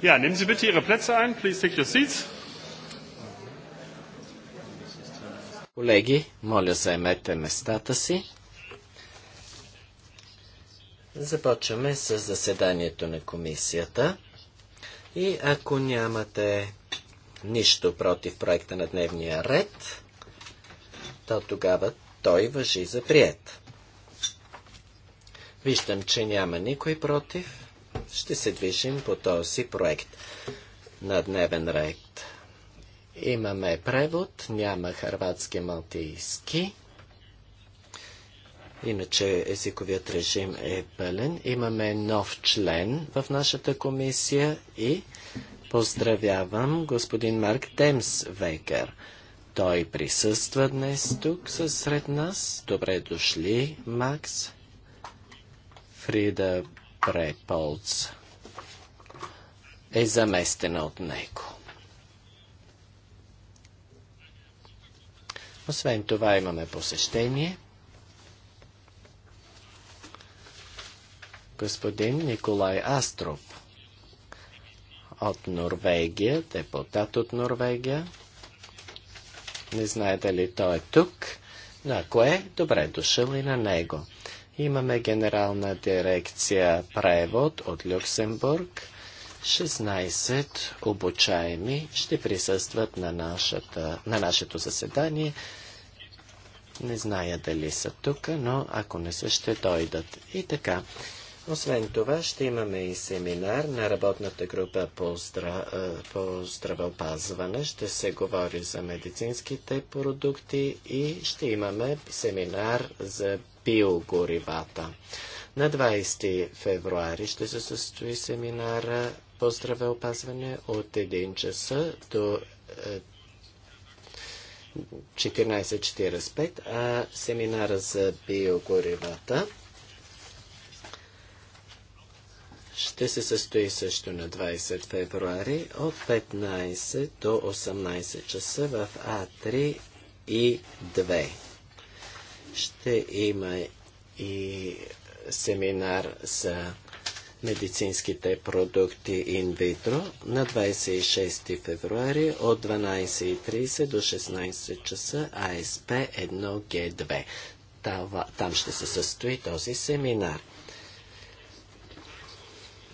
Ja, nehmen Sie bitte Ihre Plätze ein. Please take your seats. Колеги, моля заемете местата си. Започваме с заседанието на комисията. И ако нямате нищо против проекта на дневния ред, то тогава той въжи за прият. Виждам, че няма никой против ще се движим по този проект на дневен ред. Имаме превод, няма харватски малтийски. Иначе езиковият режим е пълен. Имаме нов член в нашата комисия и поздравявам господин Марк Демс Векер. Той присъства днес тук сред нас. Добре дошли, Макс. Фрида Бреполц е заместена от него. Освен това имаме посещение. Господин Николай Астроп от Норвегия, депутат от Норвегия. Не знаете ли той е тук, но ако е, добре е дошъл и на него. Имаме генерална дирекция превод от Люксембург. 16 обучаеми ще присъстват на, нашата, на нашето заседание. Не зная дали са тук, но ако не са, ще дойдат. И така. Освен това, ще имаме и семинар на работната група по, здра... Е, по здравеопазване. Ще се говори за медицинските продукти и ще имаме семинар за биогоривата. На 20 февруари ще се състои семинара по здравеопазване от 1 часа до 14.45, е, а семинара за биогоривата ще се състои също на 20 февруари от 15 до 18 часа в А3 и 2. Ще има и семинар за медицинските продукти инвитро на 26 февруари от 12.30 до 16 часа АСП 1Г2. Там ще се състои този семинар.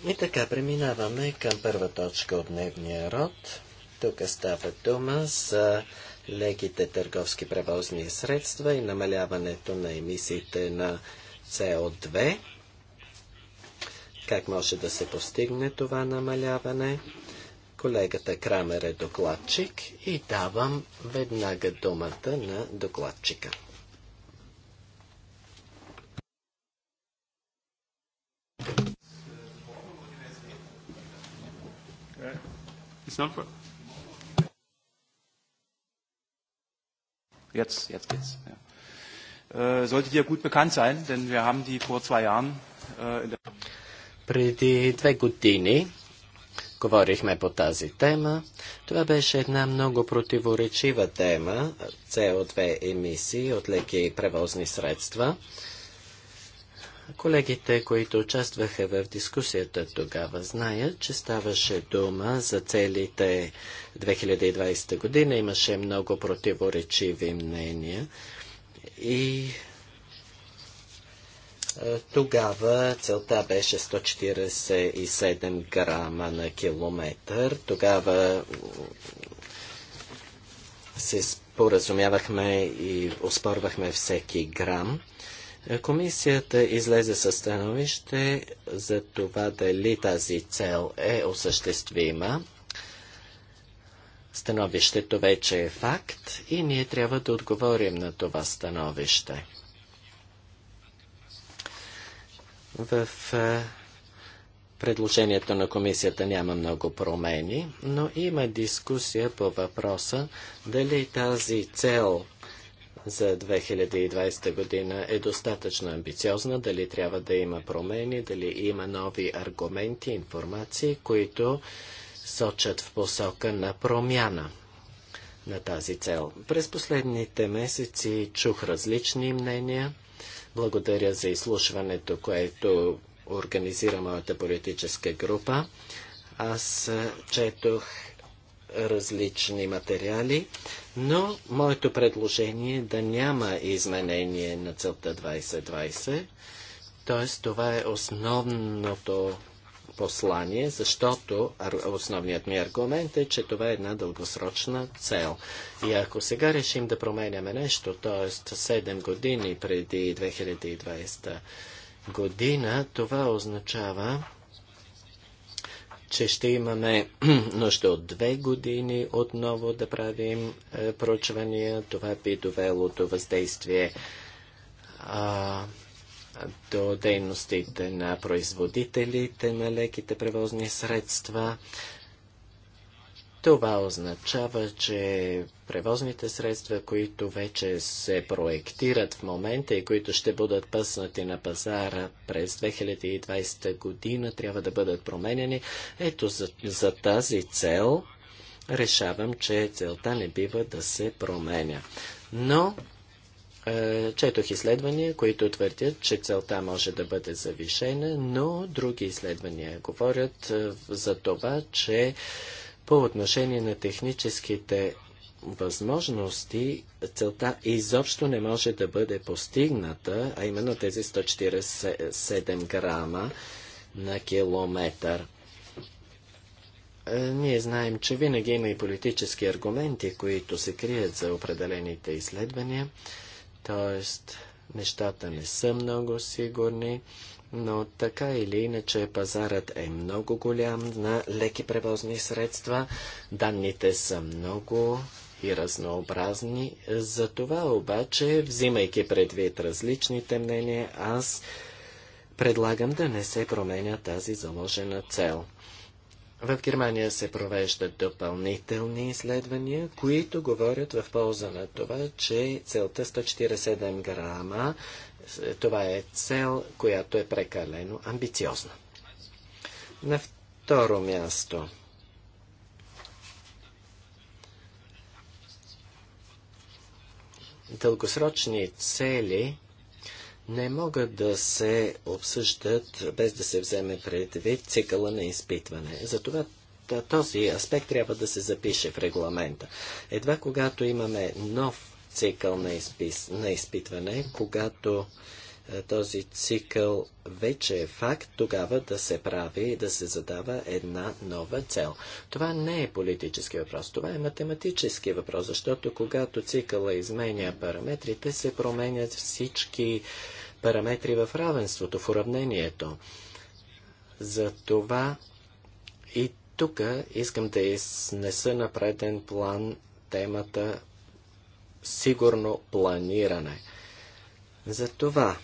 И така преминаваме към първа точка от дневния род. Тук става дума за леките търговски превозни средства и намаляването на емисиите на CO2. Как може да се постигне това намаляване? Колегата Крамер е докладчик и давам веднага думата на докладчика. It's not for... Jetzt, jetzt geht's. Ja. Äh, sollte dir gut bekannt sein, denn wir haben die vor zwei Jahren äh, in der преди две години говорихме по тази тема. Това беше една много противоречива тема CO2 емисии от леки превозни средства. Колегите, които участваха в дискусията тогава, знаят, че ставаше дума за целите 2020 година. Имаше много противоречиви мнения и тогава целта беше 147 грама на километър. Тогава се споразумявахме и оспорвахме всеки грам. Комисията излезе със становище за това дали тази цел е осъществима. Становището вече е факт и ние трябва да отговорим на това становище. В е, предложението на комисията няма много промени, но има дискусия по въпроса дали тази цел за 2020 година е достатъчно амбициозна, дали трябва да има промени, дали има нови аргументи, информации, които сочат в посока на промяна на тази цел. През последните месеци чух различни мнения. Благодаря за изслушването, което организира моята политическа група. Аз четох различни материали, но моето предложение е да няма изменение на целта 2020, т.е. това е основното послание, защото основният ми аргумент е, че това е една дългосрочна цел. И ако сега решим да променяме нещо, т.е. 7 години преди 2020 година, това означава, че ще имаме нужда от две години отново да правим е, проучвания. Това би довело до въздействие а, до дейностите на производителите на леките превозни средства. Това означава, че превозните средства, които вече се проектират в момента и които ще бъдат пъснати на пазара през 2020 година, трябва да бъдат променени. Ето за, за тази цел решавам, че целта не бива да се променя. Но е, четох изследвания, които твърдят, че целта може да бъде завишена, но други изследвания говорят е, за това, че по отношение на техническите възможности, целта изобщо не може да бъде постигната, а именно тези 147 грама на километър. Е, ние знаем, че винаги има и политически аргументи, които се крият за определените изследвания, т.е. нещата не са много сигурни но така или иначе пазарът е много голям на леки превозни средства. Данните са много и разнообразни. За това обаче, взимайки предвид различните мнения, аз предлагам да не се променя тази заложена цел. В Германия се провеждат допълнителни изследвания, които говорят в полза на това, че целта 147 грама това е цел, която е прекалено амбициозна. На второ място. Дългосрочни цели не могат да се обсъждат без да се вземе предвид цикъла на изпитване. Затова този аспект трябва да се запише в регламента. Едва когато имаме нов цикъл на, изпис, на изпитване, когато е, този цикъл вече е факт, тогава да се прави и да се задава една нова цел. Това не е политически въпрос, това е математически въпрос, защото когато цикъла изменя параметрите, се променят всички параметри в равенството, в уравнението. За това и тук искам да изнеса на преден план темата сигурно планиране. Затова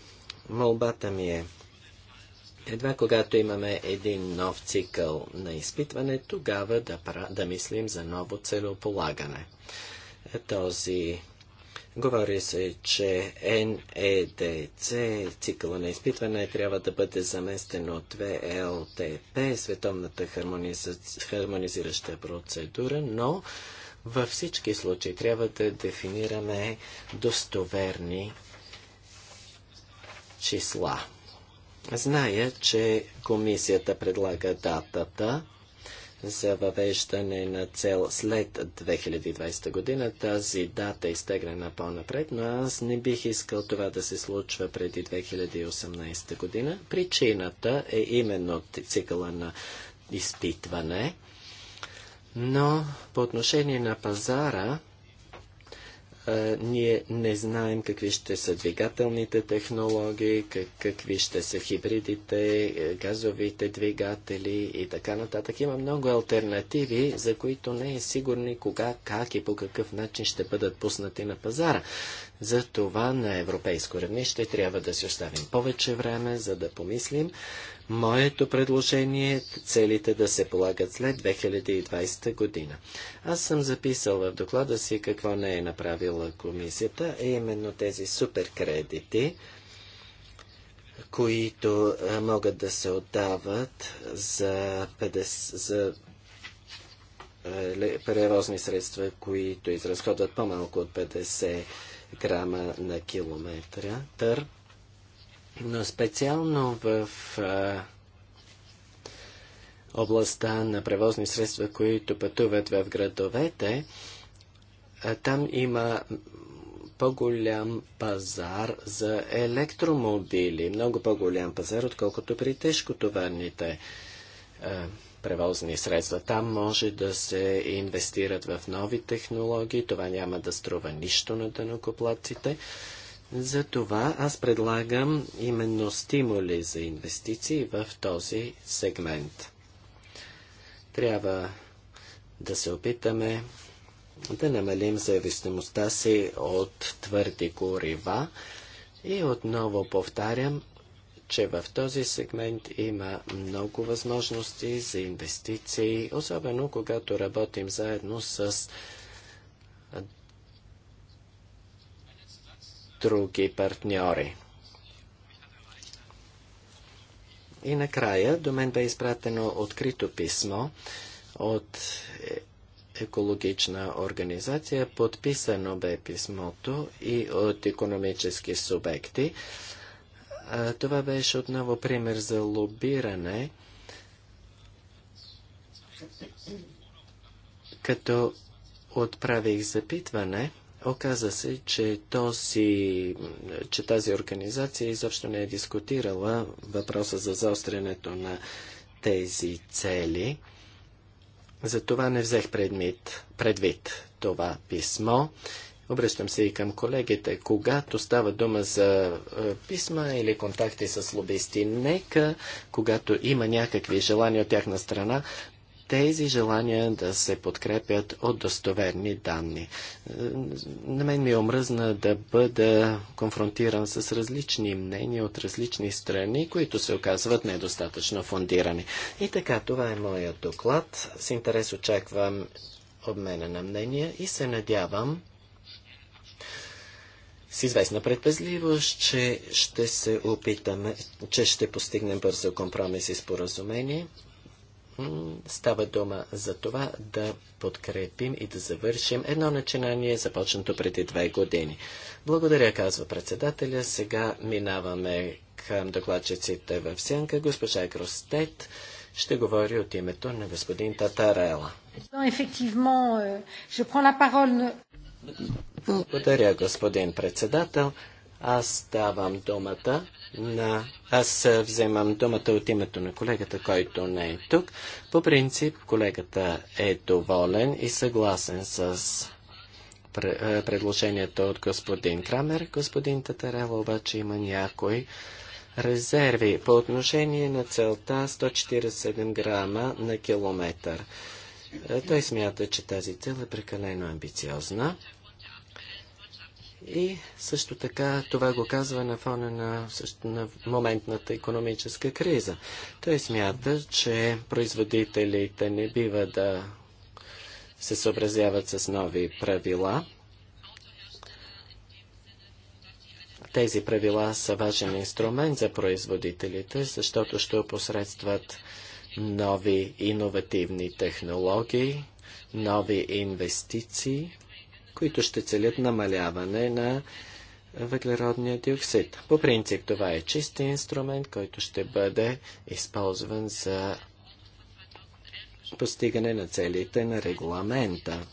молбата ми е едва когато имаме един нов цикъл на изпитване, тогава да, да мислим за ново целополагане. Този Говори се, че НЕДЦ, цикъла на изпитване, трябва да бъде заместен от ВЛТП, Световната хармонизираща процедура, но във всички случаи трябва да дефинираме достоверни числа. Зная, че комисията предлага датата за въвеждане на цел след 2020 година. Тази дата е изтеглена по-напред, но аз не бих искал това да се случва преди 2018 година. Причината е именно цикъла на изпитване. Но по отношение на пазара, ние не знаем какви ще са двигателните технологии, как, какви ще са хибридите, е, газовите двигатели и така нататък. Има много альтернативи, за които не е сигурни кога, как и по какъв начин ще бъдат пуснати на пазара. За това на европейско равнище трябва да си оставим повече време, за да помислим. Моето предложение е целите да се полагат след 2020 година. Аз съм записал в доклада си какво не е направила комисията, е именно тези суперкредити, които могат да се отдават за, 50, за е, превозни средства, които изразходват по-малко от 50 грама на километра. Тър. Но специално в а, областта на превозни средства, които пътуват в градовете, а, там има по-голям пазар за електромобили. Много по-голям пазар, отколкото при тежкотоварните а, превозни средства. Там може да се инвестират в нови технологии. Това няма да струва нищо на дънокоплаците. Затова аз предлагам именно стимули за инвестиции в този сегмент. Трябва да се опитаме да намалим зависимостта си от твърди горива и отново повтарям, че в този сегмент има много възможности за инвестиции, особено когато работим заедно с други партньори. И накрая до мен бе изпратено открито писмо от е, екологична организация. Подписано бе писмото и от економически субекти. Това беше отново пример за лобиране, като отправих запитване, оказа се, че, този, че тази организация изобщо не е дискутирала въпроса за заострянето на тези цели. Затова не взех предмет, предвид това писмо Обръщам се и към колегите. Когато става дума за е, писма или контакти с лобисти, нека, когато има някакви желания от тяхна страна, тези желания да се подкрепят от достоверни данни. Е, на мен ми е омръзна да бъда конфронтиран с различни мнения от различни страни, които се оказват недостатъчно фундирани. И така, това е моят доклад. С интерес очаквам обмена на мнения и се надявам с известна предпазливост, че ще се опитаме, че ще постигнем бързо компромис и споразумение. Става дума за това да подкрепим и да завършим едно начинание, започнато преди две години. Благодаря, казва председателя. Сега минаваме към докладчиците в сянка. Госпожа Гростет ще говори от името на господин Татарела. Благодаря, господин председател. Аз давам думата на... Аз вземам думата от името на колегата, който не е тук. По принцип, колегата е доволен и съгласен с предложението от господин Крамер. Господин Татарел обаче има някои резерви по отношение на целта 147 грама на километър. Е, той смята, че тази цел е прекалено амбициозна. И също така това го казва на фона на, на моментната економическа криза. Той смята, че производителите не бива да се съобразяват с нови правила. Тези правила са важен инструмент за производителите, защото ще опосредстват нови иновативни технологии, нови инвестиции, които ще целят намаляване на въглеродния диоксид. По принцип това е чист инструмент, който ще бъде използван за постигане на целите на регламента.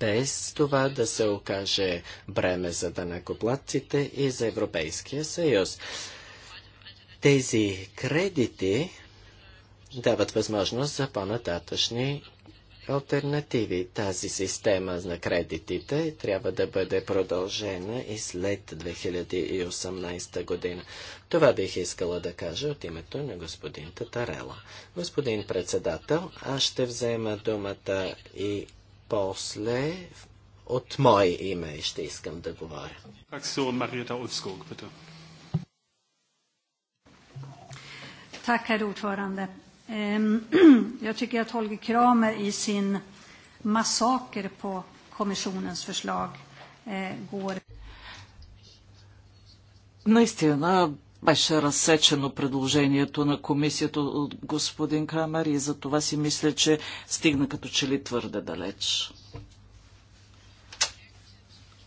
Без това да се окаже бреме за данакоплатците и за Европейския съюз. Тези кредити дават възможност за по-нататъчни альтернативи. Тази система на кредитите трябва да бъде продължена и след 2018 година. Това бих искала да кажа от името на господин Татарела. Господин председател, аз ще взема думата и после от мое име ще искам да говоря. Фракцион Марията Улфског, bitte. Tack, herr ordförande. Ehm, jag tycker att Holger Kramer i sin massaker på kommissionens förslag eh, går... Наистина беше разсечено предложението на комисията от господин Крамер и за това си мисля, че стигна като че ли твърде далеч.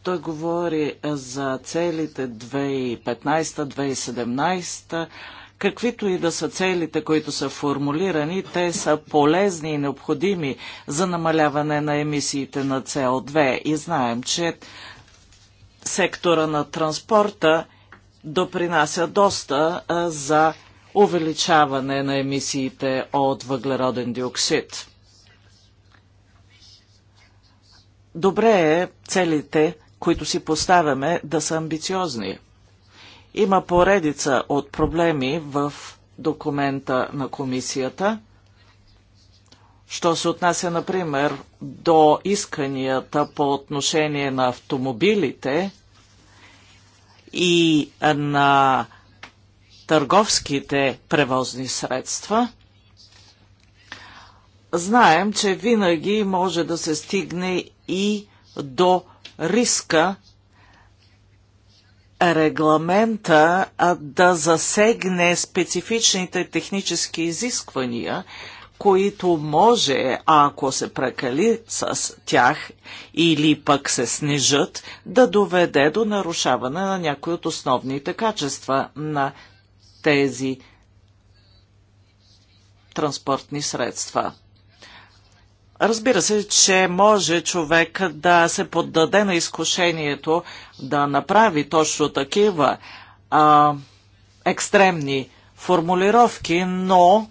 Той говори за целите 2015-2017 Каквито и да са целите, които са формулирани, те са полезни и необходими за намаляване на емисиите на СО2 и знаем, че сектора на транспорта допринася доста за увеличаване на емисиите от въглероден диоксид. Добре е целите, които си поставяме, да са амбициозни. Има поредица от проблеми в документа на комисията. Що се отнася, например, до исканията по отношение на автомобилите и на търговските превозни средства, знаем, че винаги може да се стигне и до риска регламента да засегне специфичните технически изисквания, които може, ако се прекали с тях или пък се снижат, да доведе до нарушаване на някои от основните качества на тези транспортни средства. Разбира се, че може човек да се поддаде на изкушението да направи точно такива а, екстремни формулировки, но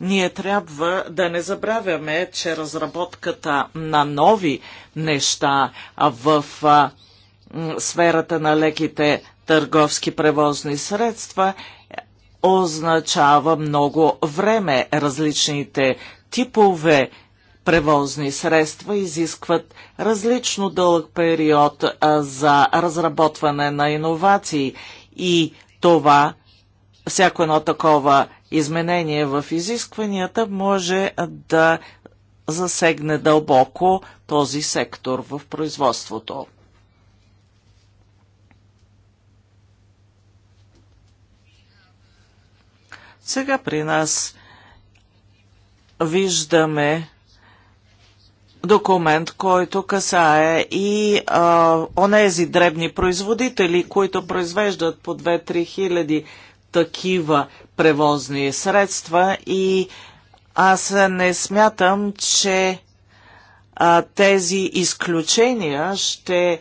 ние трябва да не забравяме, че разработката на нови неща в а, сферата на леките търговски превозни средства означава много време. Различните типове превозни средства изискват различно дълъг период за разработване на иновации и това, всяко едно такова изменение в изискванията може да засегне дълбоко този сектор в производството. Сега при нас виждаме документ, който касае и а, онези дребни производители, които произвеждат по 2-3 хиляди такива превозни средства и аз не смятам, че а, тези изключения ще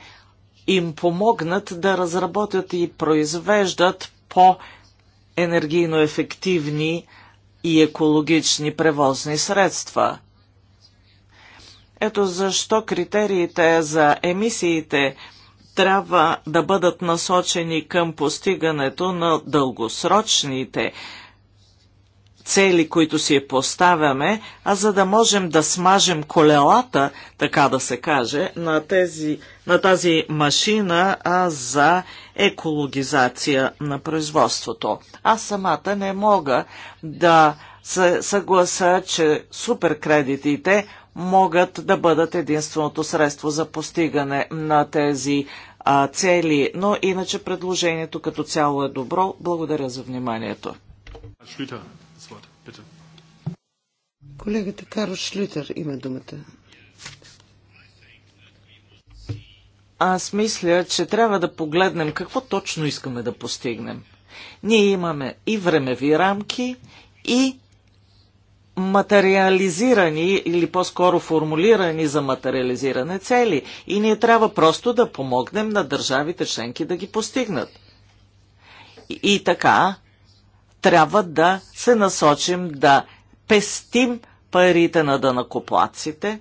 им помогнат да разработят и произвеждат по-енергийно ефективни и екологични превозни средства. Ето защо критериите за емисиите трябва да бъдат насочени към постигането на дългосрочните цели, които си поставяме, а за да можем да смажем колелата, така да се каже, на, тези, на тази машина а за екологизация на производството. Аз самата не мога да се съгласа, че суперкредитите могат да бъдат единственото средство за постигане на тези а, цели. Но иначе предложението като цяло е добро. Благодаря за вниманието. Колегата Карл Шлютер има думата. Аз мисля, че трябва да погледнем какво точно искаме да постигнем. Ние имаме и времеви рамки, и материализирани или по-скоро формулирани за материализиране цели и ние трябва просто да помогнем на държавите членки да ги постигнат. И, и така трябва да се насочим да пестим парите на дънакоплаците,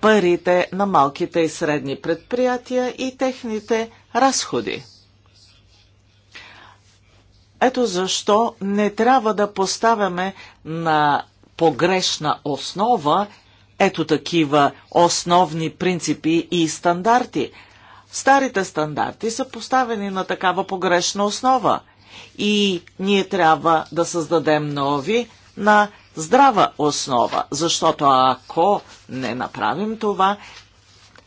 парите на малките и средни предприятия и техните разходи. Ето защо не трябва да поставяме на погрешна основа ето такива основни принципи и стандарти. Старите стандарти са поставени на такава погрешна основа и ние трябва да създадем нови на здрава основа, защото ако не направим това,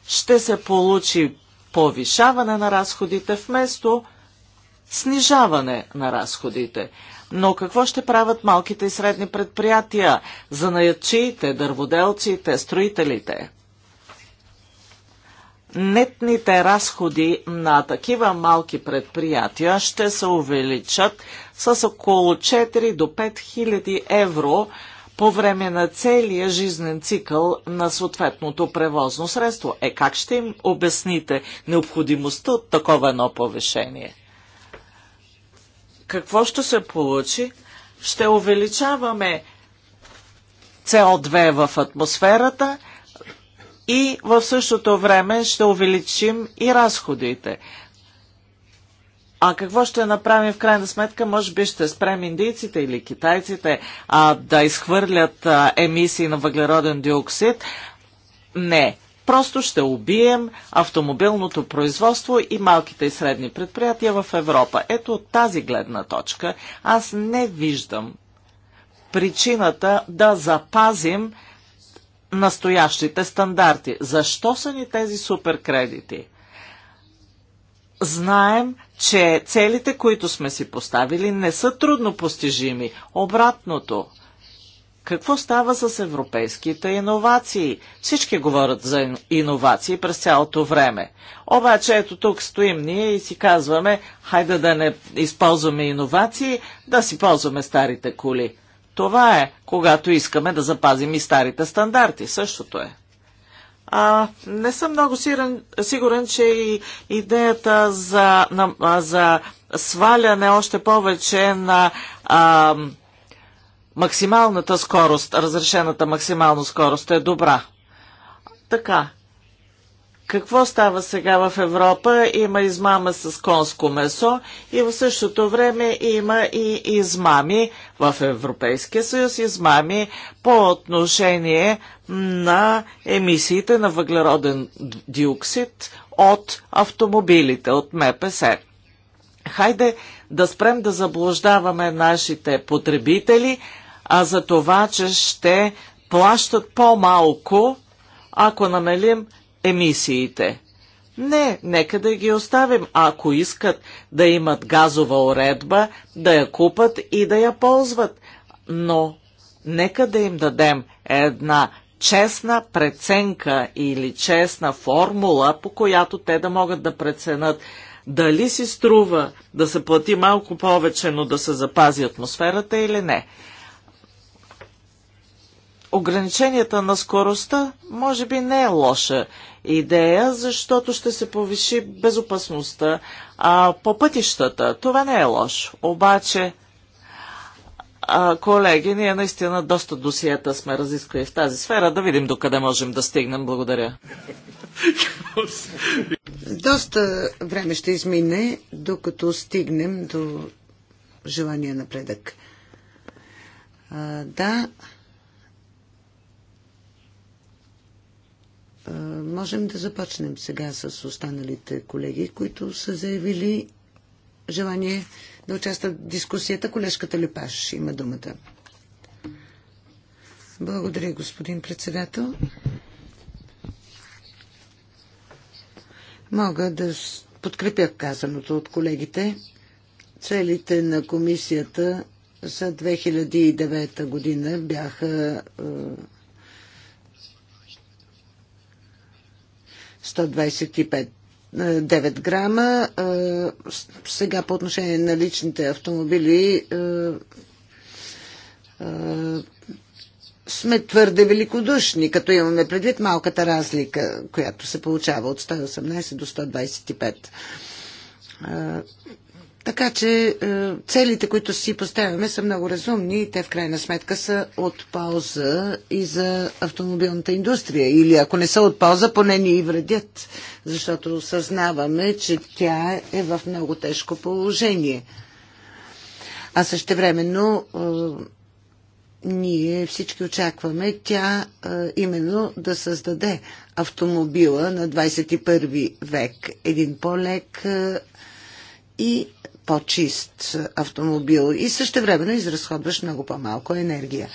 ще се получи повишаване на разходите вместо снижаване на разходите. Но какво ще правят малките и средни предприятия, занаячиите, дърводелците, строителите? Нетните разходи на такива малки предприятия ще се увеличат с около 4 до 5 хиляди евро по време на целия жизнен цикъл на съответното превозно средство. Е, как ще им обясните необходимостта от такова едно повишение? какво ще се получи? Ще увеличаваме CO2 в атмосферата и в същото време ще увеличим и разходите. А какво ще направим в крайна сметка? Може би ще спрем индийците или китайците а, да изхвърлят а, емисии на въглероден диоксид. Не. Просто ще убием автомобилното производство и малките и средни предприятия в Европа. Ето от тази гледна точка аз не виждам причината да запазим настоящите стандарти. Защо са ни тези суперкредити? Знаем, че целите, които сме си поставили, не са трудно постижими. Обратното – какво става с европейските иновации? Всички говорят за иновации през цялото време. Обаче ето тук стоим ние и си казваме, хайде да не използваме иновации, да си ползваме старите коли. Това е, когато искаме да запазим и старите стандарти. Същото е. А, не съм много сигурен, сигурен че и идеята за, на, за сваляне още повече на... А, максималната скорост, разрешената максимална скорост е добра. Така. Какво става сега в Европа? Има измама с конско месо и в същото време има и измами в Европейския съюз, измами по отношение на емисиите на въглероден диоксид от автомобилите, от МПС. Хайде да спрем да заблуждаваме нашите потребители, а за това, че ще плащат по-малко, ако намалим емисиите. Не, нека да ги оставим, ако искат да имат газова уредба, да я купат и да я ползват. Но нека да им дадем една честна преценка или честна формула, по която те да могат да преценят дали си струва да се плати малко повече, но да се запази атмосферата или не ограниченията на скоростта може би не е лоша идея, защото ще се повиши безопасността а, по пътищата. Това не е лошо. Обаче, а, колеги, ние наистина доста досиета сме разисквали в тази сфера. Да видим докъде можем да стигнем. Благодаря. Доста време ще измине, докато стигнем до желания напредък. А, да. можем да започнем сега с останалите колеги, които са заявили желание да участват в дискусията. Колежката Лепаш има думата. Благодаря, господин председател. Мога да подкрепя казаното от колегите. Целите на комисията за 2009 година бяха е, 125 9 е, грама. Е, сега по отношение на личните автомобили е, сме твърде великодушни, като имаме предвид малката разлика, която се получава от 118 до 125. Така че е, целите, които си поставяме, са много разумни и те в крайна сметка са от полза и за автомобилната индустрия. Или ако не са от полза, поне ни и вредят, защото осъзнаваме, че тя е в много тежко положение. А същевременно е, ние всички очакваме тя е, именно да създаде автомобила на 21 век. Един по-лек и по-чист автомобил и също времено изразходваш много по-малко енергия.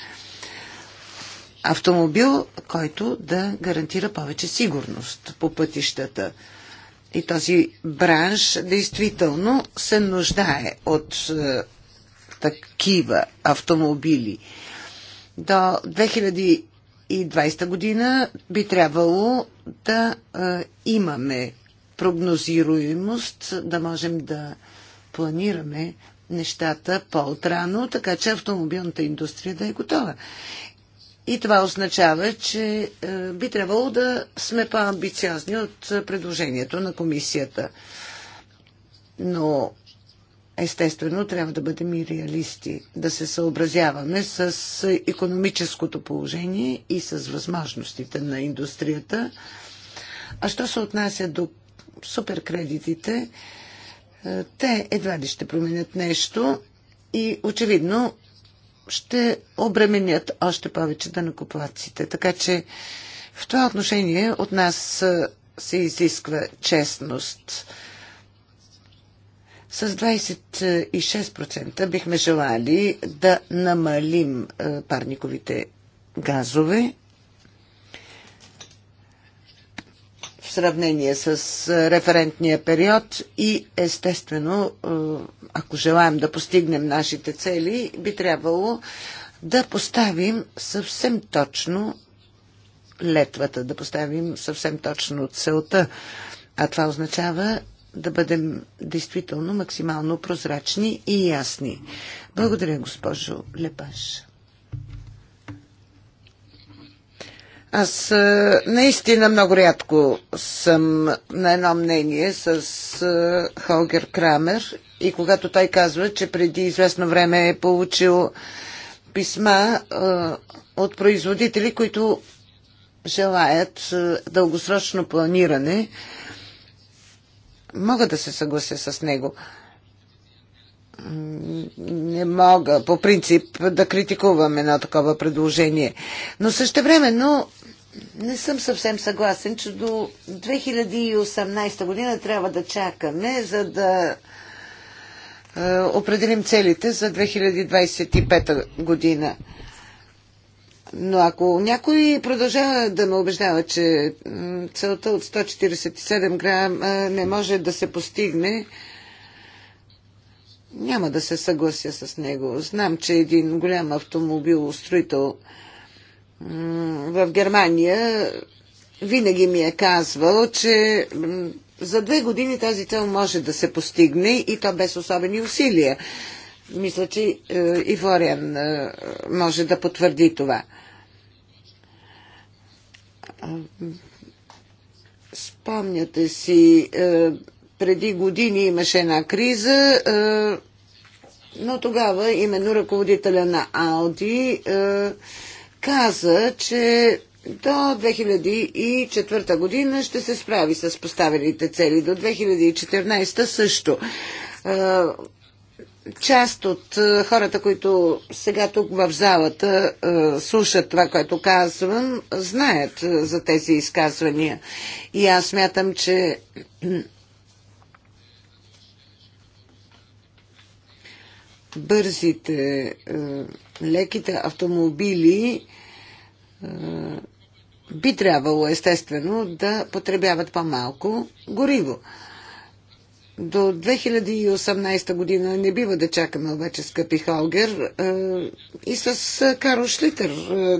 Автомобил, който да гарантира повече сигурност по пътищата. И този бранш действително се нуждае от е, такива автомобили. До 2020 година би трябвало да е, имаме прогнозируемост, да можем да е, планираме нещата по-отрано, така че автомобилната индустрия да е готова. И това означава, че е, би трябвало да сме по-амбициозни от е, предложението на комисията. Но естествено трябва да бъдем и реалисти, да се съобразяваме с економическото положение и с възможностите на индустрията. А що се отнася до суперкредитите, е, те едва ли ще променят нещо и очевидно ще обременят още повече данакоплаците. Така че в това отношение от нас е, се изисква честност. С 26% бихме желали да намалим е, парниковите газове в сравнение с референтния период и естествено, ако желаем да постигнем нашите цели, би трябвало да поставим съвсем точно летвата, да поставим съвсем точно целта. А това означава да бъдем действително максимално прозрачни и ясни. Благодаря, госпожо Лепаш. Аз е, наистина много рядко съм на едно мнение с е, Холгер Крамер и когато той казва, че преди известно време е получил писма е, от производители, които желаят дългосрочно планиране, мога да се съглася с него не мога по принцип да критикувам едно такова предложение. Но също времено не съм съвсем съгласен, че до 2018 година трябва да чакаме, за да е, определим целите за 2025 година. Но ако някой продължава да ме убеждава, че целта от 147 грама е, не може да се постигне, няма да се съглася с него. Знам, че един голям автомобил строител в Германия винаги ми е казвал, че за две години тази цел може да се постигне и то без особени усилия. Мисля, че е, и Вориан е, може да потвърди това. Спомняте си е, преди години имаше една криза, е, но тогава именно ръководителя на Ауди е, каза, че до 2004 година ще се справи с поставените цели. До 2014 също. Е, част от хората, които сега тук в залата слушат това, което казвам, знаят за тези изказвания. И аз смятам, че бързите, е, леките автомобили е, би трябвало естествено да потребяват по-малко гориво. До 2018 година не бива да чакаме обаче, скъпи Холгер. Е, и с Карл Шлитер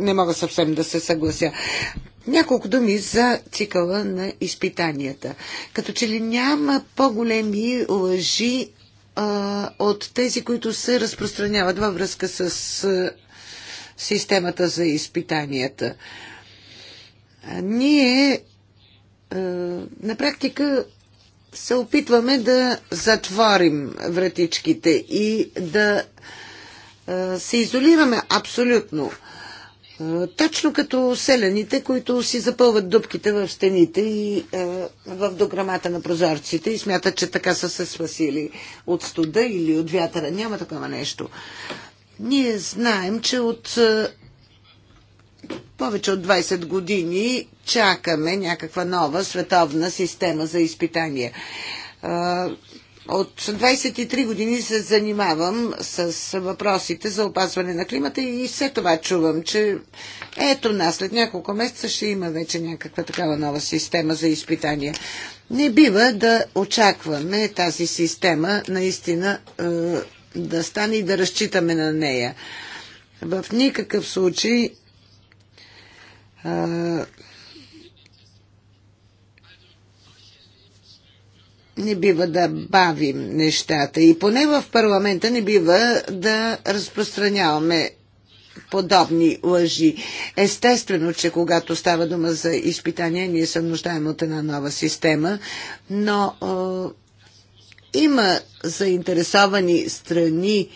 не мога съвсем да се съглася. Няколко думи за цикъла на изпитанията. Като че ли няма по-големи лъжи а, от тези, които се разпространяват във връзка с а, системата за изпитанията. А, ние а, на практика се опитваме да затворим вратичките и да а, се изолираме абсолютно. А, точно като селяните, които си запълват дупките в стените и в дограмата на прозорците и смятат, че така са се спасили от студа или от вятъра. Няма такова нещо. Ние знаем, че от повече от 20 години чакаме някаква нова световна система за изпитание. От 23 години се занимавам с въпросите за опазване на климата и все това чувам, че ето нас след няколко месеца ще има вече някаква такава нова система за изпитания. Не бива да очакваме тази система наистина е, да стане и да разчитаме на нея. В никакъв случай е, не бива да бавим нещата и поне в парламента не бива да разпространяваме подобни лъжи. Естествено, че когато става дума за изпитания, ние се нуждаем от една нова система, но е, има заинтересовани страни,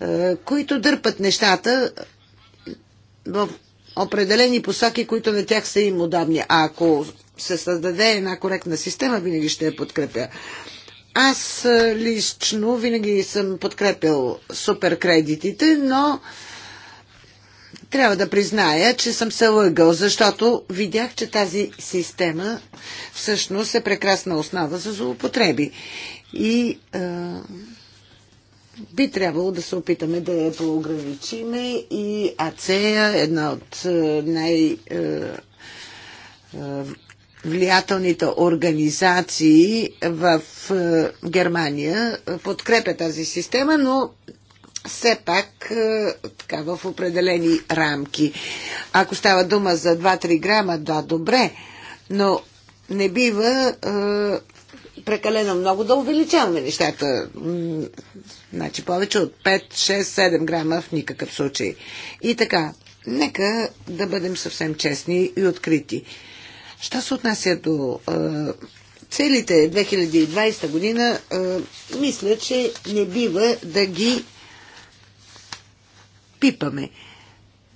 е, които дърпат нещата в определени посоки, които на тях са им удобни. А ако се създаде една коректна система, винаги ще я подкрепя. Аз лично винаги съм подкрепил суперкредитите, но трябва да призная, че съм се лъгал, защото видях, че тази система всъщност е прекрасна основа за злоупотреби. И е, би трябвало да се опитаме да я поограничиме и АЦЕЯ, една от най- е, влиятелните организации в е, Германия подкрепя тази система, но все пак е, така, в определени рамки. Ако става дума за 2-3 грама, да, добре, но не бива е, прекалено много да увеличаваме нещата. Значи повече от 5, 6, 7 грама в никакъв случай. И така, нека да бъдем съвсем честни и открити. Що се отнася до целите 2020 година, мисля, че не бива да ги пипаме.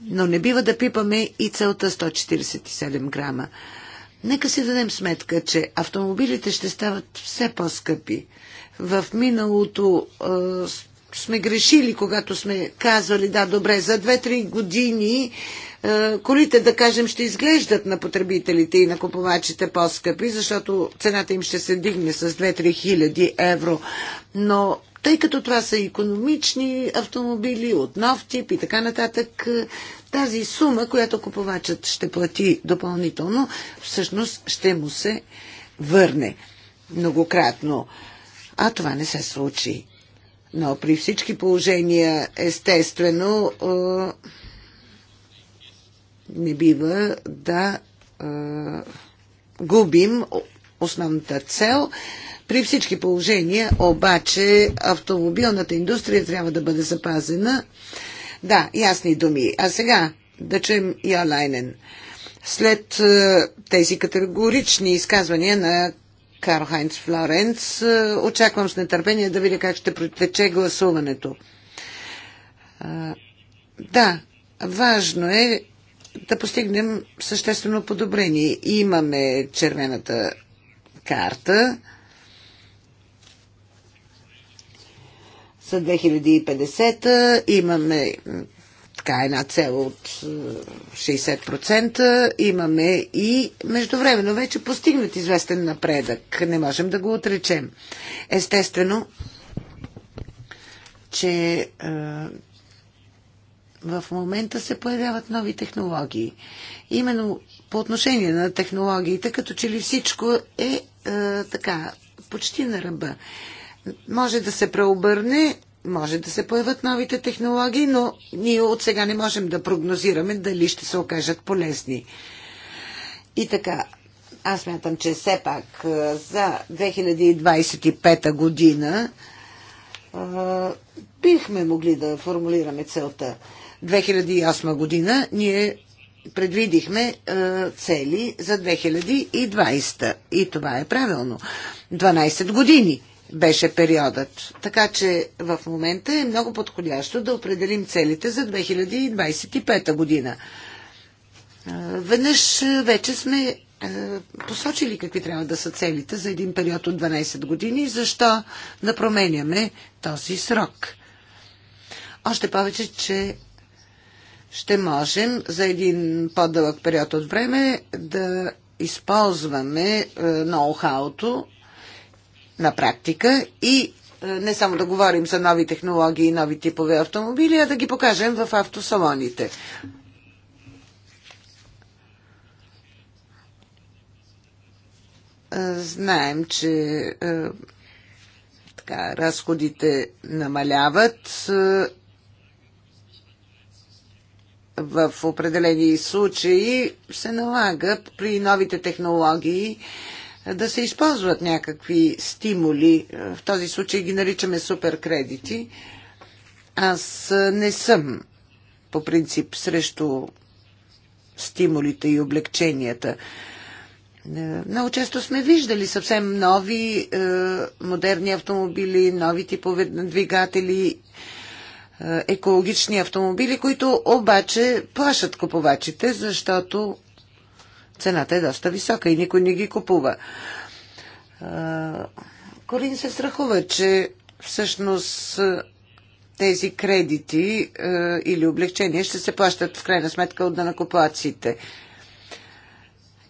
Но не бива да пипаме и целта 147 грама. Нека си дадем сметка, че автомобилите ще стават все по-скъпи. В миналото е, сме грешили, когато сме казвали, да, добре, за 2-3 години е, колите, да кажем, ще изглеждат на потребителите и на купувачите по-скъпи, защото цената им ще се дигне с 2-3 хиляди евро. Но тъй като това са економични автомобили от нов тип и така нататък, е, тази сума, която купувачът ще плати допълнително, всъщност ще му се върне многократно. А това не се случи. Но при всички положения, естествено, е, не бива да а, губим основната цел. При всички положения, обаче, автомобилната индустрия трябва да бъде запазена. Да, ясни думи. А сега да чуем Алайнен. След тези категорични изказвания на Карл Хайнц Флоренц, очаквам с нетърпение да видя как ще протече гласуването. Да, важно е да постигнем съществено подобрение. Имаме червената карта за 2050. Имаме така една цел от 60%. Е, имаме и междувременно вече постигнат известен напредък. Не можем да го отречем. Естествено, че е, в момента се появяват нови технологии. Именно по отношение на технологиите, като че ли всичко е, е така, почти на ръба. Може да се преобърне, може да се появят новите технологии, но ние от сега не можем да прогнозираме дали ще се окажат полезни. И така, аз мятам, че все пак е, за 2025 година е, бихме могли да формулираме целта. 2008 година ние предвидихме е, цели за 2020 и това е правилно. 12 години беше периодът. Така че в момента е много подходящо да определим целите за 2025 година. Е, веднъж вече сме посочили какви трябва да са целите за един период от 12 години и защо да променяме този срок. Още повече, че ще можем за един по-дълъг период от време да използваме е, ноу-хауто на практика и е, не само да говорим за нови технологии и нови типове автомобили, а да ги покажем в автосалоните. Е, знаем, че така, разходите намаляват в определени случаи се налага при новите технологии да се използват някакви стимули. В този случай ги наричаме суперкредити. Аз не съм по принцип срещу стимулите и облегченията. Много често сме виждали съвсем нови модерни автомобили, нови типове двигатели е, екологични автомобили, които обаче плашат купувачите, защото цената е доста висока и никой не ги купува. Корин се страхува, че всъщност тези кредити или облегчения ще се плащат в крайна сметка от данакоплаците.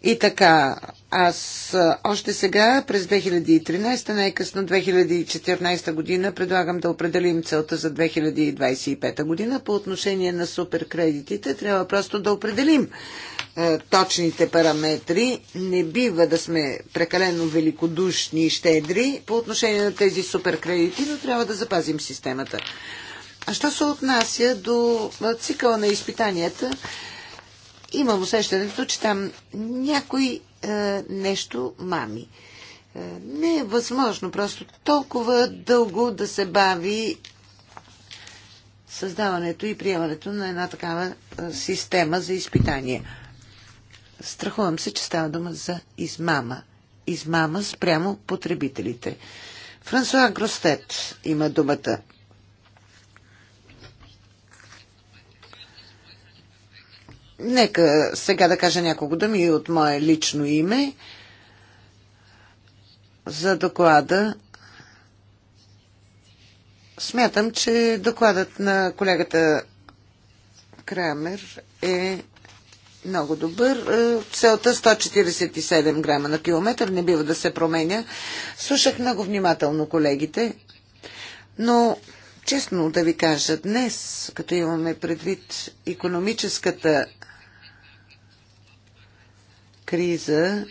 И така, аз още сега, през 2013, най-късно 2014 година, предлагам да определим целта за 2025 година. По отношение на суперкредитите, трябва просто да определим е, точните параметри. Не бива да сме прекалено великодушни и щедри по отношение на тези суперкредити, но трябва да запазим системата. А що се отнася до цикъла на изпитанията, имам усещането, че там някои е, нещо мами. Е, не е възможно просто толкова дълго да се бави създаването и приемането на една такава е, система за изпитание. Страхувам се, че става дума за измама. Измама спрямо потребителите. Франсуа Гростет има думата. Нека сега да кажа няколко думи от мое лично име за доклада. Смятам, че докладът на колегата Крамер е много добър. Целта 147 грама на километър не бива да се променя. Слушах много внимателно колегите, но честно да ви кажа, днес, като имаме предвид економическата криза,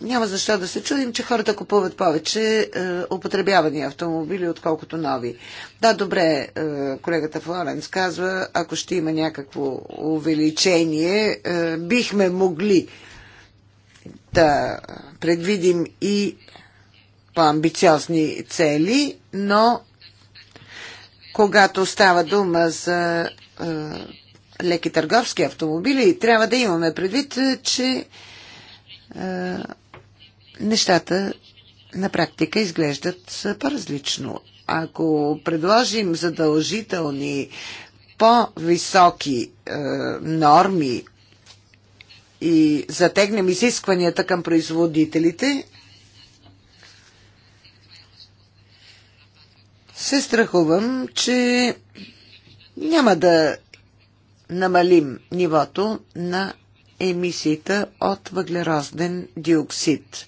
няма защо да се чудим, че хората купуват повече употребявани автомобили, отколкото нови. Да, добре, колегата Флоренс казва, ако ще има някакво увеличение, бихме могли да предвидим и по-амбициозни цели, но когато става дума за леки търговски автомобили. И трябва да имаме предвид, е, че е, нещата на практика изглеждат е, по-различно. Ако предложим задължителни по-високи е, норми и затегнем изискванията към производителите, се страхувам, че няма да намалим нивото на емисията от въглероден диоксид.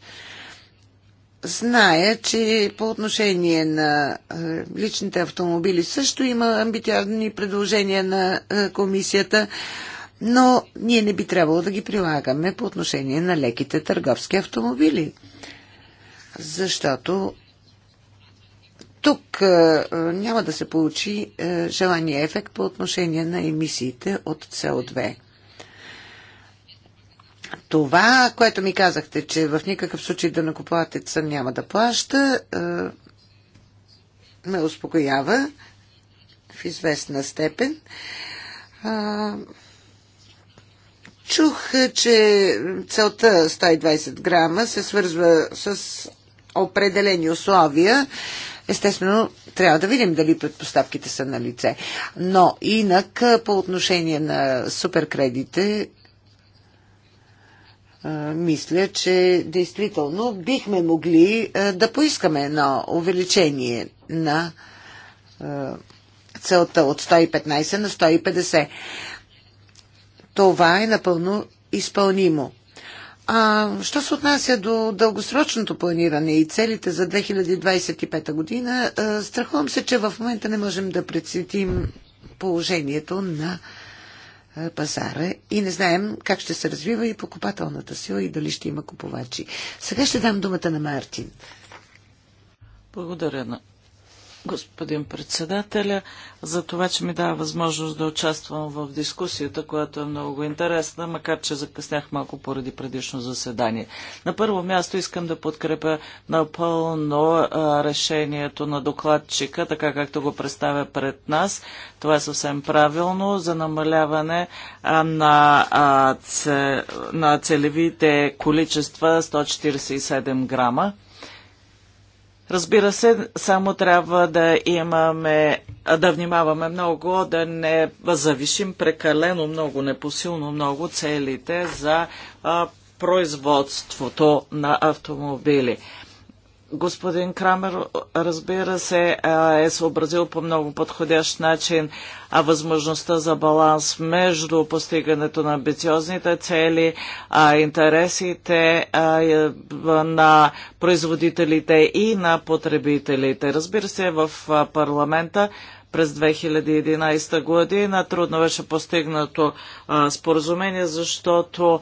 Зная, че по отношение на е, личните автомобили също има амбициозни предложения на е, комисията, но ние не би трябвало да ги прилагаме по отношение на леките търговски автомобили. Защото тук е, е, няма да се получи е, желания ефект по отношение на емисиите от СО2. Това, което ми казахте, че в никакъв случай да данакоплатеца няма да плаща, ме успокоява в известна степен. Чух, че целта 120 грама се свързва с определени условия Естествено, трябва да видим дали предпоставките са на лице. Но инак по отношение на суперкредите, мисля, че действително бихме могли да поискаме едно увеличение на целта от 115 на 150. Това е напълно изпълнимо. А, що се отнася до дългосрочното планиране и целите за 2025 година, а, страхувам се, че в момента не можем да предсетим положението на пазара и не знаем как ще се развива и покупателната сила и дали ще има купувачи. Сега ще дам думата на Мартин. Благодаря на господин председателя, за това, че ми дава възможност да участвам в дискусията, която е много интересна, макар че закъснях малко поради предишно заседание. На първо място искам да подкрепя напълно решението на докладчика, така както го представя пред нас. Това е съвсем правилно за намаляване на целевите количества 147 грама. Разбира се, само трябва да имаме, да внимаваме много, да не завишим прекалено много, непосилно много целите за а, производството на автомобили господин Крамер, разбира се, е съобразил по много подходящ начин а възможността за баланс между постигането на амбициозните цели, а интересите е, на производителите и на потребителите. Разбира се, в парламента през 2011 година трудно беше постигнато споразумение, защото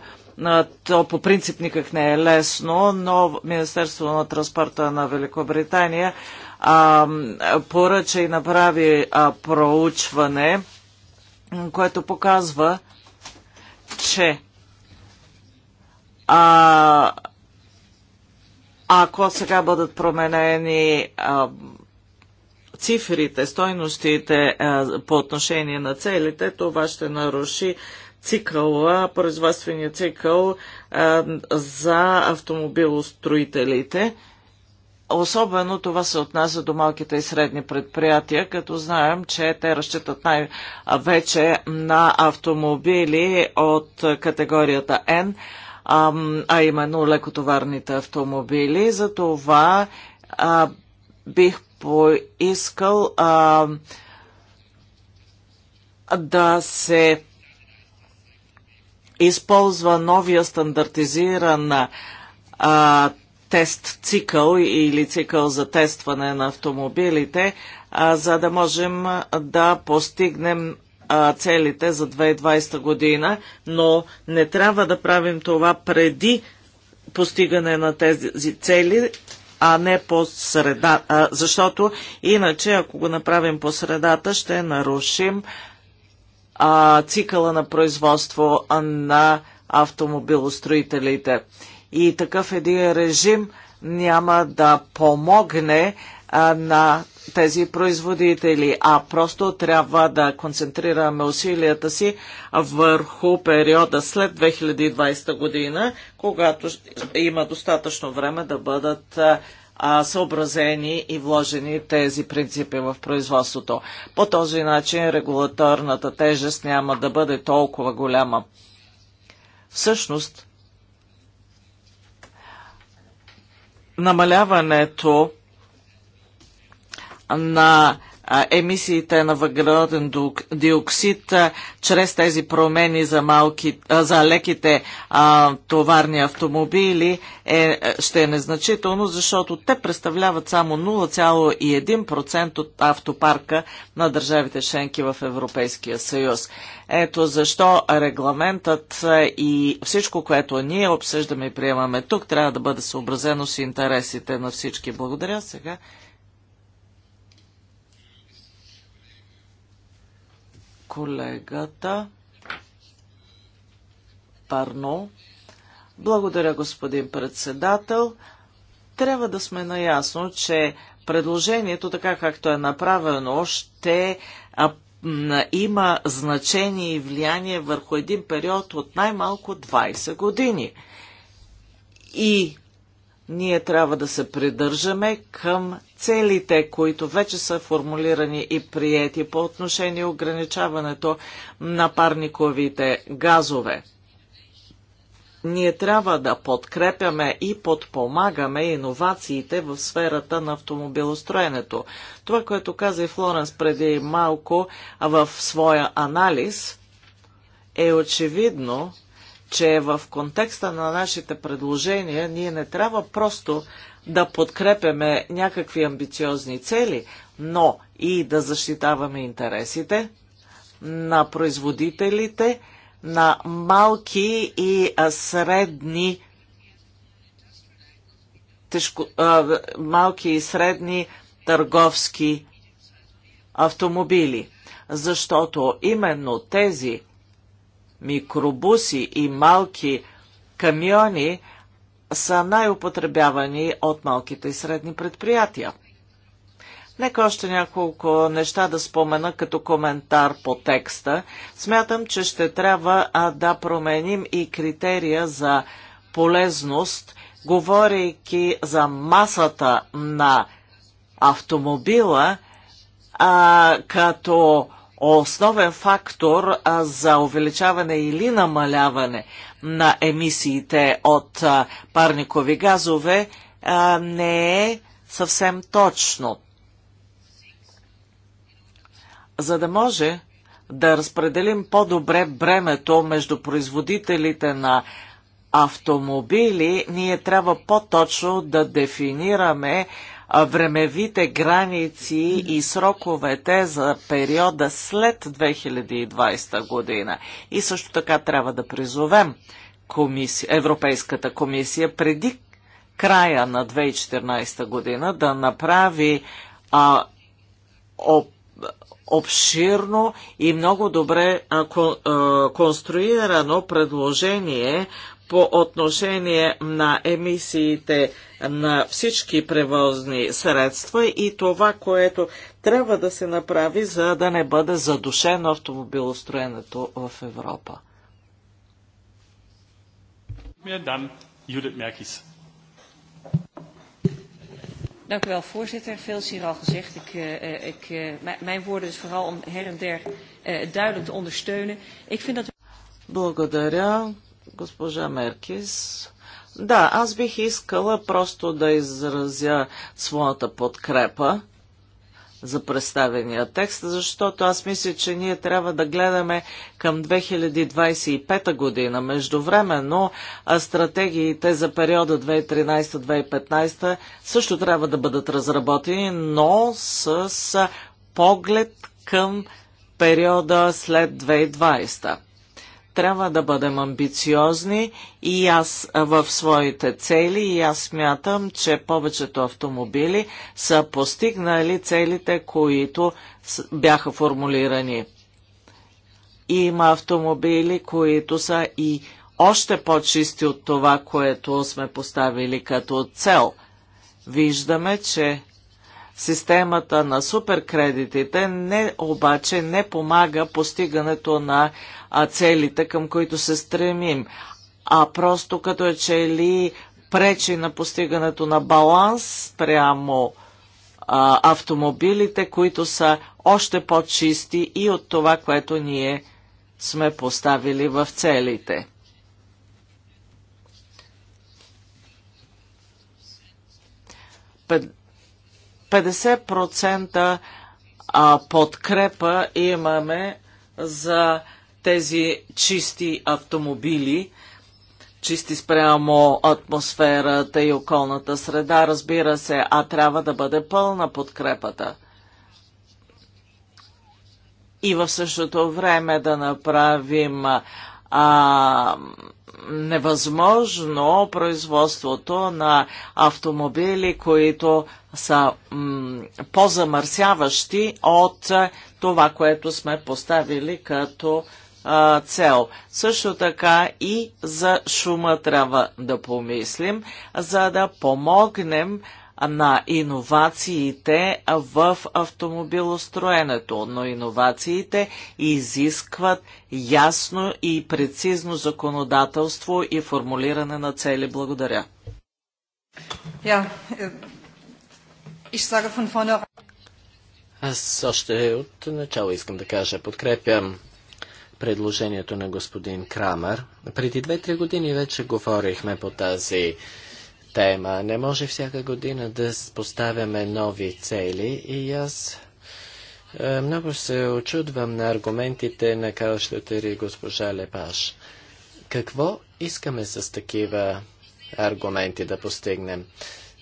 то по принцип никак не е лесно, но Министерство на транспорта на Великобритания а, поръча и направи а, проучване, което показва, че а, ако сега бъдат променени а, цифрите, стойностите а, по отношение на целите, това ще наруши цикъла, производствения цикъл а, за автомобилостроителите. Особено това се отнася до малките и средни предприятия, като знаем, че те разчитат най-вече на автомобили от категорията N, а, а именно лекотоварните автомобили. За това а, бих поискал а, да се използва новия стандартизиран а, тест цикъл или цикъл за тестване на автомобилите, а, за да можем да постигнем а, целите за 2020 година, но не трябва да правим това преди постигане на тези цели, а не по среда, а, защото иначе ако го направим по средата ще нарушим а, цикъла на производство на автомобилостроителите. И такъв един режим няма да помогне а, на тези производители, а просто трябва да концентрираме усилията си върху периода след 2020 година, когато има достатъчно време да бъдат а, съобразени и вложени тези принципи в производството. По този начин регулаторната тежест няма да бъде толкова голяма. Всъщност, намаляването на емисиите на въглероден диоксид чрез тези промени за, малки, за леките а, товарни автомобили е, е, ще е незначително, защото те представляват само 0,1% от автопарка на държавите членки в Европейския съюз. Ето защо регламентът и всичко, което ние обсъждаме и приемаме тук, трябва да бъде съобразено с интересите на всички. Благодаря сега. колегата Парно. Благодаря, господин председател. Трябва да сме наясно, че предложението, така както е направено, ще има значение и влияние върху един период от най-малко 20 години. И ние трябва да се придържаме към целите, които вече са формулирани и приети по отношение ограничаването на парниковите газове. Ние трябва да подкрепяме и подпомагаме иновациите в сферата на автомобилостроенето. Това, което каза и Флоренс преди малко в своя анализ, е очевидно, че в контекста на нашите предложения ние не трябва просто да подкрепяме някакви амбициозни цели, но и да защитаваме интересите на производителите, на малки и средни тежко, а, малки и средни търговски автомобили. Защото именно тези микробуси и малки камиони са най-употребявани от малките и средни предприятия. Нека още няколко неща да спомена като коментар по текста. Смятам, че ще трябва да променим и критерия за полезност, говорейки за масата на автомобила, а, като основен фактор за увеличаване или намаляване на емисиите от парникови газове не е съвсем точно. За да може да разпределим по-добре бремето между производителите на автомобили, ние трябва по-точно да дефинираме времевите граници и сроковете за периода след 2020 година. И също така трябва да призовем комисия, Европейската комисия преди края на 2014 година да направи а, об, обширно и много добре а, кон, а, конструирано предложение по отношение на емисиите на всички превозни средства и това, което трябва да се направи, за да не бъде задушено автомобилостроенето в Европа. Dank u wel, voorzitter. Veel is hier al gezegd. Ik, uh, ik, uh, mijn woorden is vooral om her en der uh, duidelijk te ondersteunen. Ik vind dat... Благодаря. Госпожа Меркис. Да, аз бих искала просто да изразя своята подкрепа за представения текст, защото аз мисля, че ние трябва да гледаме към 2025 година. Междувременно а стратегиите за периода 2013-2015 също трябва да бъдат разработени, но с поглед към периода след 2020 трябва да бъдем амбициозни и аз в своите цели и аз смятам, че повечето автомобили са постигнали целите, които бяха формулирани. Има автомобили, които са и още по-чисти от това, което сме поставили като цел. Виждаме, че системата на суперкредитите не, обаче не помага постигането на целите, към които се стремим, а просто като е че ли пречи на постигането на баланс прямо автомобилите, които са още по-чисти и от това, което ние сме поставили в целите. Пет... 50% подкрепа имаме за тези чисти автомобили, чисти спрямо атмосферата и околната среда, разбира се, а трябва да бъде пълна подкрепата. И в същото време да направим а, невъзможно производството на автомобили, които са по-замърсяващи от това, което сме поставили като а, цел. Също така и за шума трябва да помислим, за да помогнем на иновациите в автомобилостроенето, но иновациите изискват ясно и прецизно законодателство и формулиране на цели. Благодаря. Э, Аз още от начало искам да кажа, подкрепям предложението на господин Крамер. Преди 2-3 години вече говорихме по тази тема. Не може всяка година да поставяме нови цели и аз е, много се очудвам на аргументите на Карл Шлютер и госпожа Лепаш. Какво искаме с такива аргументи да постигнем?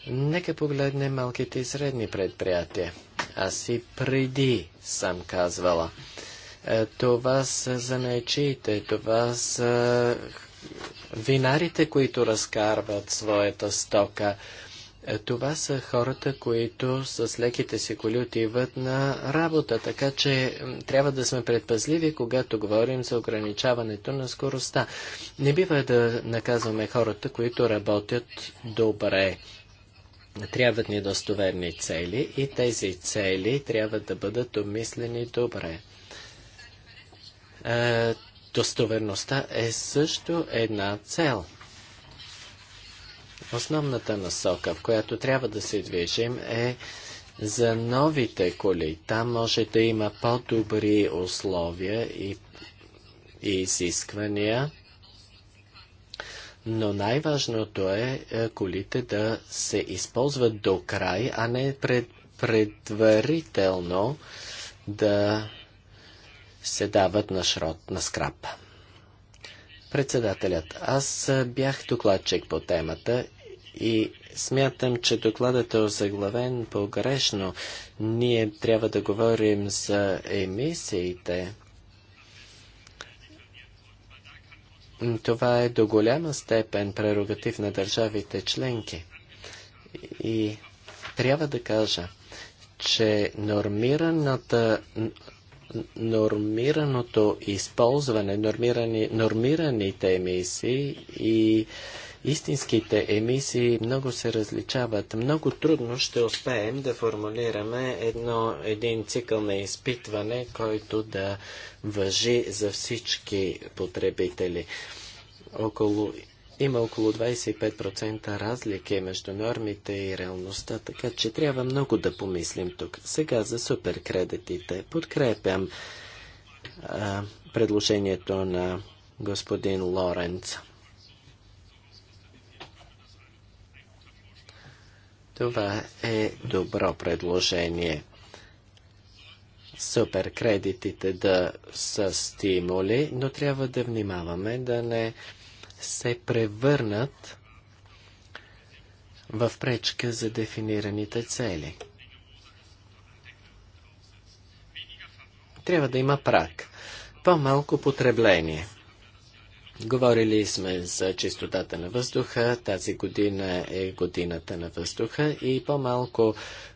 Нека погледнем малките и средни предприятия. Аз и преди съм казвала. Е, това са занайчиите, това са винарите, които разкарват своята стока. Е, това са хората, които с леките си коли отиват на работа, така че трябва да сме предпазливи, когато говорим за ограничаването на скоростта. Не бива да наказваме хората, които работят добре. Трябват ни достоверни цели и тези цели трябва да бъдат обмислени добре. Е, Достоверността е също една цел. Основната насока, в която трябва да се движим е за новите коли. Там може да има по-добри условия и, и изисквания, но най-важното е, е колите да се използват до край, а не пред, предварително да се дават на шрот, на скрап. Председателят, аз бях докладчик по темата и смятам, че докладът е озаглавен погрешно. Ние трябва да говорим за емисиите. Това е до голяма степен прерогатив на държавите членки. И трябва да кажа, че нормираната нормираното използване, нормирани, нормираните емисии и истинските емисии много се различават. Много трудно ще успеем да формулираме едно, един цикъл на изпитване, който да въжи за всички потребители. Около има около 25% разлики между нормите и реалността, така че трябва много да помислим тук. Сега за суперкредитите. Подкрепям а, предложението на господин Лоренц. Това е добро предложение. Суперкредитите да са стимули, но трябва да внимаваме да не се превърнат в пречка за дефинираните цели. Трябва да има прак. По-малко потребление – Говорили сме за чистотата на въздуха. Тази година е годината на въздуха и по-малко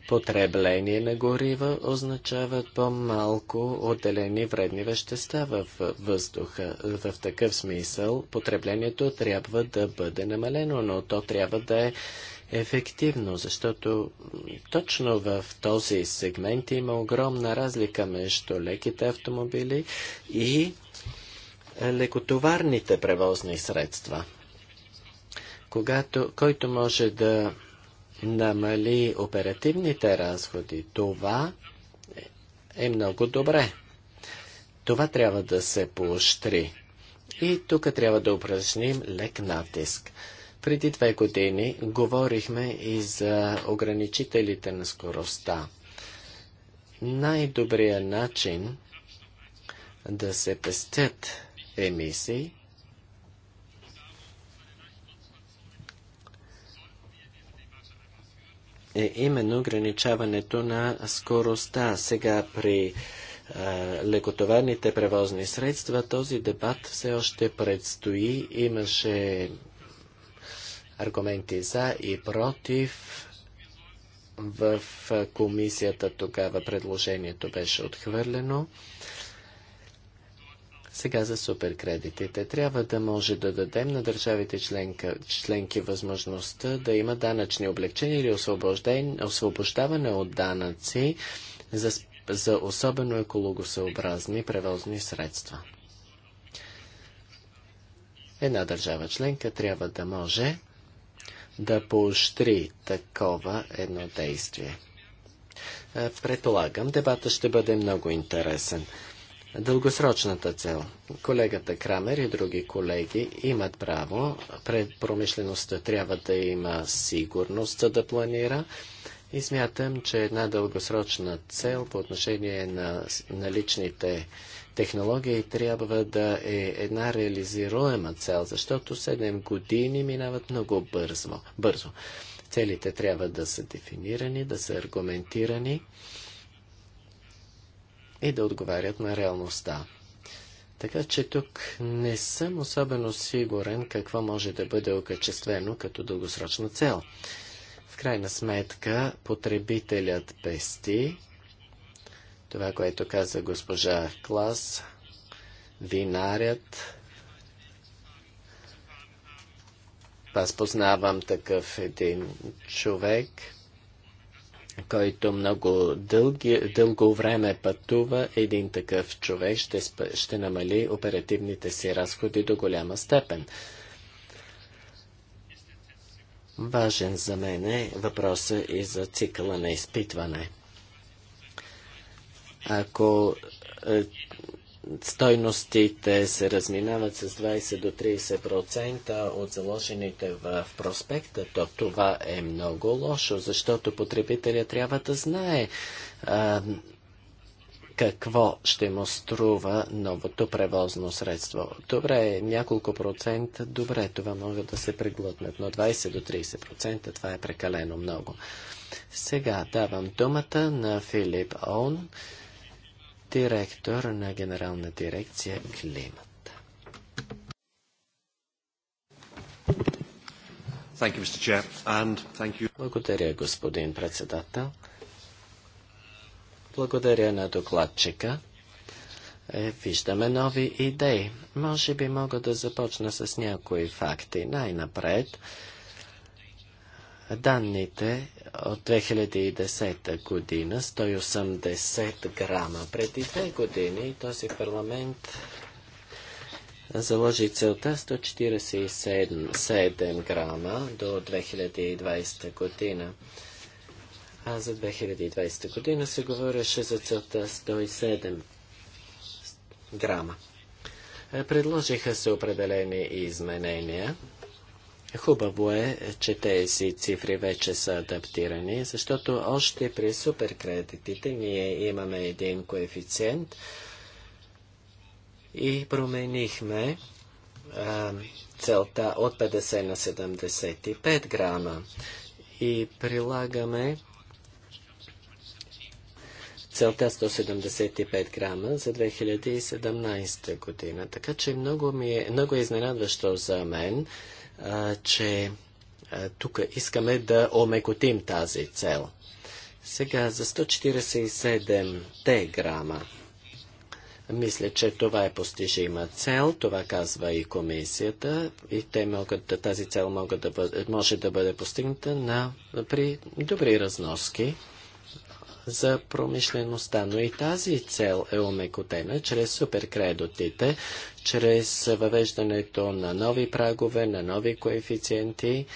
потребление на горива означава по-малко отделени вредни вещества в въздуха. В такъв смисъл потреблението трябва да бъде намалено, но то трябва да е ефективно, защото точно в този сегмент има огромна разлика между леките автомобили и лекотоварните превозни средства, когато, който може да намали оперативните разходи, това е, е много добре. Това трябва да се поощри. И тук трябва да упражним лек натиск. Преди две години говорихме и за ограничителите на скоростта. Най-добрият начин да се пестят емисии. Е именно ограничаването на скоростта. Сега при лекотоварните превозни средства, този дебат все още предстои. Имаше аргументи за и против. В комисията тогава предложението беше отхвърлено. Сега за суперкредитите. Трябва да може да дадем на държавите членка, членки възможността да има данъчни облегчения или освобождаване от данъци за, за особено екологосъобразни превозни средства. Една държава членка трябва да може да поощри такова едно действие. Е, предполагам, дебата ще бъде много интересен. Дългосрочната цел. Колегата Крамер и други колеги имат право. Пред промишлеността трябва да има сигурност за да планира. И смятам, че една дългосрочна цел по отношение на наличните технологии трябва да е една реализируема цел, защото 7 години минават много бързо. бързо. Целите трябва да са дефинирани, да са аргументирани и да отговарят на реалността. Така че тук не съм особено сигурен какво може да бъде окачествено като дългосрочна цел. В крайна сметка, потребителят пести. Това, което каза госпожа Клас, винарят. Аз познавам такъв един човек – който много дълги, дълго време пътува, един такъв човек ще, ще намали оперативните си разходи до голяма степен. Важен за мен е въпросът и за цикъла на изпитване. Ако е, стойностите се разминават с 20 до 30% от заложените в проспекта, то това е много лошо, защото потребителя трябва да знае а, какво ще му струва новото превозно средство. Добре, няколко процента, добре, това могат да се преглътнат, но 20 до 30% това е прекалено много. Сега давам думата на Филип Оун директор на Генерална дирекция Климат. Благодаря, господин председател. Благодаря на докладчика. Е, виждаме нови идеи. Може би мога да започна с някои факти. Най-напред, данните от 2010 година, 180 грама. Преди две години този парламент заложи целта 147 грама до 2020 година. А за 2020 година се говореше за целта 107 грама. Предложиха се определени изменения Хубаво е, че тези цифри вече са адаптирани, защото още при суперкредитите ние имаме един коефициент и променихме а, целта от 50 на 75 грама и прилагаме целта 175 грама за 2017 година. Така че много, ми е, много е изненадващо за мен, че тук искаме да омекотим тази цел. Сега за 147 те грама. Мисля, че това е постижима цел, това казва и комисията, и те могат тази цел могат да бъде, може да бъде постигната на, при добри разноски за промишлеността. Но и тази цел е омекотена чрез суперкредитите, чрез въвеждането на нови прагове, на нови коефициенти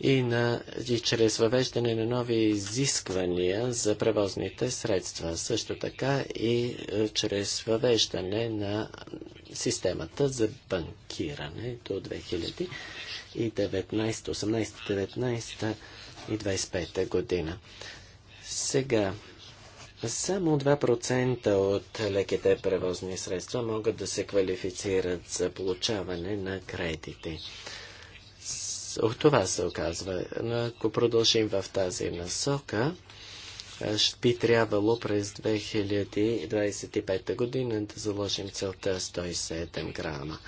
и, на, и чрез въвеждане на нови изисквания за превозните средства. Също така и е, чрез въвеждане на системата за банкиране до 2019, 18, 19 и 25 година. Сега само 2% от леките превозни средства могат да се квалифицират за получаване на кредити. От това се оказва. Но ако продължим в тази насока, би трябвало през 2025 година да заложим целта 107 грама.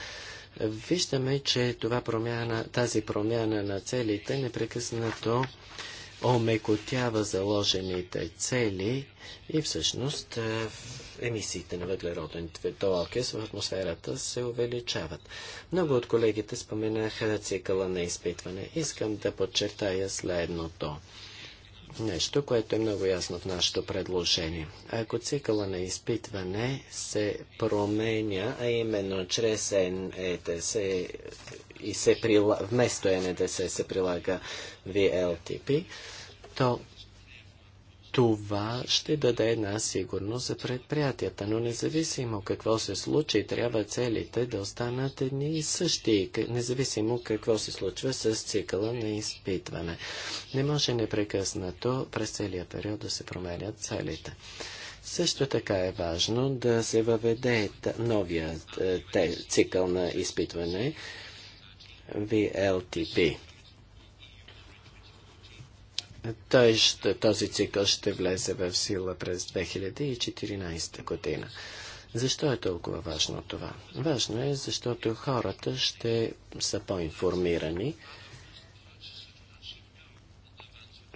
Виждаме, че това промяна, тази промяна на целите непрекъснато омекотява заложените цели и всъщност е, емисиите на въглероден двуокис в атмосферата се увеличават. Много от колегите споменаха цикъла на изпитване. Искам да подчертая следното нещо, което е много ясно в нашето предложение. Ако цикъла на изпитване се променя, а именно чрез НЕТС и се прилага, вместо НЕТС се прилага VLTP, то това ще даде една сигурност за предприятията, но независимо какво се случи, трябва целите да останат едни и същи, независимо какво се случва с цикъла на изпитване. Не може непрекъснато през целия период да се променят целите. Също така е важно да се въведе новия е, цикъл на изпитване VLTP. Той ще, този цикъл ще влезе в сила през 2014 година. Защо е толкова важно това? Важно е, защото хората ще са по-информирани.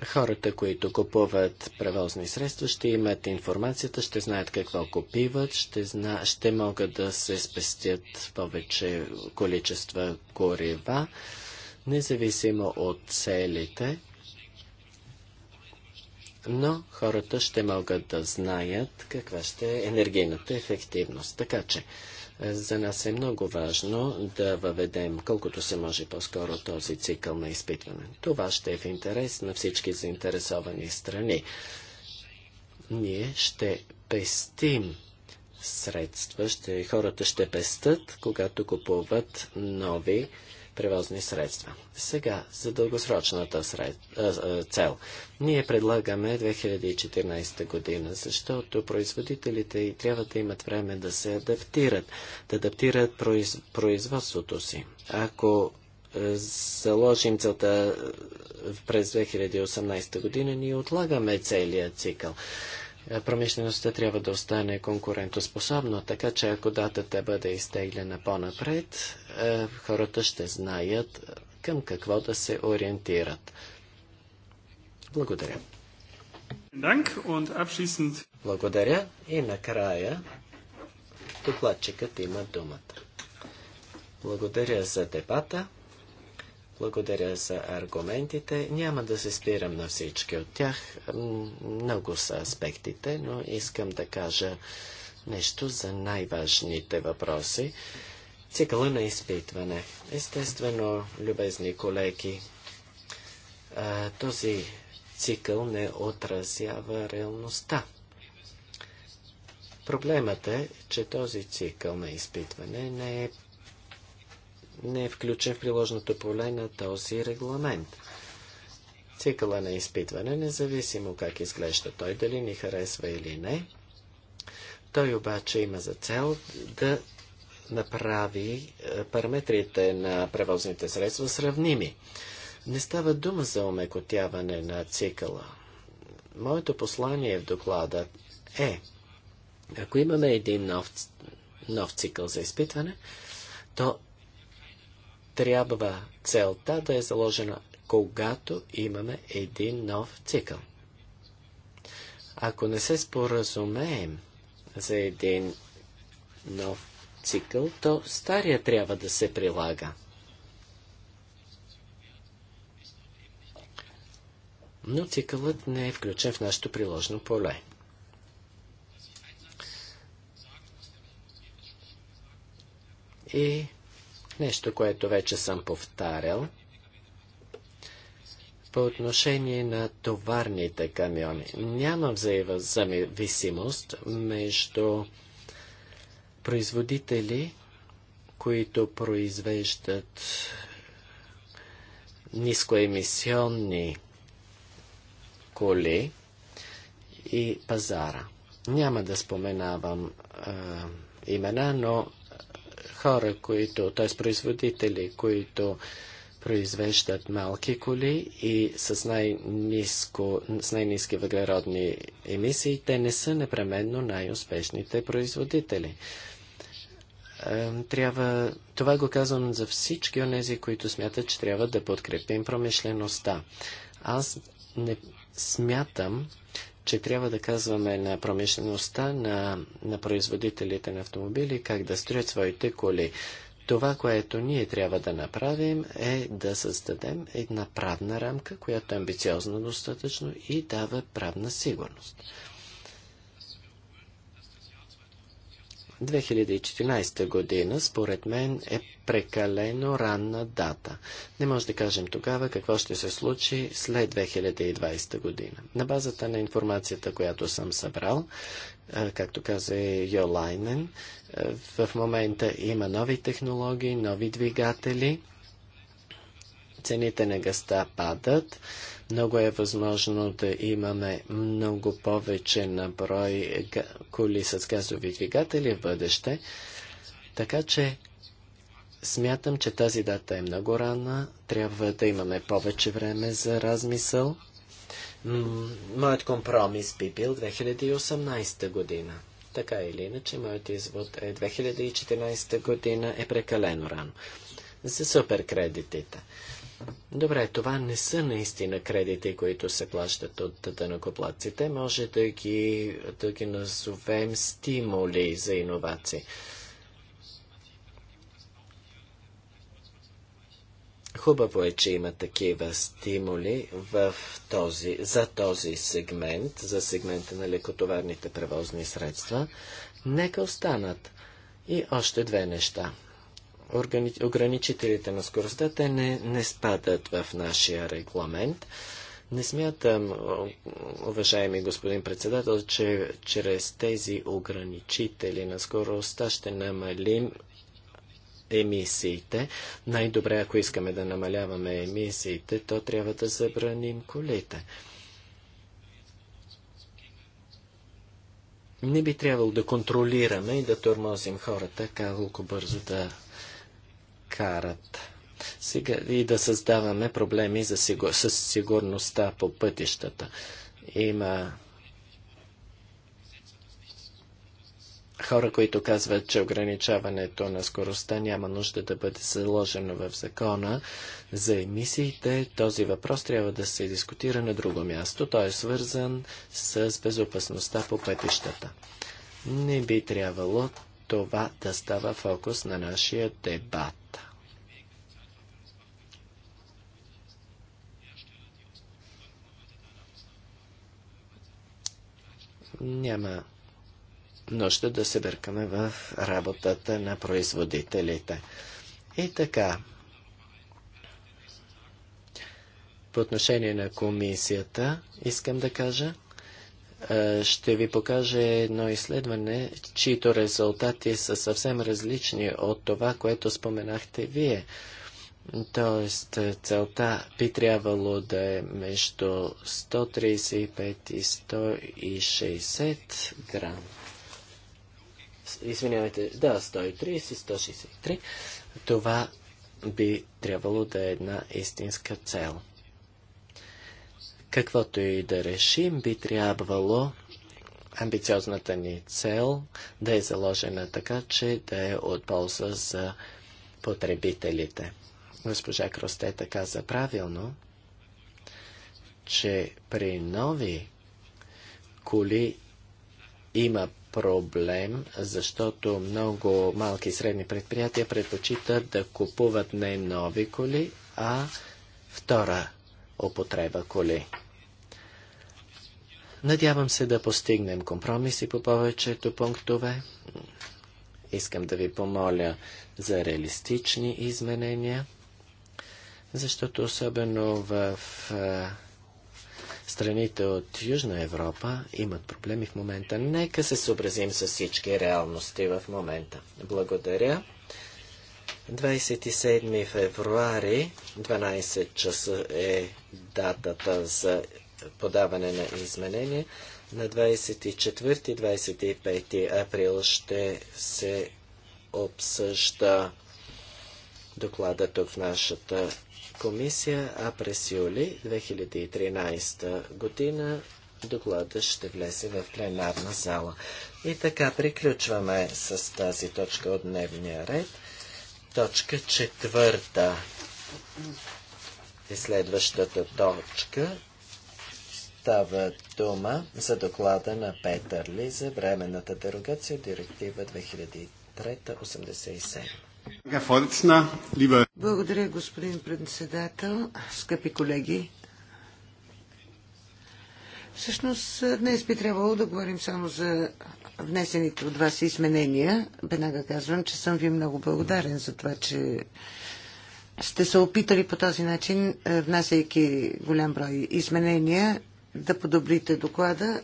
Хората, които купуват превозни средства, ще имат информацията, ще знаят какво купиват, ще, зна... ще могат да се спестят повече количества горива, независимо от целите но хората ще могат да знаят каква ще е енергийната ефективност. Така че е, за нас е много важно да въведем колкото се може по-скоро този цикъл на изпитване. Това ще е в интерес на всички заинтересовани страни. Ние ще пестим средства, ще, хората ще пестат, когато купуват нови превозни средства. Сега, за дългосрочната сред... цел. Ние предлагаме 2014 година, защото производителите и трябва да имат време да се адаптират, да адаптират произ... производството си. Ако заложим целта през 2018 година, ние отлагаме целият цикъл. Е, промишлеността трябва да остане конкурентоспособна, така че ако датата бъде изтеглена по-напред, е, хората ще знаят към какво да се ориентират. Благодаря. Благодаря и накрая докладчикът има думата. Благодаря за дебата. Благодаря за аргументите. Няма да се спирам на всички от тях. Много са аспектите, но искам да кажа нещо за най-важните въпроси. Цикъла на изпитване. Естествено, любезни колеги, този цикъл не отразява реалността. Проблемът е, че този цикъл на изпитване не е не е включен в приложното поле на този регламент. Цикъла на изпитване, независимо как изглежда той, дали ни харесва или не, той обаче има за цел да направи е, параметрите на превозните средства сравними. Не става дума за омекотяване на цикъла. Моето послание в доклада е, ако имаме един нов, нов цикъл за изпитване, то трябва целта да е заложена, когато имаме един нов цикъл. Ако не се споразумеем за един нов цикъл, то стария трябва да се прилага. Но цикълът не е включен в нашето приложено поле. И Нещо, което вече съм повтарял. По отношение на товарните камиони, няма зависимост между производители, които произвеждат нискоемисионни коли и пазара. Няма да споменавам а, имена, но хора, които, т.е. производители, които произвеждат малки коли и с, най-низко, с най-низки въглеродни емисии, те не са непременно най-успешните производители. Трябва, това го казвам за всички от тези, които смятат, че трябва да подкрепим промишлеността. Аз не смятам, че трябва да казваме на промишлеността, на, на производителите на автомобили как да строят своите коли. Това, което ние трябва да направим е да създадем една правна рамка, която е амбициозна достатъчно и дава правна сигурност. 2014 година, според мен, е прекалено ранна дата. Не може да кажем тогава какво ще се случи след 2020 година. На базата на информацията, която съм събрал, както каза Йолайнен, в момента има нови технологии, нови двигатели, цените на гъста падат, много е възможно да имаме много повече наброй коли с газови двигатели в бъдеще. Така че смятам, че тази дата е много рана. Трябва да имаме повече време за размисъл. Моят компромис би бил 2018 година. Така или иначе, моят извод е 2014 година е прекалено рано. За суперкредитите. Добре, това не са наистина кредити, които се плащат от тънакоплаците. Може да ги, да ги назовем стимули за иновации. Хубаво е, че има такива стимули в този, за този сегмент, за сегмента на лекотоварните превозни средства. Нека останат и още две неща органи... ограничителите на скоростта, те не, не спадат в нашия регламент. Не смятам, уважаеми господин председател, че чрез тези ограничители на скоростта ще намалим емисиите. Най-добре, ако искаме да намаляваме емисиите, то трябва да забраним колите. Не би трябвало да контролираме и да тормозим хората, колко бързо да карат. Сега и да създаваме проблеми за сигур... с сигурността по пътищата. Има хора, които казват, че ограничаването на скоростта няма нужда да бъде заложено в закона за емисиите. Този въпрос трябва да се дискутира на друго място. Той е свързан с безопасността по пътищата. Не би трябвало това да става фокус на нашия дебат. Няма нужда да се бъркаме в работата на производителите. И така, по отношение на комисията, искам да кажа, е, ще ви покажа едно изследване, чието резултати са съвсем различни от това, което споменахте вие. Тоест, е, целта би трябвало да е между 135 и 160 грам. Извинявайте, да, 130 и 163. Това би трябвало да е една истинска цел. Каквото и да решим, би трябвало амбициозната ни цел да е заложена така, че да е от полза за потребителите. Госпожа Кростета каза правилно, че при нови коли има проблем, защото много малки и средни предприятия предпочитат да купуват не нови коли, а втора употреба коли. Надявам се да постигнем компромиси по повечето пунктове. Искам да ви помоля за реалистични изменения, защото особено в е, страните от Южна Европа имат проблеми в момента. Нека се съобразим с всички реалности в момента. Благодаря. 27 февруари, 12 часа е датата за подаване на изменения. На 24-25 април ще се обсъжда доклада тук в нашата комисия, а през юли 2013 година доклада ще влезе в пленарна зала. И така приключваме с тази точка от дневния ред. Точка четвърта е следващата точка. Става дума за доклада на Петър Ли за временната дерогация директива 2003-87. Благодаря, господин председател, скъпи колеги. Всъщност, днес би трябвало да говорим само за внесените от вас изменения. Веднага казвам, че съм ви много благодарен за това, че сте се опитали по този начин, внасяйки голям брой изменения, да подобрите доклада.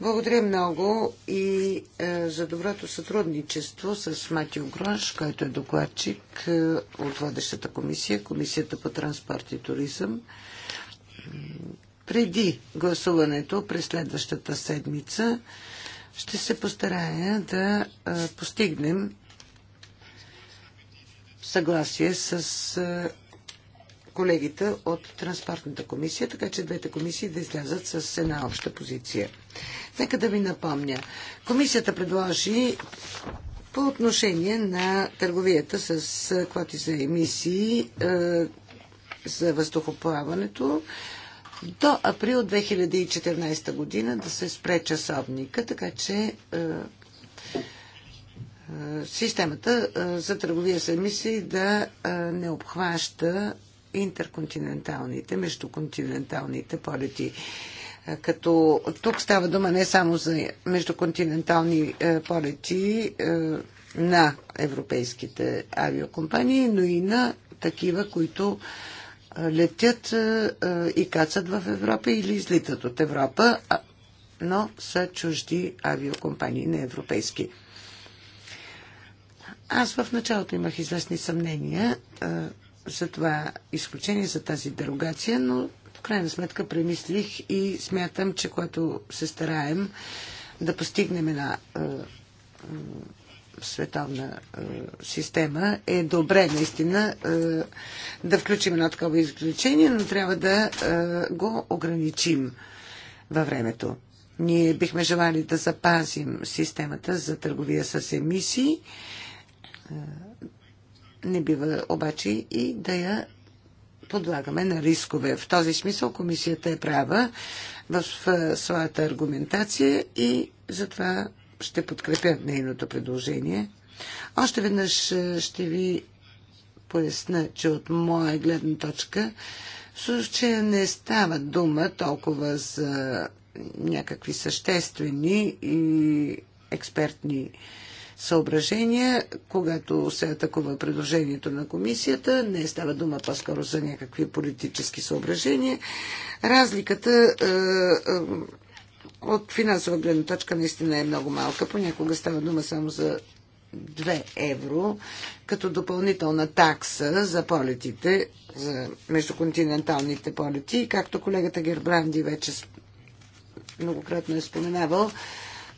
Благодаря много и е, за доброто сътрудничество с Матио Гронш, който е докладчик е, от водещата комисия, Комисията по транспорт и туризъм. Преди гласуването през следващата седмица ще се постарая да е, постигнем съгласие с е, колегите от Транспортната комисия, така че двете комисии да излязат с една обща позиция. Нека да ви напомня. Комисията предложи по отношение на търговията с квоти за емисии е, за въздухоплаването до април 2014 година да се спре часовника, така че е, системата за търговия с емисии да не обхваща интерконтиненталните, междуконтиненталните полети. Е, като тук става дума не само за междуконтинентални е, полети е, на европейските авиокомпании, но и на такива, които летят и кацат в Европа или излитат от Европа, но са чужди авиокомпании, не европейски. Аз в началото имах известни съмнения за това изключение, за тази дерогация, но в крайна сметка премислих и смятам, че когато се стараем да постигнем една е, е, световна е, система, е добре наистина е, да включим едно такова изключение, но трябва да е, го ограничим във времето. Ние бихме желали да запазим системата за търговия с емисии. Е, не бива обаче и да я подлагаме на рискове. В този смисъл комисията е права в своята аргументация и затова ще подкрепя нейното предложение. Още веднъж ще ви поясна, че от моя гледна точка в случая не става дума толкова за някакви съществени и експертни съображения, когато се атакува предложението на комисията. Не става дума по-скоро за някакви политически съображения. Разликата е, е, от финансова гледна точка наистина е много малка. Понякога става дума само за 2 евро като допълнителна такса за полетите, за междуконтиненталните полети. Както колегата Гербранди вече многократно е споменавал,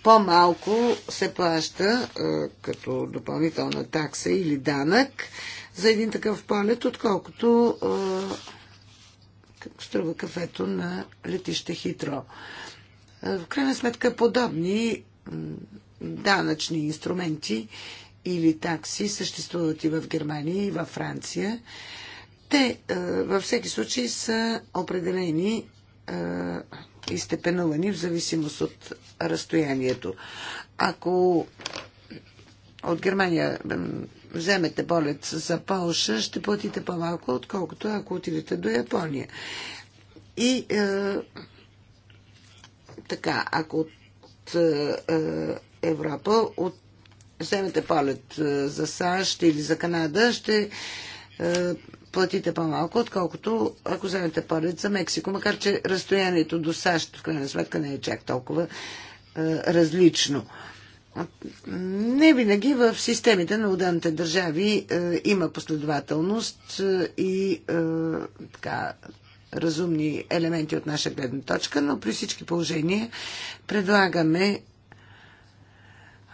по-малко се плаща е, като допълнителна такса или данък за един такъв полет, отколкото е, струва кафето на летище Хитро. Е, в крайна сметка подобни данъчни инструменти или такси съществуват и в Германия, и във Франция. Те във всеки случай са определени и степена лъни в зависимост от разстоянието. Ако от Германия вземете полет за Полша, ще платите по-малко, отколкото ако отидете до Япония. И е, така, ако от е, е Европа от, вземете полет е, за САЩ или за Канада, ще е, платите по-малко, отколкото ако вземете полет за Мексико, макар че разстоянието до САЩ в крайна сметка не е чак толкова е, различно. Не винаги в системите на отделните държави е, има последователност е, и е, така, разумни елементи от наша гледна точка, но при всички положения предлагаме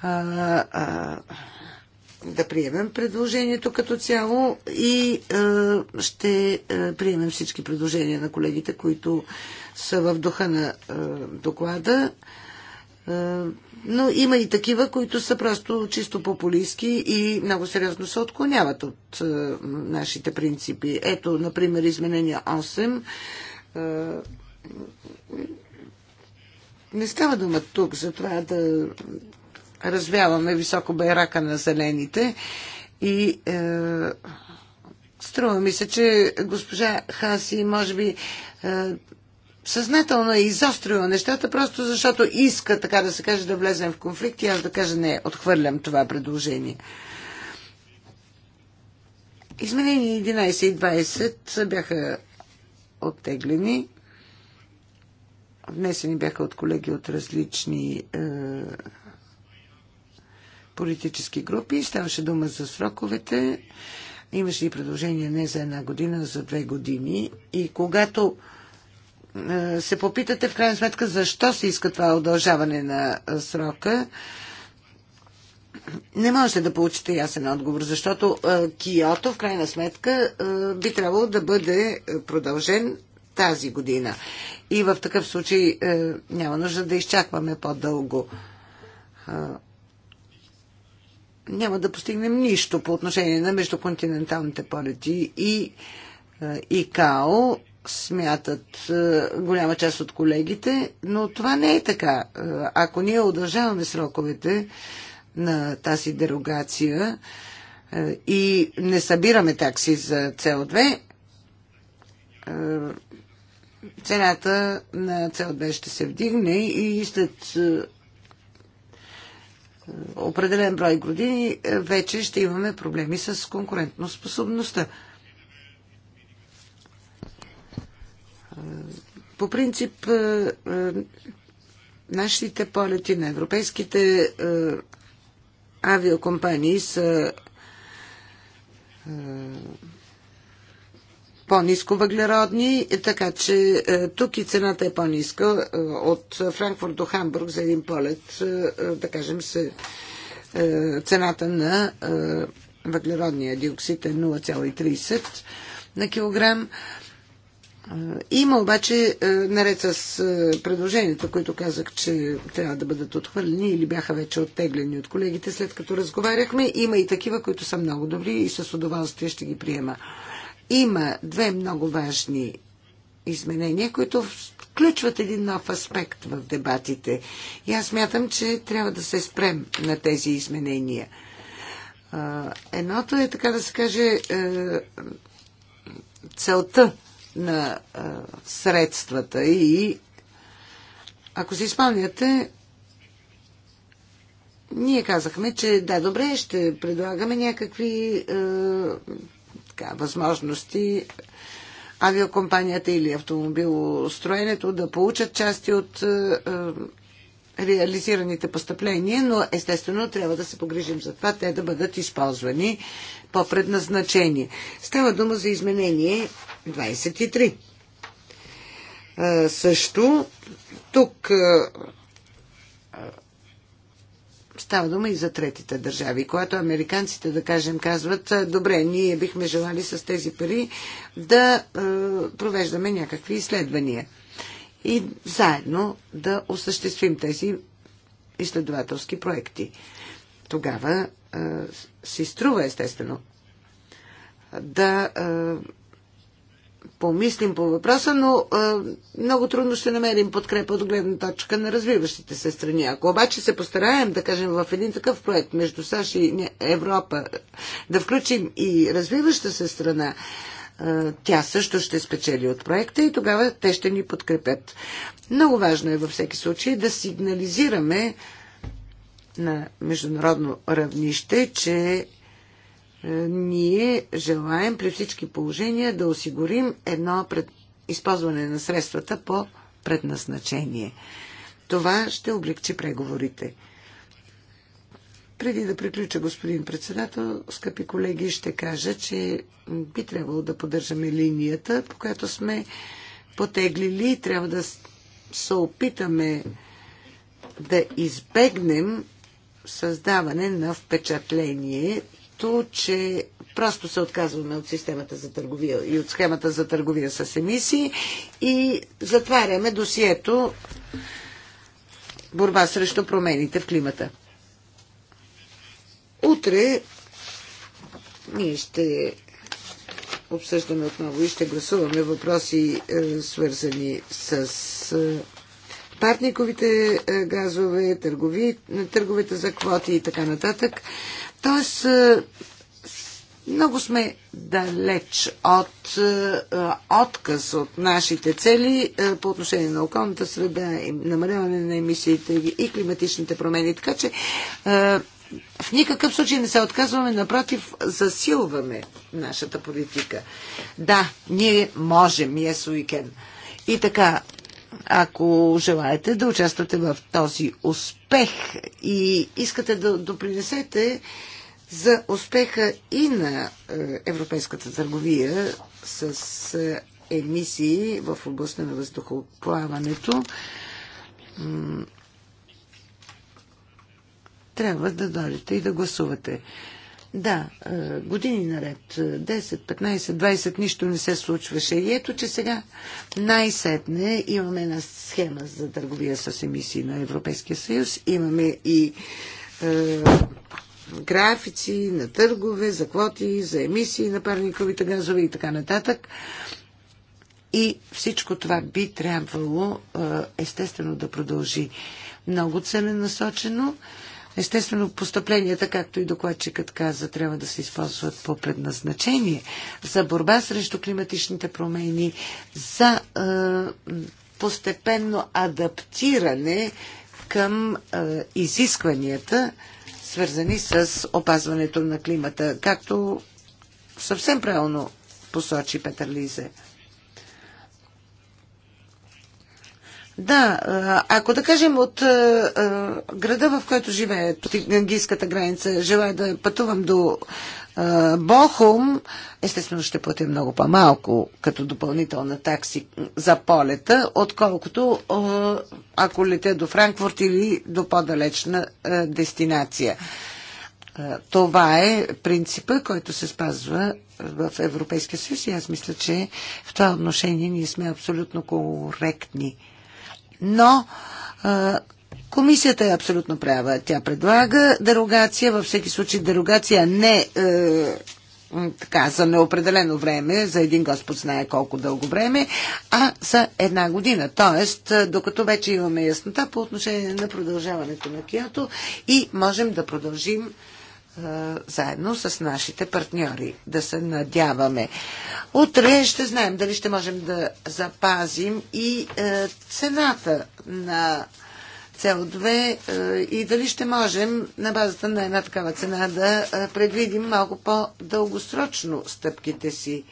а, а, да приемем предложението като цяло и а, е, ще а, е, приемем всички предложения на колегите, които са в духа на а, е, доклада. А, но има и такива, които са просто чисто популистски и много сериозно се отклоняват от а, нашите принципи. Ето, например, изменение 8. А, не става дума тук за това да развяваме високо байрака на зелените и е, струва ми се, че госпожа Хаси може би е, съзнателно е изострила нещата, просто защото иска, така да се каже, да влезем в конфликт и аз да кажа не, отхвърлям това предложение. Изменения 11 и 20 бяха оттеглени. Внесени бяха от колеги от различни е, политически групи. Ставаше дума за сроковете. Имаше и предложение не за една година, а за две години. И когато се попитате в крайна сметка защо се иска това удължаване на срока, не можете да получите ясен отговор, защото Киото в крайна сметка би трябвало да бъде продължен тази година. И в такъв случай няма нужда да изчакваме по-дълго няма да постигнем нищо по отношение на междуконтиненталните полети и е, ИКАО смятат е, голяма част от колегите, но това не е така. Е, ако ние удължаваме сроковете на тази дерогация и не събираме такси за CO2, цената на CO2 ще се вдигне и след определен брой години е, вече ще имаме проблеми с конкурентноспособността. Е, по принцип, е, нашите полети на европейските авиокомпании са по-низко въглеродни, така че е, тук и цената е по-ниска е, от Франкфурт до Хамбург за един полет, е, да кажем се, цената на въглеродния диоксид е 0,30 на килограм. Има обаче, наред с предложенията, които казах, че трябва да бъдат отхвърлени или бяха вече оттеглени от колегите, след като разговаряхме, има и такива, които са много добри и с удоволствие ще ги приема. Има две много важни изменения, които включват един нов аспект в дебатите. И аз мятам, че трябва да се спрем на тези изменения. Едното е, така да се каже, е, целта на е, средствата и ако си спомняте, ние казахме, че да, добре, ще предлагаме някакви е, така, възможности авиокомпанията или автомобилостроенето да получат части от е, е, реализираните постъпления, но естествено трябва да се погрижим за това те да бъдат използвани по предназначение. Става дума за изменение 23. Е, също тук е, Става дума и за третите държави. Когато американците, да кажем, казват, «Е, добре, ние бихме желали с тези пари да е, провеждаме някакви изследвания и заедно да осъществим тези изследователски проекти. Тогава е, си струва, естествено, да е, помислим по въпроса, но а, много трудно ще намерим подкрепа от гледна точка на развиващите се страни. Ако обаче се постараем, да кажем, в един такъв проект между САЩ и Европа, да включим и развиваща се страна, а, тя също ще спечели от проекта и тогава те ще ни подкрепят. Много важно е във всеки случай да сигнализираме на международно равнище, че е, ние желаем при всички положения да осигурим едно пред... използване на средствата по предназначение. Това ще облегчи преговорите. Преди да приключа, господин председател, скъпи колеги, ще кажа, че би трябвало да поддържаме линията, по която сме потеглили и трябва да се опитаме да избегнем създаване на впечатление, като че просто се отказваме от системата за търговия и от схемата за търговия с емисии и затваряме досието борба срещу промените в климата. Утре ние ще обсъждаме отново и ще гласуваме въпроси, е, свързани с е, парниковите е, газове, търговите за квоти и така нататък. Тоест, е, много сме далеч от е, е, отказ от нашите цели по отношение на околната среда, намаляване на емисиите и климатичните промени. Така че в никакъв случай не се отказваме, напротив, засилваме нашата политика. Да, ние можем, yes we can. И така, ако желаете да участвате в този успех и искате да допринесете да за успеха и на е, европейската търговия с е, емисии в областта на въздухоплаването трябва да дойдете и да гласувате. Да, е, години наред, 10, 15, 20, нищо не се случваше. И ето, че сега най-сетне имаме една схема за търговия с емисии на Европейския съюз. Имаме и е, графици, на търгове, за квоти, за емисии на парниковите газове и така нататък. И всичко това би трябвало естествено да продължи много целенасочено. Естествено, постъпленията, както и докладчикът каза, трябва да се използват по предназначение за борба срещу климатичните промени, за е, постепенно адаптиране към е, изискванията свързани с опазването на климата, както съвсем правилно посочи Петър Лизе. Да, ако да кажем от града, в който живея, от Гангийската граница, желая да пътувам до Бохум, естествено ще платим много по-малко като допълнителна такси за полета, отколкото ако лете до Франкфурт или до по-далечна дестинация. Това е принципа, който се спазва в Европейския съюз и аз мисля, че в това отношение ние сме абсолютно коректни. Но Комисията е абсолютно права. Тя предлага дерогация, във всеки случай дерогация не е, така, за неопределено време, за един Господ знае колко дълго време, а за една година. Тоест, е, докато вече имаме яснота по отношение на продължаването на Киото и можем да продължим е, заедно с нашите партньори. Да се надяваме. Утре ще знаем дали ще можем да запазим и е, цената на CO2 е, и дали ще можем на базата на една такава цена да е, предвидим малко по-дългосрочно стъпките си.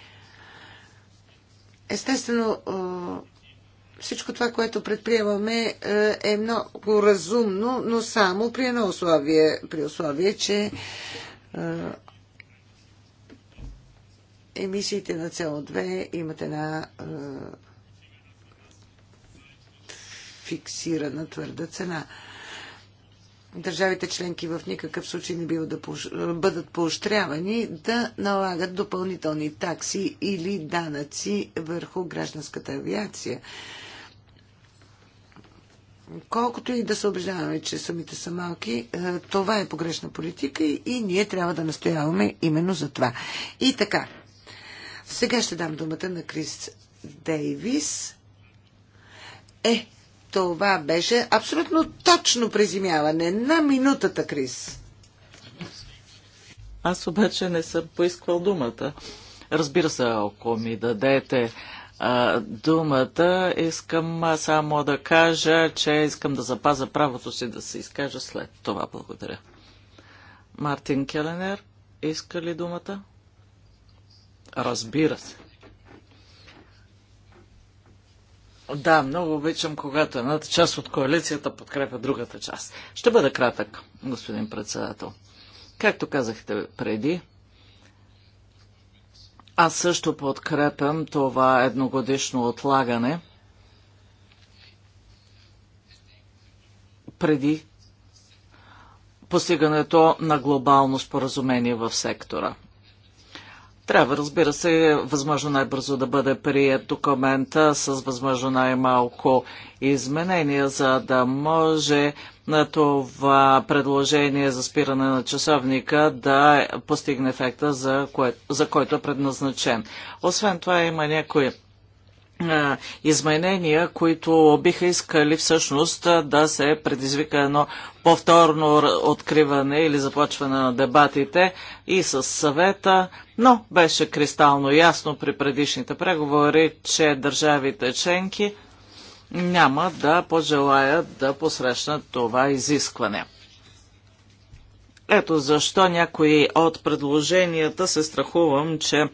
Естествено, е, всичко това, което предприемаме е много разумно, но само при едно условие, при условие, че емисиите на CO2 имат една фиксирана твърда цена. Държавите членки в никакъв случай не бива да бъдат поощрявани да налагат допълнителни такси или данъци върху гражданската авиация. Колкото и да се убеждаваме, че сумите са малки, е, това е погрешна политика и ние трябва да настояваме именно за това. И така, сега ще дам думата на Крис Дейвис. Е, това беше абсолютно точно приземяване на минутата, Крис. Аз обаче не съм поисквал думата. Разбира се, ако ми дадете а, думата, искам само да кажа, че искам да запаза правото си да се изкажа след това. Благодаря. Мартин Келенер, иска ли думата? Разбира се. Да, много обичам, когато едната част от коалицията подкрепя другата част. Ще бъда кратък, господин председател. Както казахте преди, аз също подкрепям това едногодишно отлагане преди постигането на глобално споразумение в сектора. Трябва, разбира се, възможно най-бързо да бъде прият документа с възможно най-малко изменения, за да може на това предложение за спиране на часовника да постигне ефекта, за, кое, за който е предназначен. Освен това има някои изменения, които биха искали всъщност да се предизвика едно повторно откриване или започване на дебатите и с съвета, но беше кристално ясно при предишните преговори, че държавите членки няма да пожелаят да посрещнат това изискване. Ето защо някои от предложенията се страхувам, че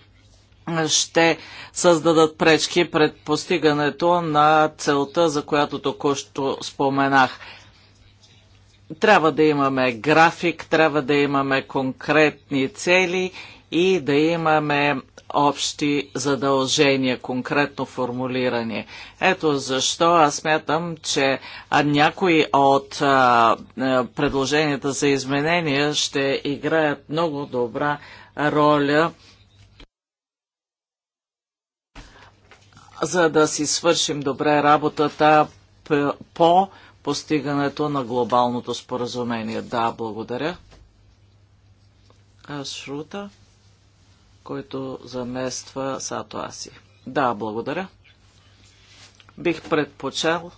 ще създадат пречки пред постигането на целта, за която току-що споменах. Трябва да имаме график, трябва да имаме конкретни цели и да имаме общи задължения, конкретно формулирани. Ето защо аз смятам, че някои от а, предложенията за изменения ще играят много добра роля за да си свършим добре работата по постигането на глобалното споразумение. Да, благодаря. Шрута, който замества Сато Аси. Да, благодаря. Бих предпочел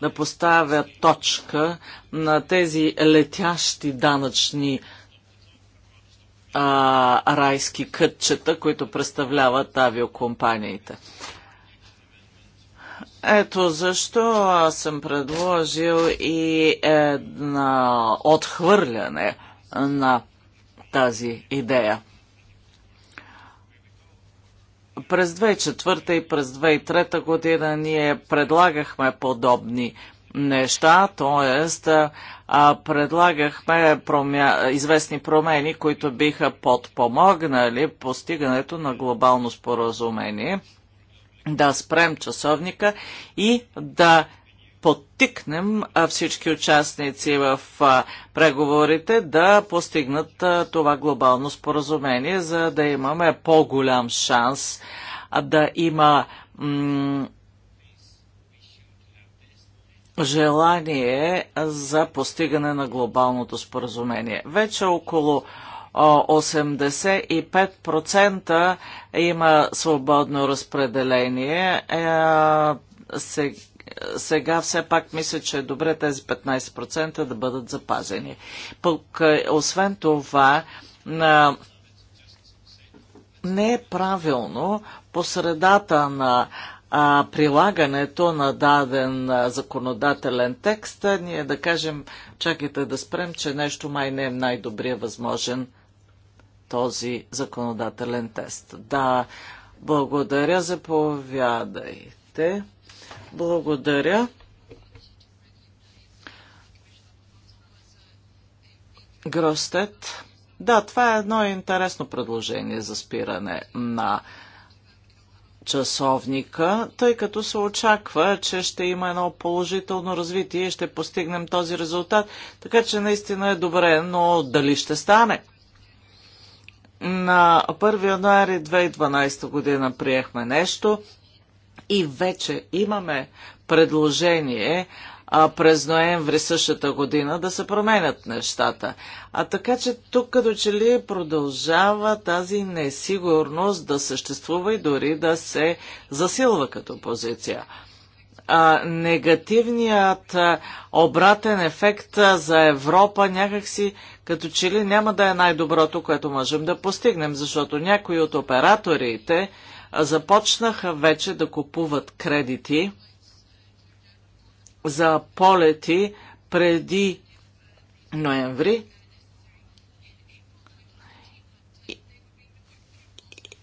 да поставя точка на тези летящи данъчни а, райски кътчета, които представляват авиокомпаниите. Ето защо аз съм предложил и едно отхвърляне на тази идея. През 2004 и през 2003 година ние предлагахме подобни неща, т.е. предлагахме промя... известни промени, които биха подпомогнали постигането на глобално споразумение, да спрем часовника и да подтикнем всички участници в преговорите да постигнат това глобално споразумение, за да имаме по-голям шанс да има желание за постигане на глобалното споразумение. Вече около 85% има свободно разпределение. Е, сега все пак мисля, че е добре тези 15% да бъдат запазени. Пък, е, освен това, не е правилно по средата на а, прилагането на даден а, законодателен текст, а ние да кажем, чакайте да спрем, че нещо май не е най-добрия възможен този законодателен тест. Да, благодаря, заповядайте. Благодаря. Гростет. Да, това е едно интересно предложение за спиране на часовника, тъй като се очаква, че ще има едно положително развитие и ще постигнем този резултат. Така че наистина е добре, но дали ще стане? На 1 януари 2012 година приехме нещо и вече имаме предложение а, през ноември същата година да се променят нещата. А така че тук като че ли продължава тази несигурност да съществува и дори да се засилва като позиция. А, негативният а, обратен ефект а, за Европа някакси като че ли няма да е най-доброто, което можем да постигнем, защото някои от операторите започнаха вече да купуват кредити, за полети преди ноември.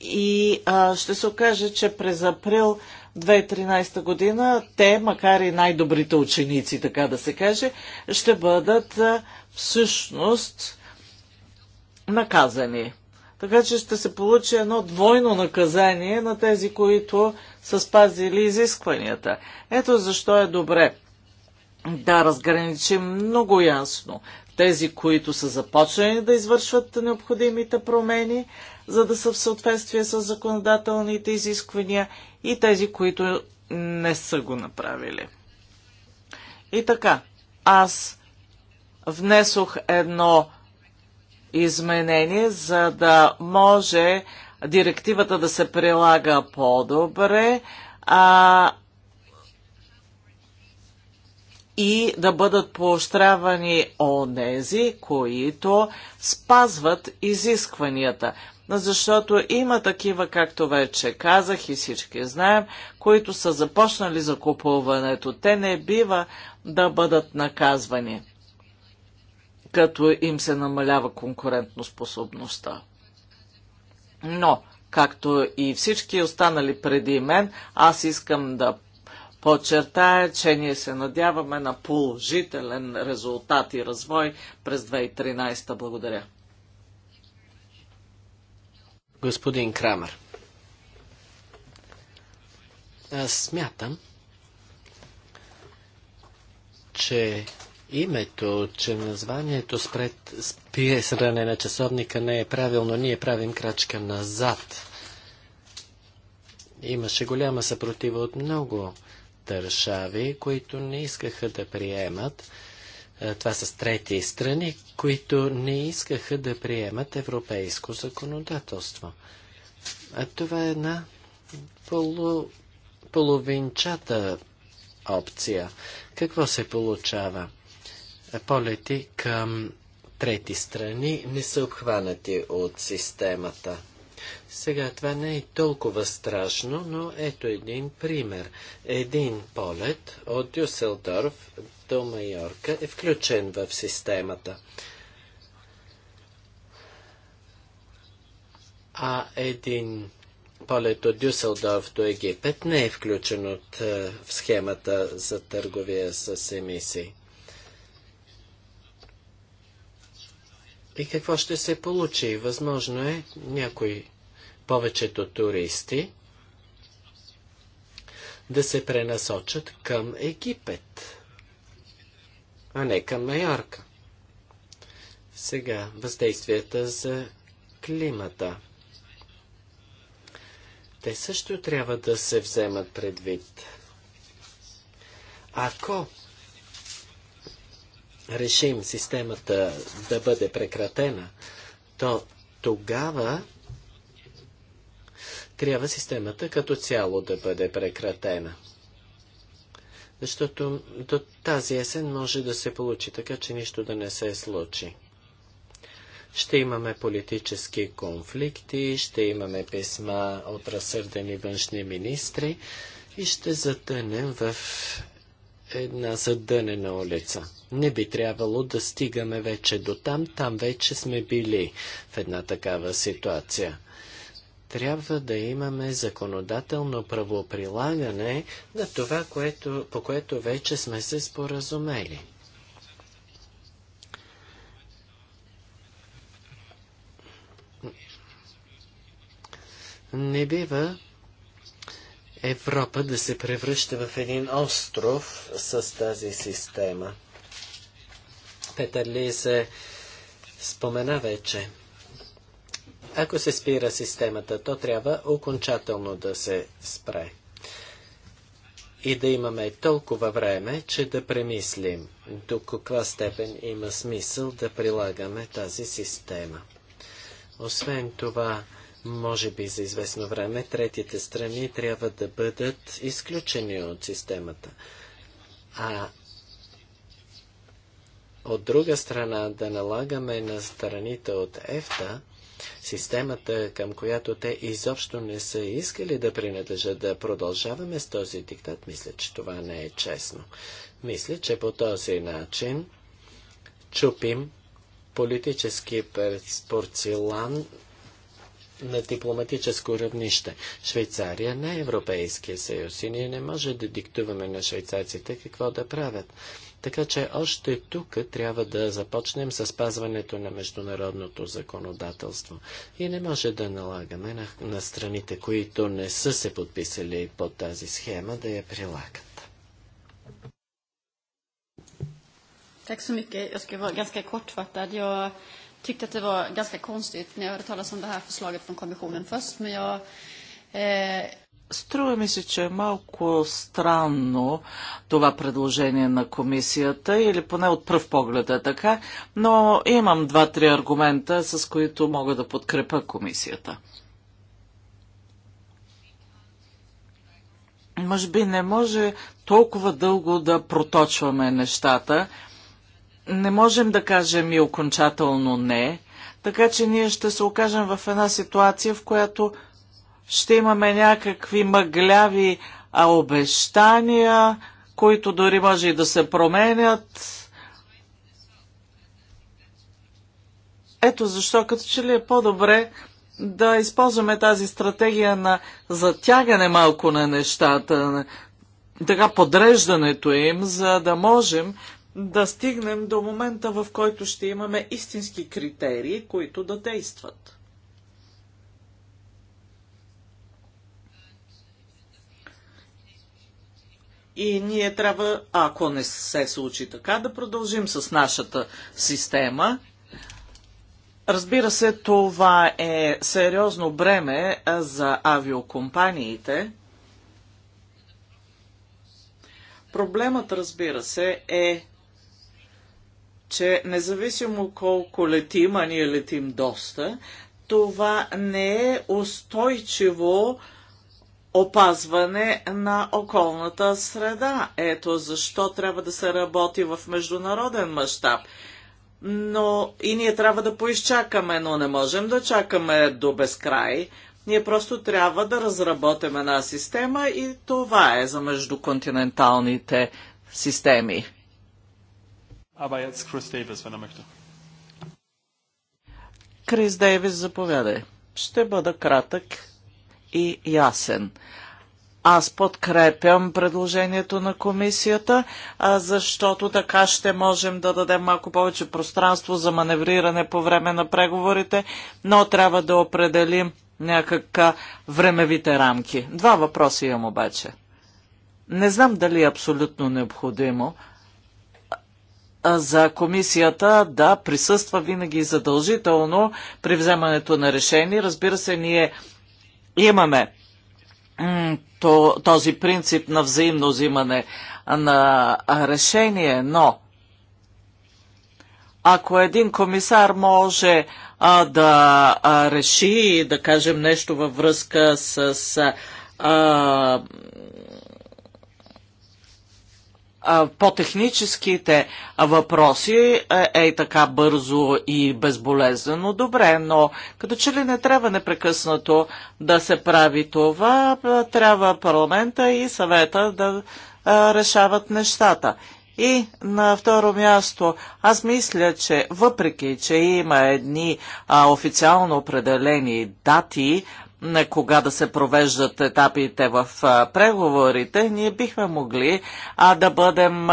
И а, ще се окаже, че през април 2013 година те, макар и най-добрите ученици, така да се каже, ще бъдат а, всъщност наказани. Така че ще се получи едно двойно наказание на тези, които са спазили изискванията. Ето защо е добре да разграничим много ясно тези, които са започнали да извършват необходимите промени, за да са в съответствие с законодателните изисквания и тези, които не са го направили. И така, аз внесох едно изменение, за да може директивата да се прилага по-добре, а и да бъдат поощрявани онези, които спазват изискванията. Защото има такива, както вече казах и всички знаем, които са започнали закупуването. Те не бива да бъдат наказвани, като им се намалява конкурентноспособността. Но, както и всички останали преди мен, аз искам да подчертая, че ние се надяваме на положителен резултат и развой през 2013. Благодаря. Господин Крамер, аз смятам, че името, че названието спред спиране на часовника не е правилно. Ние правим крачка назад. Имаше голяма съпротива от много държави, които не искаха да приемат е, това са трети страни, които не искаха да приемат европейско законодателство. А това е една полу, половинчата опция. Какво се получава? Е, полети към трети страни не са обхванати от системата. Сега това не е толкова страшно, но ето един пример. Един полет от Дюселдорф до Майорка е включен в системата. А един полет от Дюселдорф до Египет не е включен от, е, в схемата за търговия с емисии. И какво ще се получи? Възможно е някой повечето туристи да се пренасочат към Египет, а не към Майорка. Сега въздействията за климата. Те също трябва да се вземат предвид. Ако решим системата да бъде прекратена, то тогава трябва системата като цяло да бъде прекратена. Защото до тази есен може да се получи така, че нищо да не се случи. Ще имаме политически конфликти, ще имаме писма от разсърдени външни министри и ще затънем в една задънена улица. Не би трябвало да стигаме вече до там, там вече сме били в една такава ситуация трябва да имаме законодателно правоприлагане на това, което, по което вече сме се споразумели. Не бива Европа да се превръща в един остров с тази система. Петър Лиз се спомена вече. Ако се спира системата, то трябва окончателно да се спре. И да имаме толкова време, че да премислим до каква степен има смисъл да прилагаме тази система. Освен това, може би за известно време третите страни трябва да бъдат изключени от системата. А от друга страна да налагаме на страните от ЕФТА системата, към която те изобщо не са искали да принадлежат, да продължаваме с този диктат, мисля, че това не е честно. Мисля, че по този начин чупим политически порцелан на дипломатическо равнище. Швейцария не е Европейския съюз и ние не може да диктуваме на швейцарците какво да правят. Така че още тук трябва да започнем с спазването на международното законодателство. И не може да налагаме на, на страните, които не са се подписали под тази схема, да я прилагат. Tack så mycket. Jag ska vara ganska kortfattad. Jag tyckte att det var ganska konstigt när jag hörde talas om det här förslaget från kommissionen först, men jag eh, Струва ми се, че е малко странно това предложение на комисията, или поне от пръв поглед е така, но имам два-три аргумента, с които мога да подкрепа комисията. Може би не може толкова дълго да проточваме нещата. Не можем да кажем и окончателно не, така че ние ще се окажем в една ситуация, в която ще имаме някакви мъгляви обещания, които дори може и да се променят. Ето защо като че ли е по-добре да използваме тази стратегия на затягане малко на нещата, така подреждането им, за да можем да стигнем до момента, в който ще имаме истински критерии, които да действат. И ние трябва, ако не се случи така, да продължим с нашата система. Разбира се, това е сериозно бреме за авиокомпаниите. Проблемът, разбира се, е, че независимо колко летим, а ние летим доста, това не е устойчиво опазване на околната среда. Ето защо трябва да се работи в международен мащаб. Но и ние трябва да поизчакаме, но не можем да чакаме до безкрай. Ние просто трябва да разработим една система и това е за междуконтиненталните системи. Aber jetzt Chris Davis, wenn er möchte. Крис Дейвис, заповядай. Ще бъда кратък и ясен. Аз подкрепям предложението на комисията, защото така ще можем да дадем малко повече пространство за маневриране по време на преговорите, но трябва да определим някакъв времевите рамки. Два въпроса имам обаче. Не знам дали е абсолютно необходимо за комисията да присъства винаги задължително при вземането на решение. Разбира се, ние имаме то, този принцип на взаимно взимане на решение, но ако един комисар може а, да а, реши, да кажем нещо във връзка с а, по-техническите въпроси е така бързо и безболезнено. Добре, но като че ли не трябва непрекъснато да се прави това, трябва парламента и съвета да решават нещата. И на второ място, аз мисля, че въпреки, че има едни а, официално определени дати, на кога да се провеждат етапите в преговорите, ние бихме могли а, да бъдем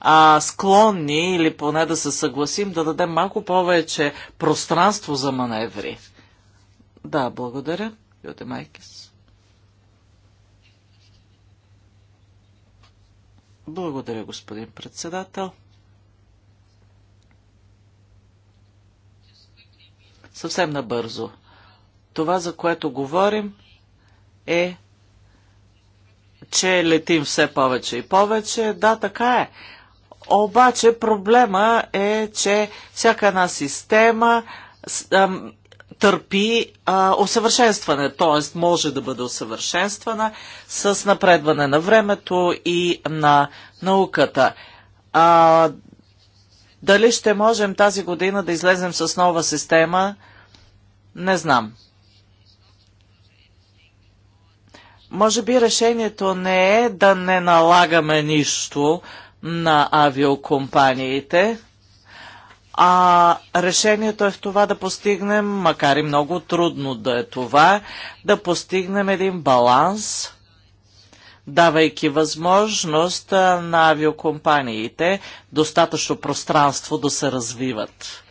а, склонни или поне да се съгласим да дадем малко повече пространство за маневри. Да, благодаря. Юте Майкис. Благодаря, господин председател. Съвсем набързо. Това, за което говорим, е, че летим все повече и повече. Да, така е. Обаче проблема е, че всяка една система търпи а, усъвършенстване, т.е. може да бъде усъвършенствана с напредване на времето и на науката. А, дали ще можем тази година да излезем с нова система, не знам. Може би решението не е да не налагаме нищо на авиокомпаниите, а решението е в това да постигнем, макар и много трудно да е това, да постигнем един баланс, давайки възможност на авиокомпаниите достатъчно пространство да се развиват.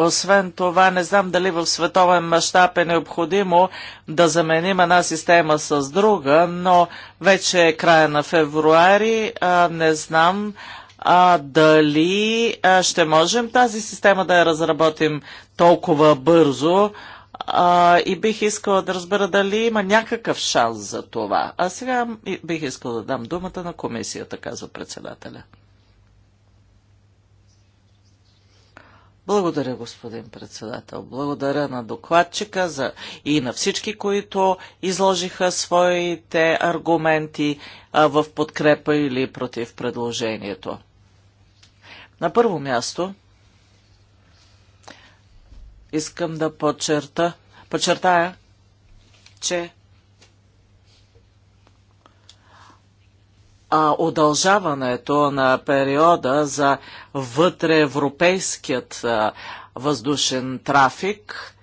Освен това, не знам дали в световен мащаб е необходимо да заменим една система с друга, но вече е края на февруари, а, не знам а, дали а, ще можем тази система да я разработим толкова бързо а, и бих искала да разбера дали има някакъв шанс за това. А сега бих искала да дам думата на комисията, казва председателя. Благодаря, господин председател. Благодаря на докладчика за... и на всички, които изложиха своите аргументи в подкрепа или против предложението. На първо място искам да подчерта, подчертая, че а, удължаването на периода за вътреевропейският а, въздушен трафик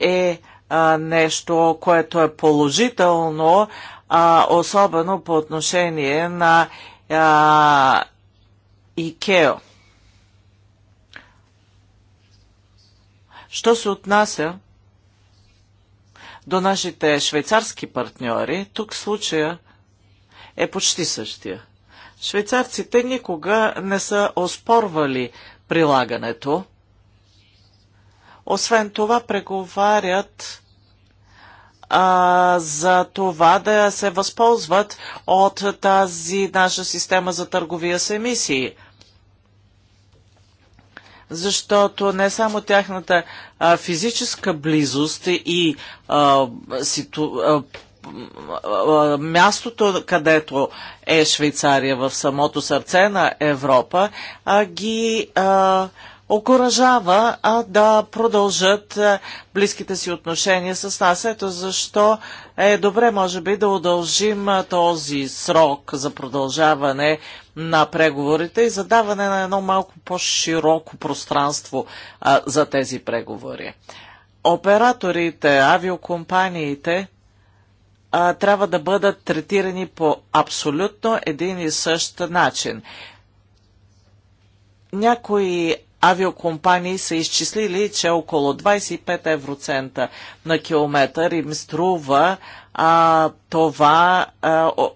е а, нещо, което е положително, а, особено по отношение на а, ИКЕО. Що се отнася до нашите швейцарски партньори, тук случая – е почти същия. Швейцарците никога не са оспорвали прилагането. Освен това, преговарят а, за това да се възползват от тази наша система за търговия с емисии. Защото не само тяхната а, физическа близост и а, ситу, а, мястото, където е Швейцария в самото сърце на Европа, а ги а, окоръжава а, да продължат а, близките си отношения с нас. Ето защо е добре, може би, да удължим а, този срок за продължаване на преговорите и задаване на едно малко по-широко пространство а, за тези преговори. Операторите, авиокомпаниите, а, трябва да бъдат третирани по абсолютно един и същ начин. Някои авиокомпании са изчислили, че около 25 евроцента на километър им струва а, това а, о,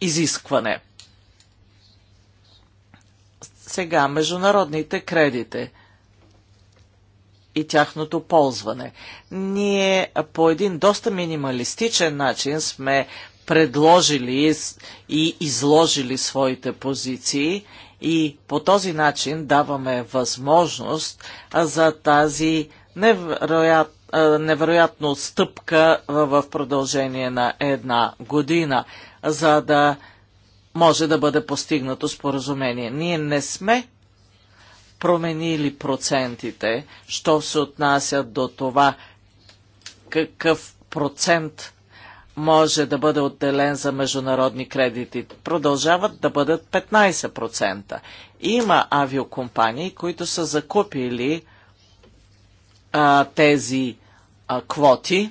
изискване. Сега, международните кредити и тяхното ползване. Ние по един доста минималистичен начин сме предложили и изложили своите позиции и по този начин даваме възможност за тази невероятна невероятно стъпка в продължение на една година, за да може да бъде постигнато споразумение. Ние не сме променили процентите, що се отнася до това какъв процент може да бъде отделен за международни кредити. Продължават да бъдат 15%. Има авиокомпании, които са закупили а, тези а, квоти,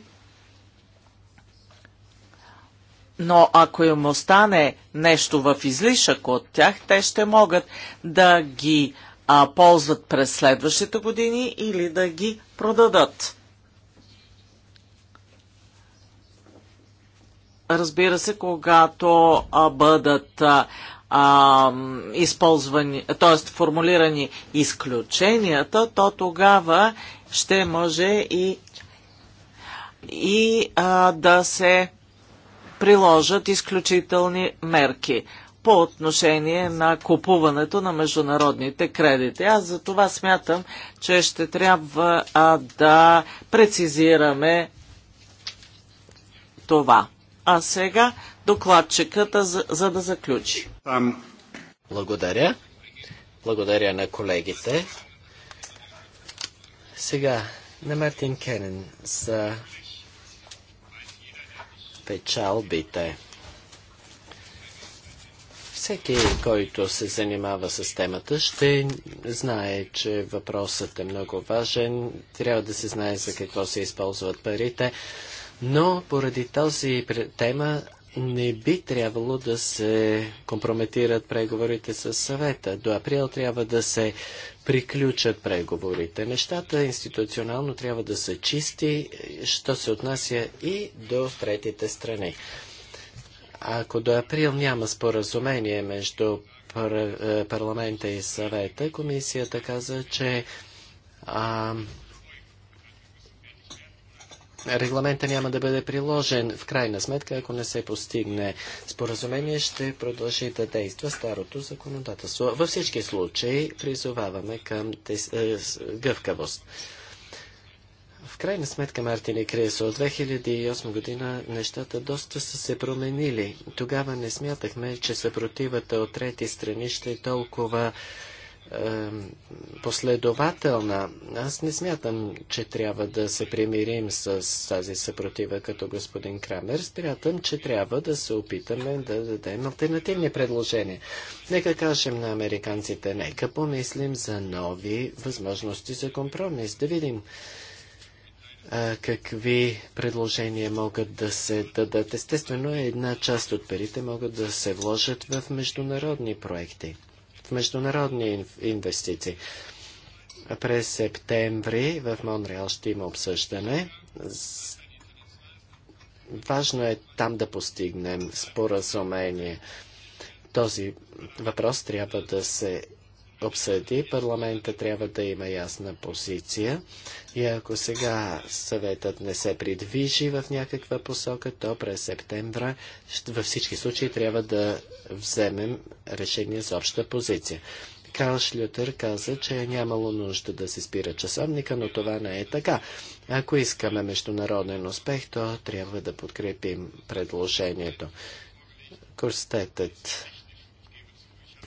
но ако им остане нещо в излишък от тях, те ще могат да ги а, ползват през следващите години или да ги продадат. Разбира се, когато а, бъдат а, а, използвани, т.е. формулирани изключенията, то тогава ще може и, и а, да се приложат изключителни мерки по отношение на купуването на международните кредити. Аз за това смятам, че ще трябва а, да прецизираме това. А сега докладчиката, за, за да заключи. Благодаря. Благодаря на колегите. Сега на Мартин Кенен за печалбите. Всеки, който се занимава с темата, ще знае, че въпросът е много важен. Трябва да се знае за какво се използват парите. Но поради тази тема не би трябвало да се компрометират преговорите с съвета. До април трябва да се приключат преговорите. Нещата институционално трябва да са чисти, що се отнася и до третите страни. Ако до април няма споразумение между е, парламента и съвета, комисията каза, че а, регламента няма да бъде приложен. В крайна сметка, ако не се постигне споразумение, ще продължи да действа старото законодателство. Във всички случаи призоваваме към е, гъвкавост. В крайна сметка, Мартин и Крисо, от 2008 година нещата доста са се променили. Тогава не смятахме, че съпротивата от трети страни ще е толкова е, последователна. Аз не смятам, че трябва да се примирим с тази съпротива като господин Крамер. Смятам, че трябва да се опитаме да дадем альтернативни предложения. Нека кажем на американците, нека помислим за нови възможности за компромис. Да видим какви предложения могат да се дадат. Естествено, една част от парите могат да се вложат в международни проекти, в международни инвестиции. През септември в Монреал ще има обсъждане. Важно е там да постигнем споразумение. Този въпрос трябва да се обсъди. Парламента трябва да има ясна позиция и ако сега съветът не се придвижи в някаква посока, то през септември във всички случаи трябва да вземем решение за обща позиция. Карл Шлютер каза, че е нямало нужда да се спира часовника, но това не е така. Ако искаме международен успех, то трябва да подкрепим предложението. Курстетът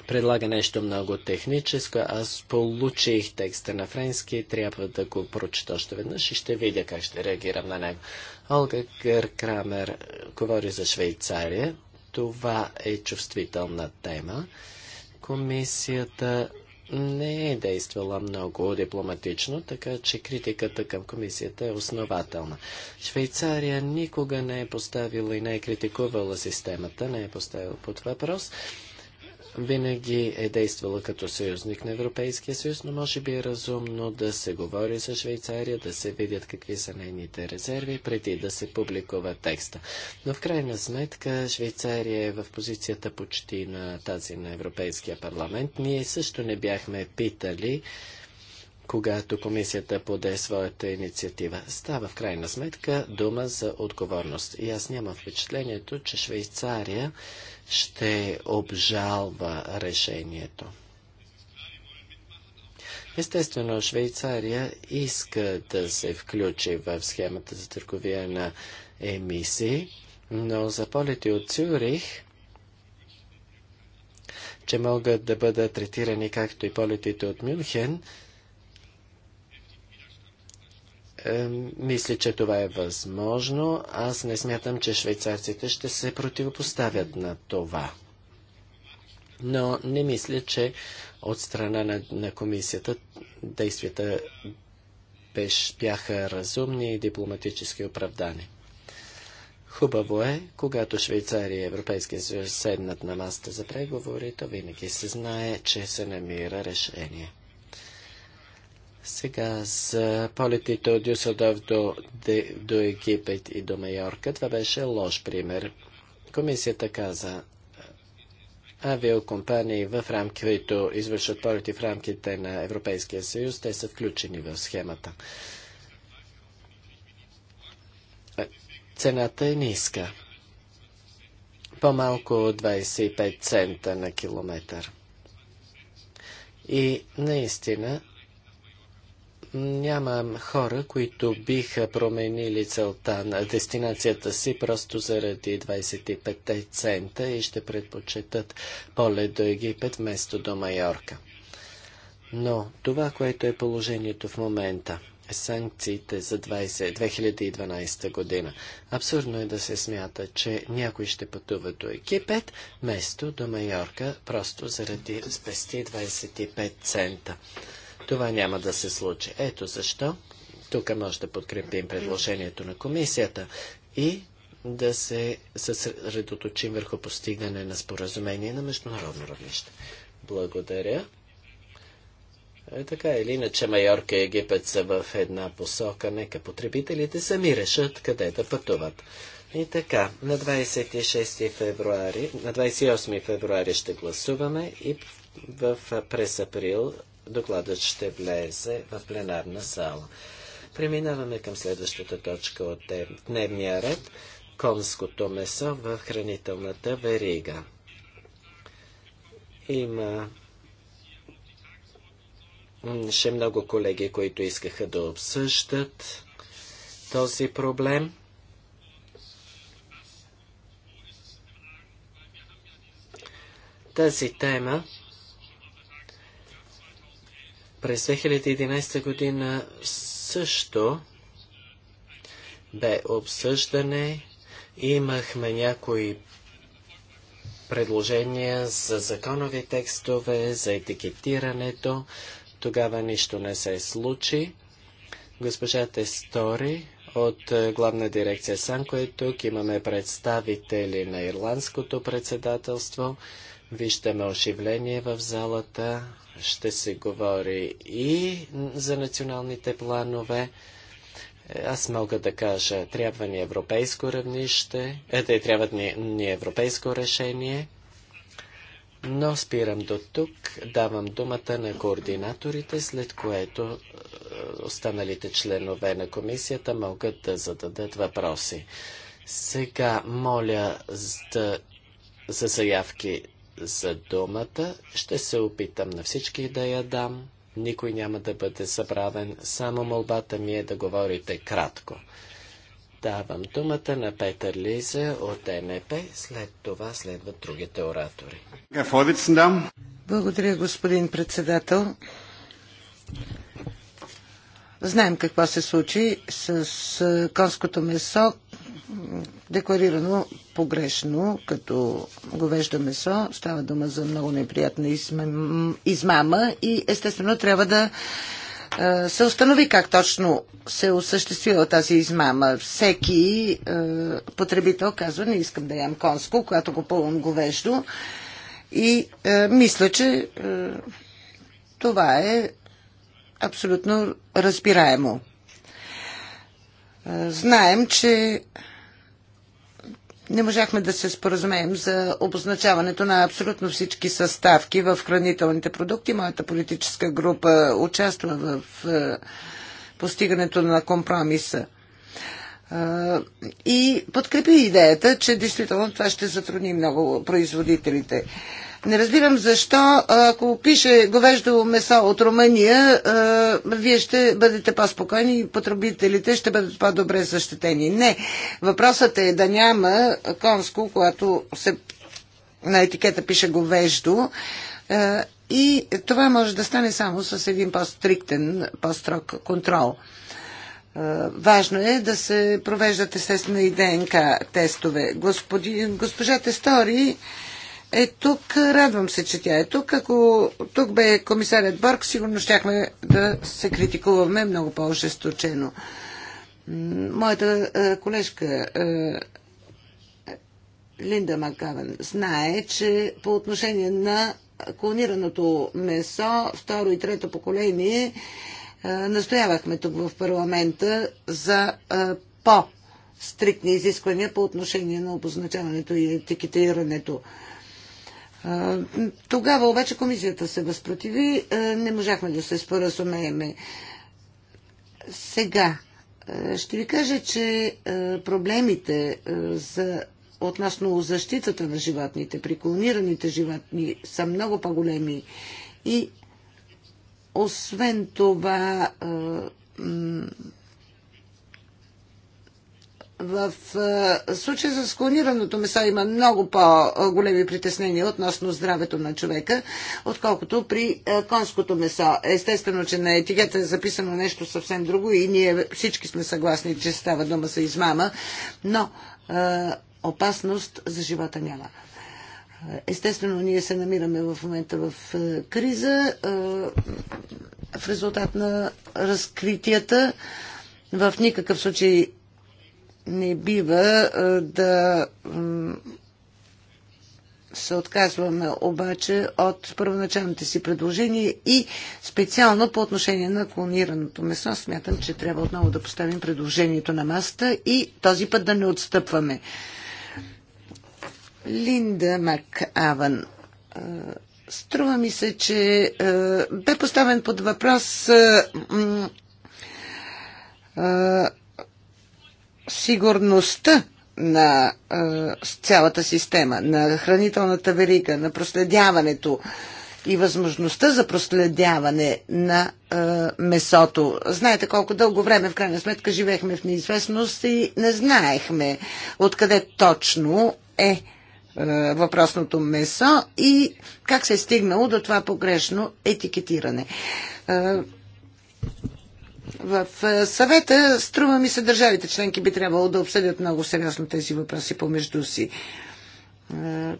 предлага нещо много техническо. Аз получих текста на френски, трябва да го прочета още веднъж и ще видя как ще реагирам на него. Олга Гъркрамер е, говори за Швейцария. Това е чувствителна тема. Комисията не е действала много дипломатично, така че критиката към комисията е основателна. Швейцария никога не е поставила и не е критикувала системата, не е поставила под въпрос винаги е действала като съюзник на Европейския съюз, но може би е разумно да се говори за Швейцария, да се видят какви са нейните резерви, преди да се публикува текста. Но в крайна сметка Швейцария е в позицията почти на тази на Европейския парламент. Ние също не бяхме питали когато комисията поде своята инициатива. Става в крайна сметка дума за отговорност. И аз нямам впечатлението, че Швейцария ще обжалва решението. Естествено, Швейцария иска да се включи в схемата за търговия на емисии, но за полети от Цюрих, че могат да бъдат третирани както и полетите от Мюнхен, мисля, че това е възможно. Аз не смятам, че швейцарците ще се противопоставят на това. Но не мисля, че от страна на, на комисията действията беш, бяха разумни и дипломатически оправдани. Хубаво е, когато Швейцария и Европейския съюз седнат на масата за преговори, то винаги се знае, че се намира решение. Сега за полетите от Дюсълдов до, до Египет и до Майорка, това беше лош пример. Комисията каза, авиокомпании в рамки, които извършват полети в рамките на Европейския съюз, те са включени в схемата. Цената е ниска. По-малко от 25 цента на километър. И наистина няма хора, които биха променили целта на дестинацията си просто заради 25 цента и ще предпочитат полет до Египет вместо до Майорка. Но това, което е положението в момента, е санкциите за 20, 2012 година. Абсурдно е да се смята, че някой ще пътува до Египет, вместо до Майорка, просто заради спести 25 цента това няма да се случи. Ето защо. Тук може да подкрепим предложението на комисията и да се съсредоточим върху постигане на споразумение на международно равнище. Благодаря. Е, така или иначе Майорка и Египет са в една посока. Нека потребителите сами решат къде да пътуват. И така, на 26 февруари, на 28 февруари ще гласуваме и в, през април докладът ще влезе в пленарна сала. Преминаваме към следващата точка от дневния ред – конското месо в хранителната верига. Има ще много колеги, които искаха да обсъждат този проблем. Тази тема през 2011 година също бе обсъждане. Имахме някои предложения за законови текстове, за етикетирането. Тогава нищо не се случи. Госпожа Тестори от е, главна дирекция Санко е тук. Имаме представители на Ирландското председателство. Виждаме оживление в залата. Ще се говори и за националните планове. Аз мога да кажа, трябва ни европейско равнище, е, да трябва ни, ни европейско решение. Но спирам до тук, давам думата на координаторите, след което е, останалите членове на комисията могат да зададат въпроси. Сега моля за, за заявки за думата. Ще се опитам на всички да я дам. Никой няма да бъде забравен. Само молбата ми е да говорите кратко. Давам думата на Петър Лиза от НП. След това следват другите оратори. Благодаря, господин председател. Знаем какво се случи с конското месо, декларирано погрешно, като говежда месо. Става дума за много неприятна измама и естествено трябва да се установи как точно се осъществила тази измама. Всеки е, потребител казва, не искам да ям конско, когато купувам говеждо. И е, мисля, че е, това е абсолютно разбираемо. Знаем, че не можахме да се споразумеем за обозначаването на абсолютно всички съставки в хранителните продукти. Моята политическа група участва в е, постигането на компромиса. Е, и подкрепи идеята, че действително това ще затрудни много производителите. Не разбирам защо, ако пише говеждо месо от Румъния, вие ще бъдете по-спокойни и потребителите ще бъдат по-добре защитени. Не. Въпросът е да няма конско, когато се на етикета пише говеждо. И това може да стане само с един по-стриктен, по-строг контрол. Важно е да се провеждат естествено и ДНК тестове. Господин, госпожа Тестори е тук. Радвам се, че тя е тук. Ако тук бе комисарят Борг, сигурно щяхме да се критикуваме много по-ожесточено. Моята е, колежка е, Линда Макавен знае, че по отношение на клонираното месо, второ и трето поколение, е, настоявахме тук в парламента за по-стрикни изисквания по отношение на обозначаването и етикетирането. Тогава обаче комисията се възпротиви, не можахме да се споразумееме. Сега ще ви кажа, че проблемите за относно защитата на животните, при клонираните животни са много по-големи и освен това в случая за склонираното месо има много по-големи притеснения относно здравето на човека, отколкото при конското месо. Естествено, че на етикета е записано нещо съвсем друго и ние всички сме съгласни, че става дума за измама, но опасност за живота няма. Естествено, ние се намираме в момента в криза в резултат на разкритията. В никакъв случай не бива да се отказваме обаче от първоначалните си предложения и специално по отношение на клонираното месо. Смятам, че трябва отново да поставим предложението на масата и този път да не отстъпваме. Линда МакАван. Струва ми се, че бе поставен под въпрос сигурността на е, цялата система, на хранителната верига, на проследяването и възможността за проследяване на е, месото. Знаете колко дълго време, в крайна сметка, живеехме в неизвестност и не знаехме откъде точно е, въпросното месо и как се е стигнало до това погрешно етикетиране в е, съвета, струва ми се, държавите членки би трябвало да обсъдят много сериозно тези въпроси помежду си. Е,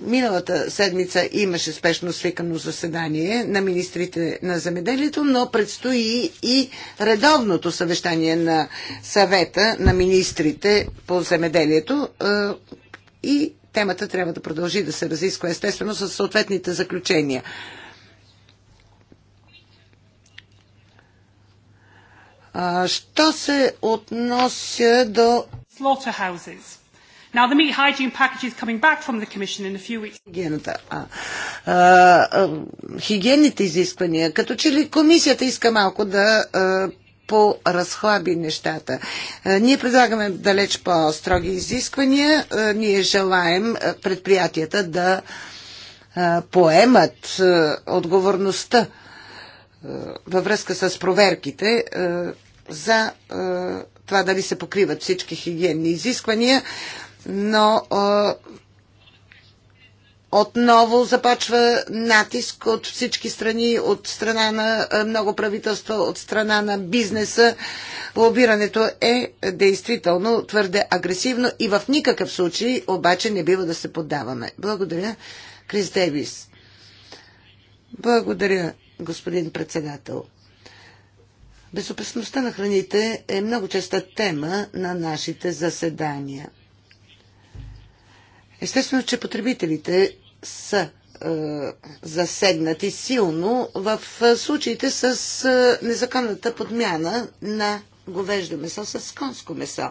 миналата седмица имаше спешно свикано заседание на министрите на замеделието, но предстои и редовното съвещание на съвета на министрите по замеделието е, и темата трябва да продължи да се разисква естествено с съответните заключения. А, що се отнася до slaughterhouses. Now the meat hygiene package is coming back from the Commission in a few weeks. Хигиената. А, а, хигиените изисквания. Като че ли комисията иска малко да а, по-разхлаби нещата. А, ние предлагаме далеч по-строги изисквания. А, ние желаем предприятията да а, поемат а, отговорността във връзка с проверките е, за е, това дали се покриват всички хигиенни изисквания, но е, отново започва натиск от всички страни, от страна на много правителства, от страна на бизнеса. Лобирането е действително твърде агресивно и в никакъв случай обаче не бива да се поддаваме. Благодаря, Крис Дейвис. Благодаря, господин председател. Безопасността на храните е много честа тема на нашите заседания. Естествено, че потребителите са е, засегнати силно в е, случаите с е, незаконната подмяна на говеждо месо с конско месо.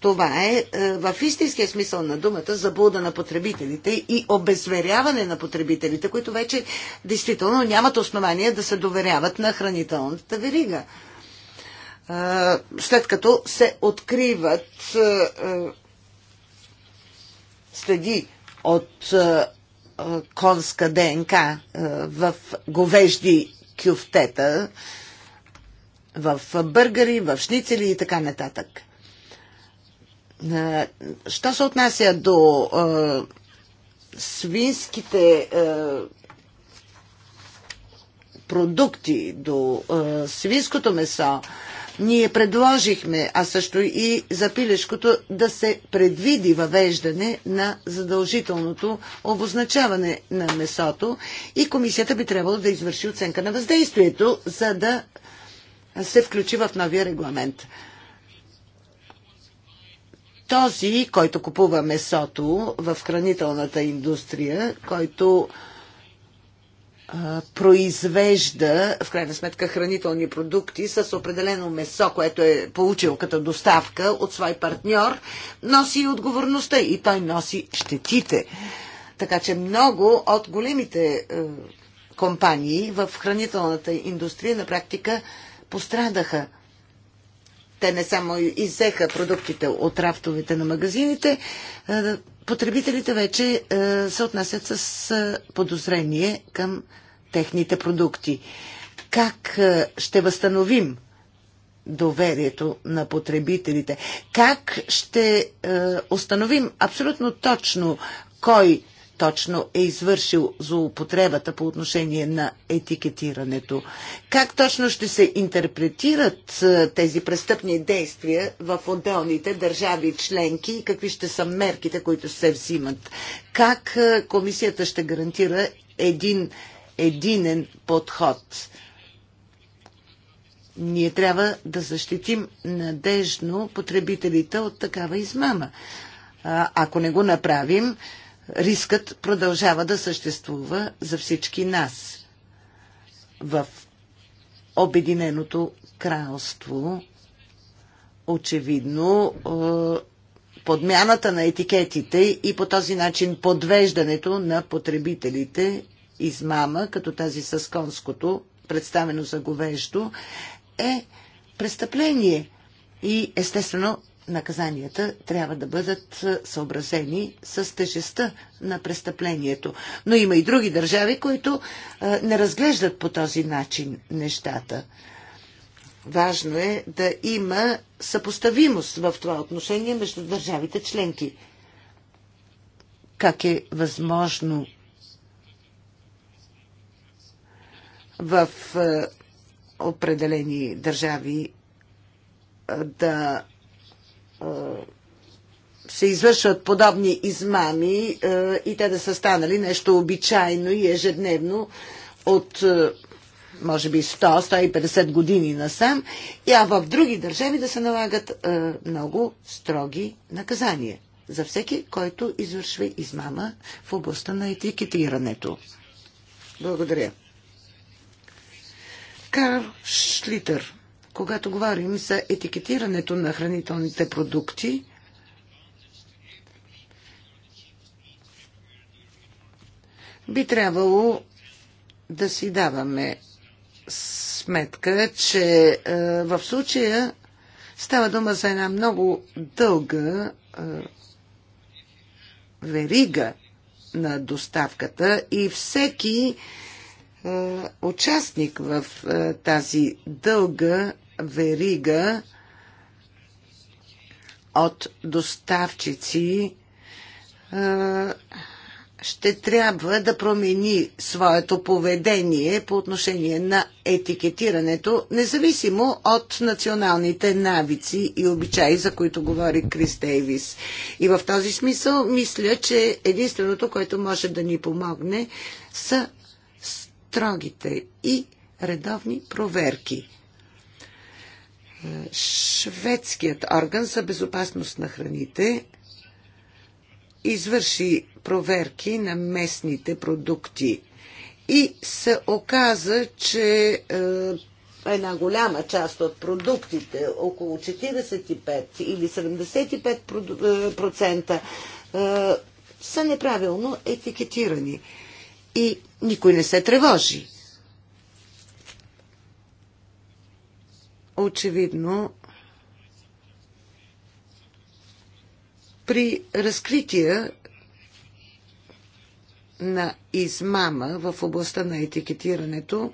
Това е, е в истинския смисъл на думата заблуда на потребителите и обезверяване на потребителите, които вече действително нямат основания да се доверяват на хранителната верига. Е, след като се откриват е, следи от конска ДНК в говежди кюфтета, в бъргари, в шницели и така нататък. Що се отнася до свинските продукти, до свинското месо, ние предложихме, а също и за пилешкото, да се предвиди въвеждане на задължителното обозначаване на месото и комисията би трябвало да извърши оценка на въздействието, за да се включи в новия регламент този, който купува месото в хранителната индустрия, който произвежда, в крайна сметка, хранителни продукти с определено месо, което е получил като доставка от свой партньор, носи и отговорността и той носи щетите. Така че много от големите е, компании в хранителната индустрия на практика пострадаха те не само иззеха продуктите от рафтовете на магазините, е, потребителите вече е, се отнасят с е, подозрение към техните продукти. Как ще възстановим доверието на потребителите? Как ще установим абсолютно точно кой точно е извършил злоупотребата по отношение на етикетирането. Как точно ще се интерпретират е, тези престъпни действия в отделните държави членки и какви ще са мерките, които се взимат? Как е, комисията ще гарантира един единен подход? Ние трябва да защитим надежно потребителите от такава измама. Ако не го направим, рискът продължава да съществува за всички нас. В Обединеното кралство очевидно е, подмяната на етикетите и по този начин подвеждането на потребителите измама, като тази с конското, представено за говеждо, е престъпление. И естествено наказанията трябва да бъдат е, съобразени с тежестта на престъплението. Но има и други държави, които е, не разглеждат по този начин нещата. Важно е да има съпоставимост в това отношение между държавите членки. Как е възможно в е, определени държави да се извършват подобни измами и те да са станали нещо обичайно и ежедневно от може би 100-150 години насам, и а в други държави да се налагат много строги наказания за всеки, който извършва измама в областта на етикетирането. Благодаря. Карл Шлитър когато говорим за етикетирането на хранителните продукти, би трябвало да си даваме сметка, че е, в случая става дума за една много дълга е, верига на доставката и всеки е, участник в тази дълга верига от доставчици ще трябва да промени своето поведение по отношение на етикетирането, независимо от националните навици и обичаи, за които говори Крис Дейвис. И в този смисъл мисля, че единственото, което може да ни помогне, са строгите и редовни проверки Шведският орган за безопасност на храните извърши проверки на местните продукти и се оказа, че една голяма част от продуктите, около 45 или 75% са неправилно етикетирани. И никой не се тревожи. очевидно при разкрития на измама в областта на етикетирането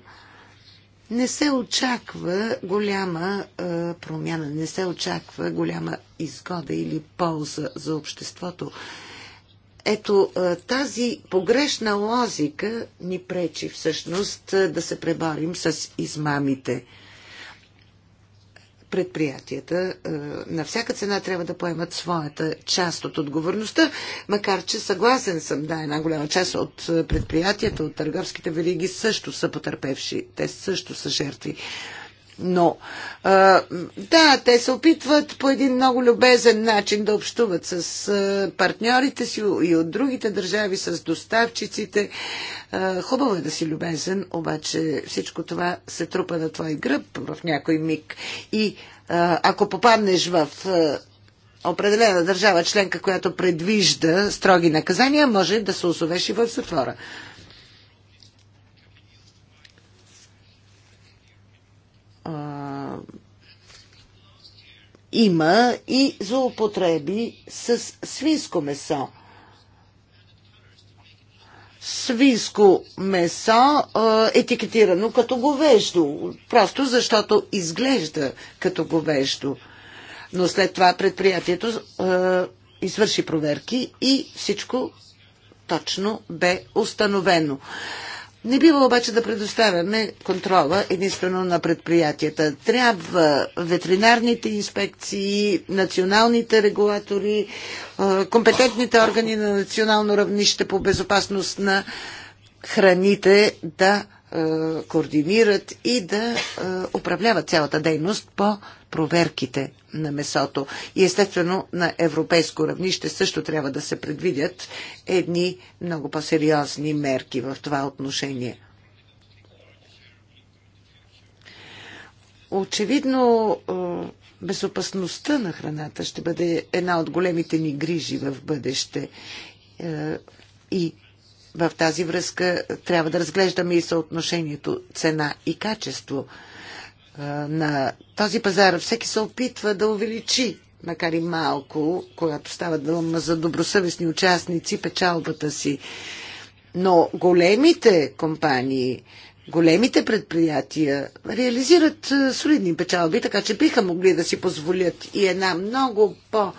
не се очаква голяма а, промяна, не се очаква голяма изгода или полза за обществото. Ето а, тази погрешна лозика ни пречи всъщност да се преборим с измамите предприятията е, на всяка цена трябва да поемат своята част от отговорността, макар че съгласен съм, да, една голяма част от предприятията, от търговските вериги също са потърпевши, те също са жертви. Но да, те се опитват по един много любезен начин да общуват с партньорите си и от другите държави, с доставчиците. Хубаво е да си любезен, обаче всичко това се трупа на твой гръб в някой миг. И ако попаднеш в определена държава членка, която предвижда строги наказания, може да се озовеш и в затвора. има и злоупотреби с свинско месо. Свинско месо етикетирано като говеждо, просто защото изглежда като говеждо. Но след това предприятието извърши проверки и всичко точно бе установено. Не бива обаче да предоставяме контрола единствено на предприятията. Трябва ветеринарните инспекции, националните регулатори, е, компетентните органи на национално равнище по безопасност на храните да е, координират и да е, управляват цялата дейност по проверките на месото. И естествено на европейско равнище също трябва да се предвидят едни много по-сериозни мерки в това отношение. Очевидно, е, безопасността на храната ще бъде една от големите ни грижи в бъдеще. И в тази връзка е, трябва да разглеждаме и съотношението цена и качество. Е, на този пазар всеки се опитва да увеличи, макар и малко, когато става дума за добросъвестни участници, печалбата си. Но големите компании, големите предприятия реализират е, солидни печалби, така че биха могли да си позволят и една много по-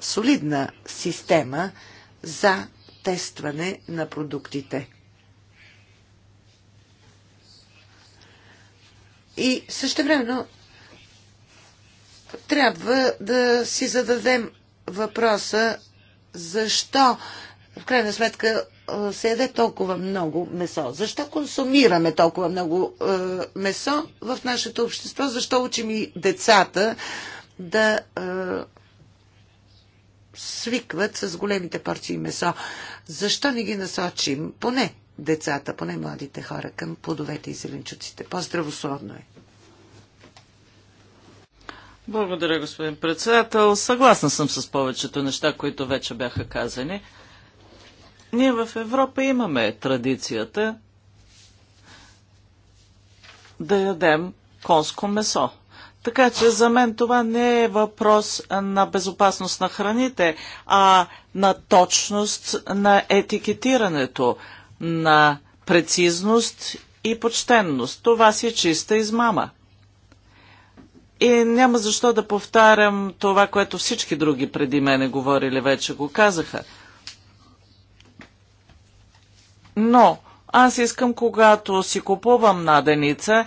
солидна система за тестване на продуктите. И също времено трябва да си зададем въпроса защо в крайна сметка се яде толкова много месо? Защо консумираме толкова много е, месо в нашето общество? Защо учим и децата да е, свикват с големите порции месо. Защо не ги насочим поне децата, поне младите хора към плодовете и зеленчуците? По-здравословно е. Благодаря, господин председател. Съгласна съм с повечето неща, които вече бяха казани. Ние в Европа имаме традицията да ядем конско месо. Така че за мен това не е въпрос на безопасност на храните, а на точност на етикетирането, на прецизност и почтенност. Това си е чиста измама. И няма защо да повтарям това, което всички други преди мене говорили, вече го казаха. Но аз искам, когато си купувам наденица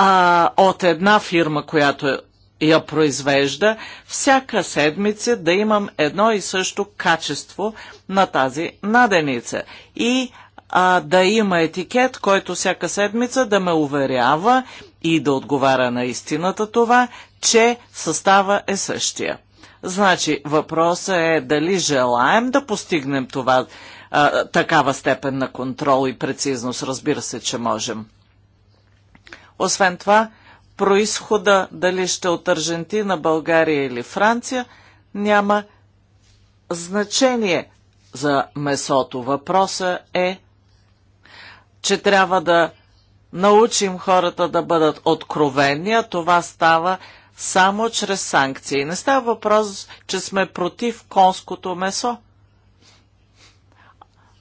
а, от една фирма, която я произвежда, всяка седмица да имам едно и също качество на тази наденица. И а, да има етикет, който всяка седмица да ме уверява и да отговаря на истината това, че състава е същия. Значи въпросът е дали желаем да постигнем това, а, такава степен на контрол и прецизност. Разбира се, че можем. Освен това, происхода, дали ще от Аржентина, България или Франция, няма значение за месото. Въпроса е, че трябва да научим хората да бъдат откровени, а това става само чрез санкции. Не става въпрос, че сме против конското месо.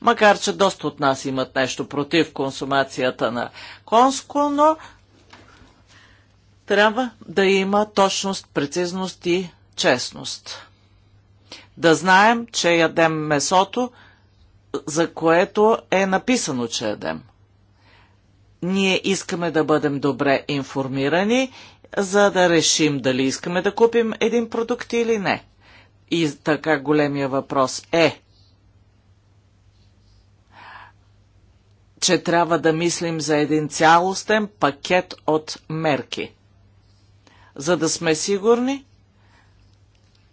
Макар, че доста от нас имат нещо против консумацията на конско, но трябва да има точност, прецизност и честност. Да знаем, че ядем месото, за което е написано, че ядем. Ние искаме да бъдем добре информирани, за да решим дали искаме да купим един продукт или не. И така големия въпрос е, че трябва да мислим за един цялостен пакет от мерки – за да сме сигурни,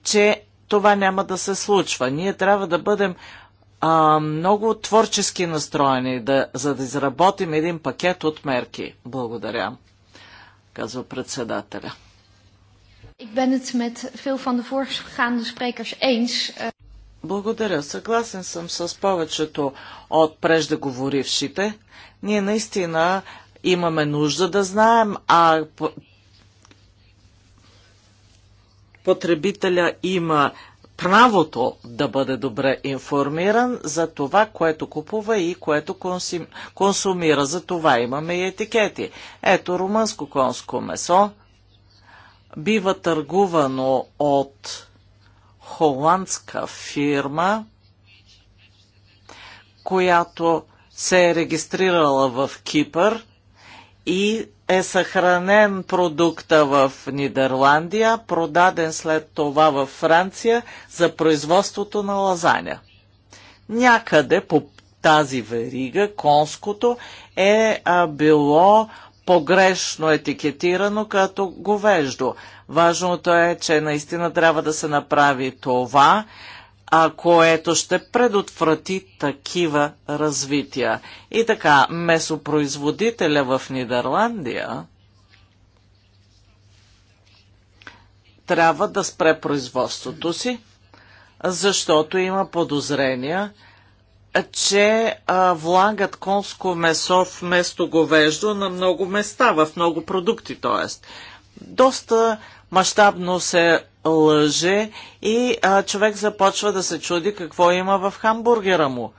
че това няма да се случва. Ние трябва да бъдем а, много творчески настроени, да, за да изработим един пакет от мерки. Благодаря, казва председателя. Ik ben het met veel van de voorgaande sprekers eens. Eh. Благодаря. Съгласен съм с повечето от преждеговорившите. Ние наистина имаме нужда да знаем, а потребителя има правото да бъде добре информиран за това, което купува и което консумира. За това имаме и етикети. Ето румънско конско месо бива търгувано от холандска фирма, която се е регистрирала в Кипър и е съхранен продукта в Нидерландия, продаден след това във Франция за производството на лазаня. Някъде по тази верига конското е а, било погрешно етикетирано като говеждо. Важното е, че наистина трябва да се направи това, а, което ще предотврати такива развития. И така, месопроизводителя в Нидерландия трябва да спре производството си, защото има подозрения, че а, влагат конско месо вместо говеждо на много места, в много продукти, т.е. Доста мащабно се лъже и а, човек започва да се чуди какво има в хамбургера му.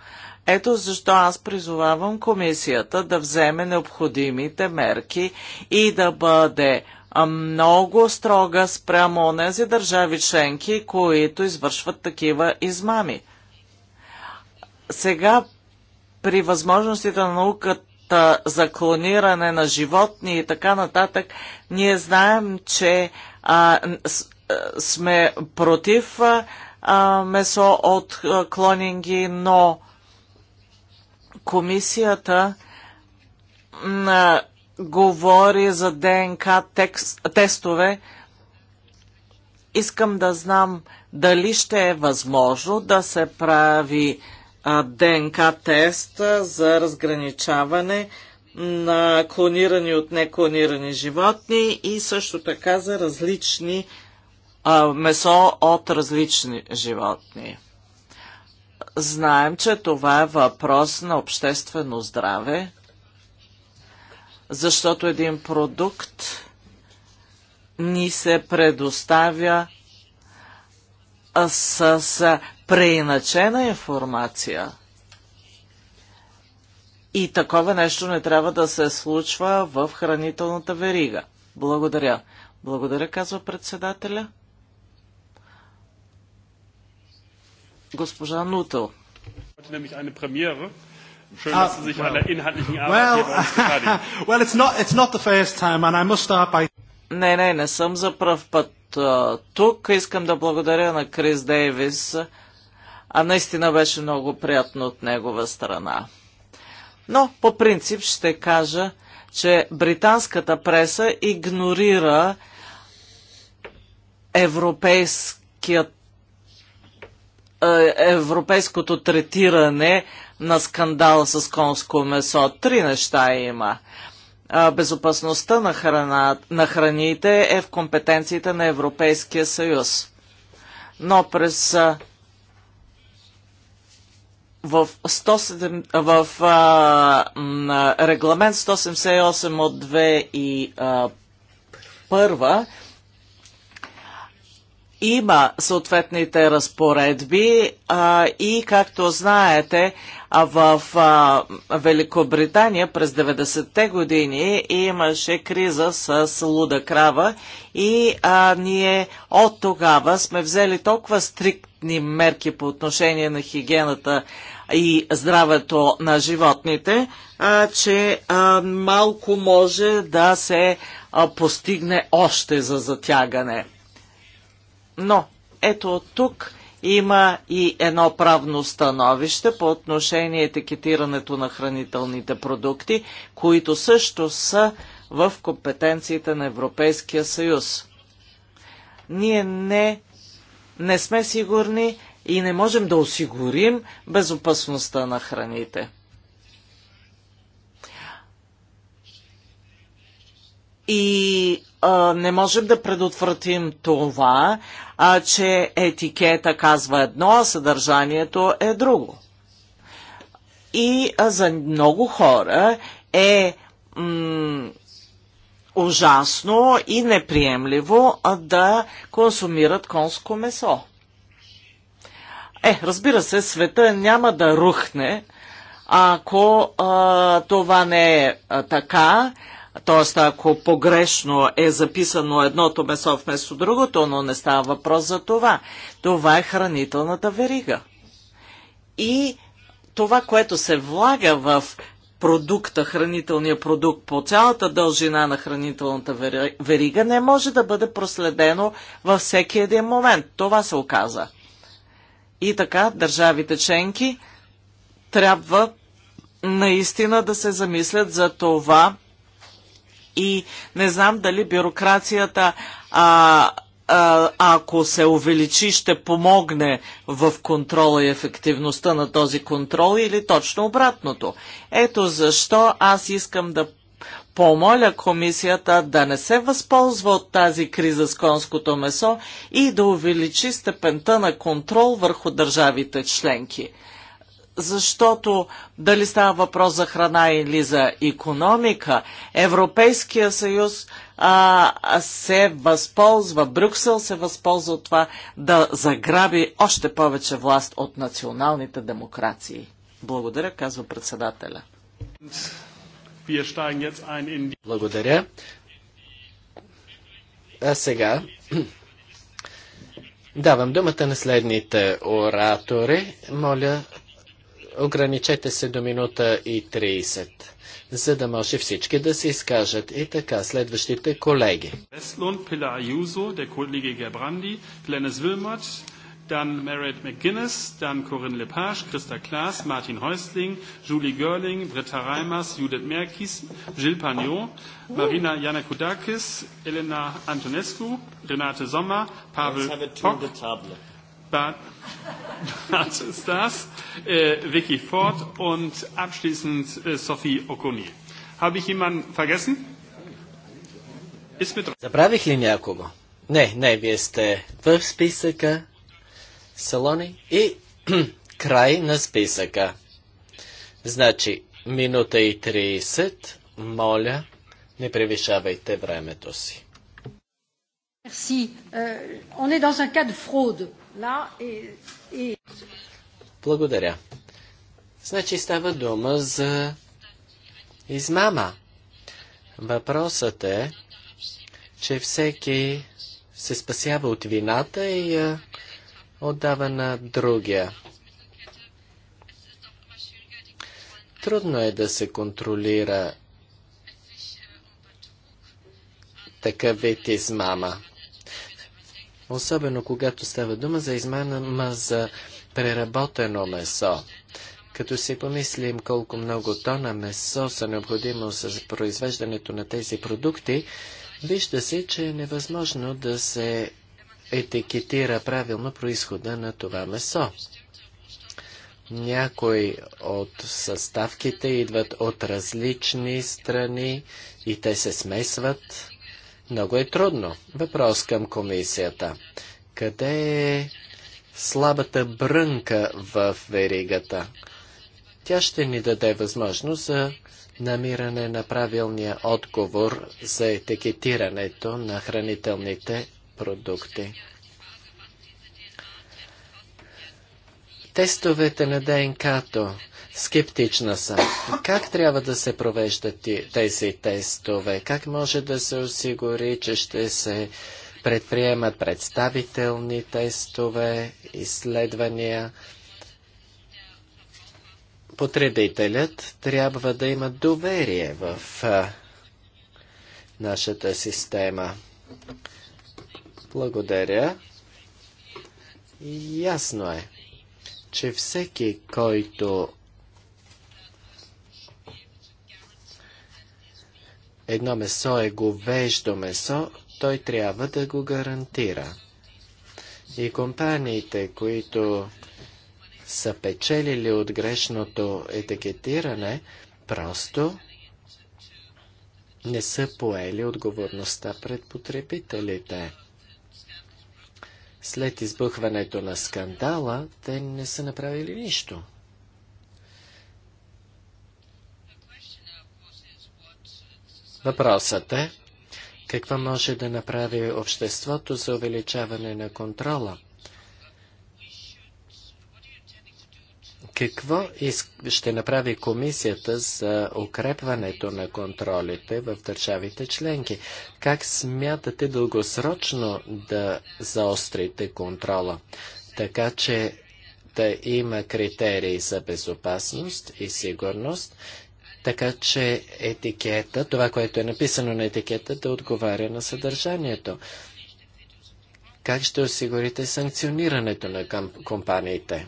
Ето защо аз призовавам комисията да вземе необходимите мерки и да бъде много строга спрямо онези държави членки, които извършват такива измами. Сега при възможностите на науката за клониране на животни и така нататък, ние знаем, че а, с, а, сме против а, месо от а, клонинги, но комисията а, говори за ДНК текст, тестове. Искам да знам дали ще е възможно да се прави ДНК тест за разграничаване на клонирани от неклонирани животни и също така за различни а, месо от различни животни. Знаем, че това е въпрос на обществено здраве, защото един продукт ни се предоставя с, с преиначена информация – и такова нещо не трябва да се случва в хранителната верига. Благодаря. Благодаря, казва председателя. Госпожа Нутел. Не, не, не съм за пръв път тук. Искам да благодаря на Крис Дейвис. А наистина беше много приятно от негова страна. Но по принцип ще кажа, че британската преса игнорира европейският е, европейското третиране на скандала с конско месо. Три неща има. Безопасността на, храна, на храните е в компетенциите на Европейския съюз. Но през в, 107, в а, регламент 178 от 2 и а, първа има съответните разпоредби а, и както знаете а в а, Великобритания през 90-те години имаше криза с луда крава и а, ние от тогава сме взели толкова стрикт конкретни мерки по отношение на хигиената и здравето на животните, а, че а, малко може да се а, постигне още за затягане. Но ето от тук има и едно правно становище по отношение етикетирането на хранителните продукти, които също са в компетенциите на Европейския съюз. Ние не не сме сигурни и не можем да осигурим безопасността на храните. И а, не можем да предотвратим това, а, че етикета казва едно, а съдържанието е друго. И а, за много хора е ужасно и неприемливо да консумират конско месо. Е, разбира се, света няма да рухне, ако а, това не е а, така, т.е. ако погрешно е записано едното месо вместо другото, но не става въпрос за това. Това е хранителната верига. И това, което се влага в продукта, хранителния продукт по цялата дължина на хранителната верига не може да бъде проследено във всеки един момент. Това се оказа. И така, държавите членки трябва наистина да се замислят за това и не знам дали бюрокрацията а, ако се увеличи, ще помогне в контрола и ефективността на този контрол или точно обратното. Ето защо аз искам да помоля комисията да не се възползва от тази криза с конското месо и да увеличи степента на контрол върху държавите членки защото дали става въпрос за храна или за економика, Европейския съюз а, се възползва, Брюксел се възползва от това да заграби още повече власт от националните демокрации. Благодаря, казва председателя. Благодаря. А сега давам думата на следните оратори. Моля ограничете се до минута и 30, за да може всички да се изкажат. И така, следващите колеги. Вестлунд, Пила Аюзо, де колеги Гебранди, Гленес Вилмот, dann Merit McGuinness, dann Corinne Lepage, Christa Klaas, Martin Häusling, Julie Görling, Britta Reimers, Judith Merkis, Gilles Pagnot, Marina Janakudakis, Elena Antonescu, Renate Sommer, Pavel Pock, Dann, das ist das. Äh, Vicky Ford und abschließend äh, Sophie Okoni. Habe ich jemanden vergessen? Ist mit... Забравих ли някого? Не, не, вие сте в списъка салони и край на списъка. Значи, минута и 30, моля, не превишавайте времето си. Merci. Euh, on est dans un cas de fraude. Euh, благодаря. Значи става дума за измама. Въпросът е, че всеки се спасява от вината и я отдава на другия. Трудно е да се контролира такъв вид измама особено когато става дума за измама за преработено месо. Като си помислим колко много тона месо са необходимо за произвеждането на тези продукти, вижда се, че е невъзможно да се етикетира правилно происхода на това месо. Някои от съставките идват от различни страни и те се смесват. Много е трудно. Въпрос към комисията. Къде е слабата брънка в веригата? Тя ще ни даде възможност за намиране на правилния отговор за етикетирането на хранителните продукти. Тестовете на ДНК-то Скептична съм. Как трябва да се провеждат тези тестове? Как може да се осигури, че ще се предприемат представителни тестове, изследвания? Потребителят трябва да има доверие в нашата система. Благодаря. Ясно е, че всеки, който едно месо е говеждо месо, той трябва да го гарантира. И компаниите, които са печелили от грешното етикетиране, просто не са поели отговорността пред потребителите. След избухването на скандала, те не са направили нищо. Въпросът е, какво може да направи обществото за увеличаване на контрола? Какво ще направи комисията за укрепването на контролите в държавите членки? Как смятате дългосрочно да заострите контрола, така че да има критерии за безопасност и сигурност така че етикета, това, което е написано на етикета, да отговаря на съдържанието. Как ще осигурите санкционирането на компаниите?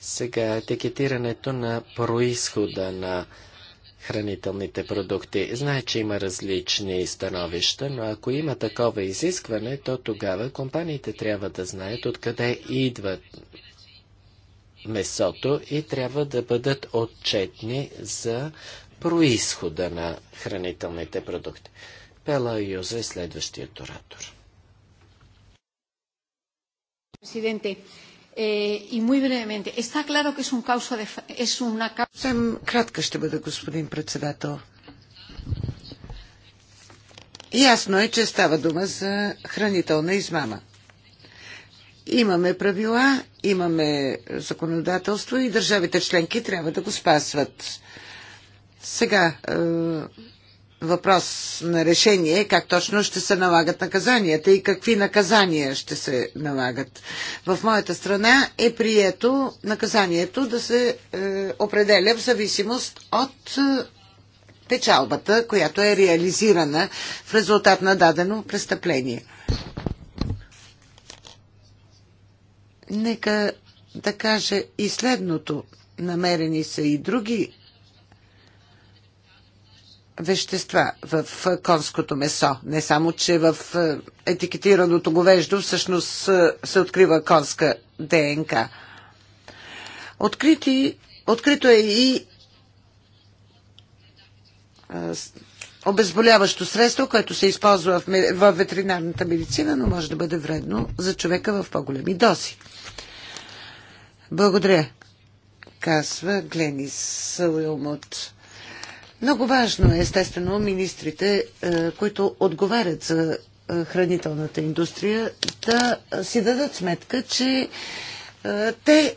Сега етикетирането на происхода на хранителните продукти. Знае, че има различни становища, но ако има такова изискване, то тогава компаниите трябва да знаят откъде идват месото и трябва да бъдат отчетни за происхода на хранителните продукти. Пела Юза е следващият оратор. Президенте, и eh, muy brevemente, está claro que es un causa de... Es una causa... Съм кратка ще бъда, господин председател. Ясно е, че става дума за хранителна измама. Имаме правила, имаме законодателство и държавите членки трябва да го спазват. Сега, е, въпрос на решение е как точно ще се налагат наказанията и какви наказания ще се налагат. В моята страна е прието наказанието да се е, определя в зависимост от е, печалбата, която е реализирана в резултат на дадено престъпление – Нека да кажа и следното. Намерени са и други вещества в конското месо. Не само, че в е, етикетираното говеждо всъщност е, се открива конска ДНК. Открити, открито е и е, обезболяващо средство, което се използва в, ветеринарната медицина, но може да бъде вредно за човека в по-големи дози. Благодаря, казва Гленис Сълилмут. Много важно е, естествено, министрите, е, които отговарят за е, хранителната индустрия, да си дадат сметка, че е, те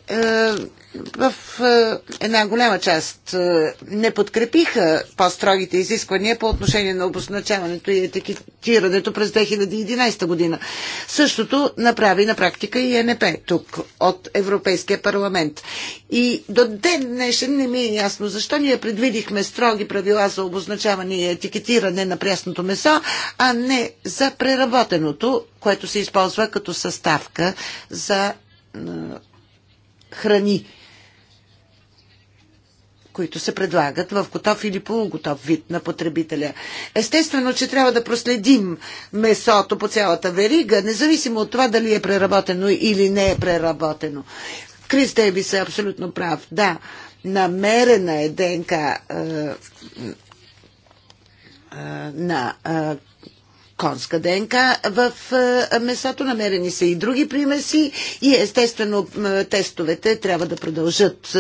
в е, една голяма част е, не подкрепиха по-строгите изисквания по отношение на обозначаването и етикетирането през 2011 година. Същото направи на практика и е НП тук от Европейския парламент. И до ден днешен не ми е ясно защо ние предвидихме строги правила за обозначаване и етикетиране на прясното месо, а не за преработеното, което се използва като съставка за храни които се предлагат в готов или полуготов вид на потребителя. Естествено, че трябва да проследим месото по цялата верига, независимо от това дали е преработено или не е преработено. Крис Дейвис е абсолютно прав. Да, намерена е ДНК е, е, на е, конска ДНК в е, месото. Намерени са и други примеси и естествено е, тестовете трябва да продължат е,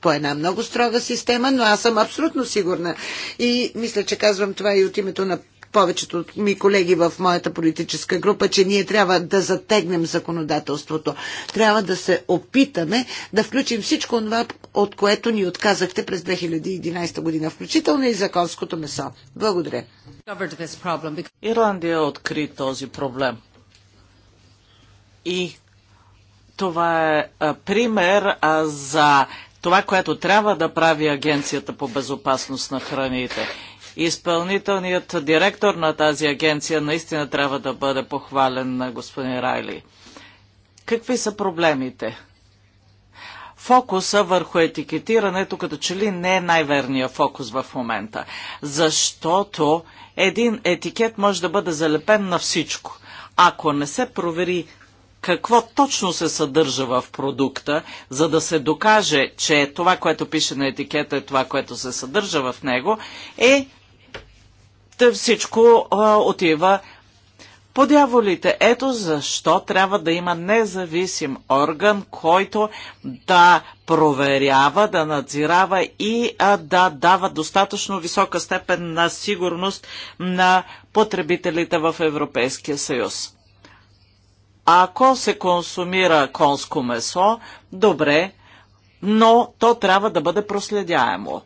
по една много строга система, но аз съм абсолютно сигурна. И мисля, че казвам това и от името на повечето от ми колеги в моята политическа група, че ние трябва да затегнем законодателството. Трябва да се опитаме да включим всичко това, от което ни отказахте през 2011 година, включително и законското месо. Благодаря. Ирландия откри този проблем. И това е пример за това, което трябва да прави Агенцията по безопасност на храните. Изпълнителният директор на тази агенция наистина трябва да бъде похвален на господин Райли. Какви са проблемите? фокуса върху етикетирането като че ли не е най-верния фокус в момента. Защото един етикет може да бъде залепен на всичко. Ако не се провери какво точно се съдържа в продукта, за да се докаже, че това, което пише на етикета е това, което се съдържа в него, е да всичко а, отива по дяволите. Ето защо трябва да има независим орган, който да проверява, да надзирава и а, да дава достатъчно висока степен на сигурност на потребителите в Европейския съюз. Ако се консумира конско месо, добре, но то трябва да бъде проследяемо.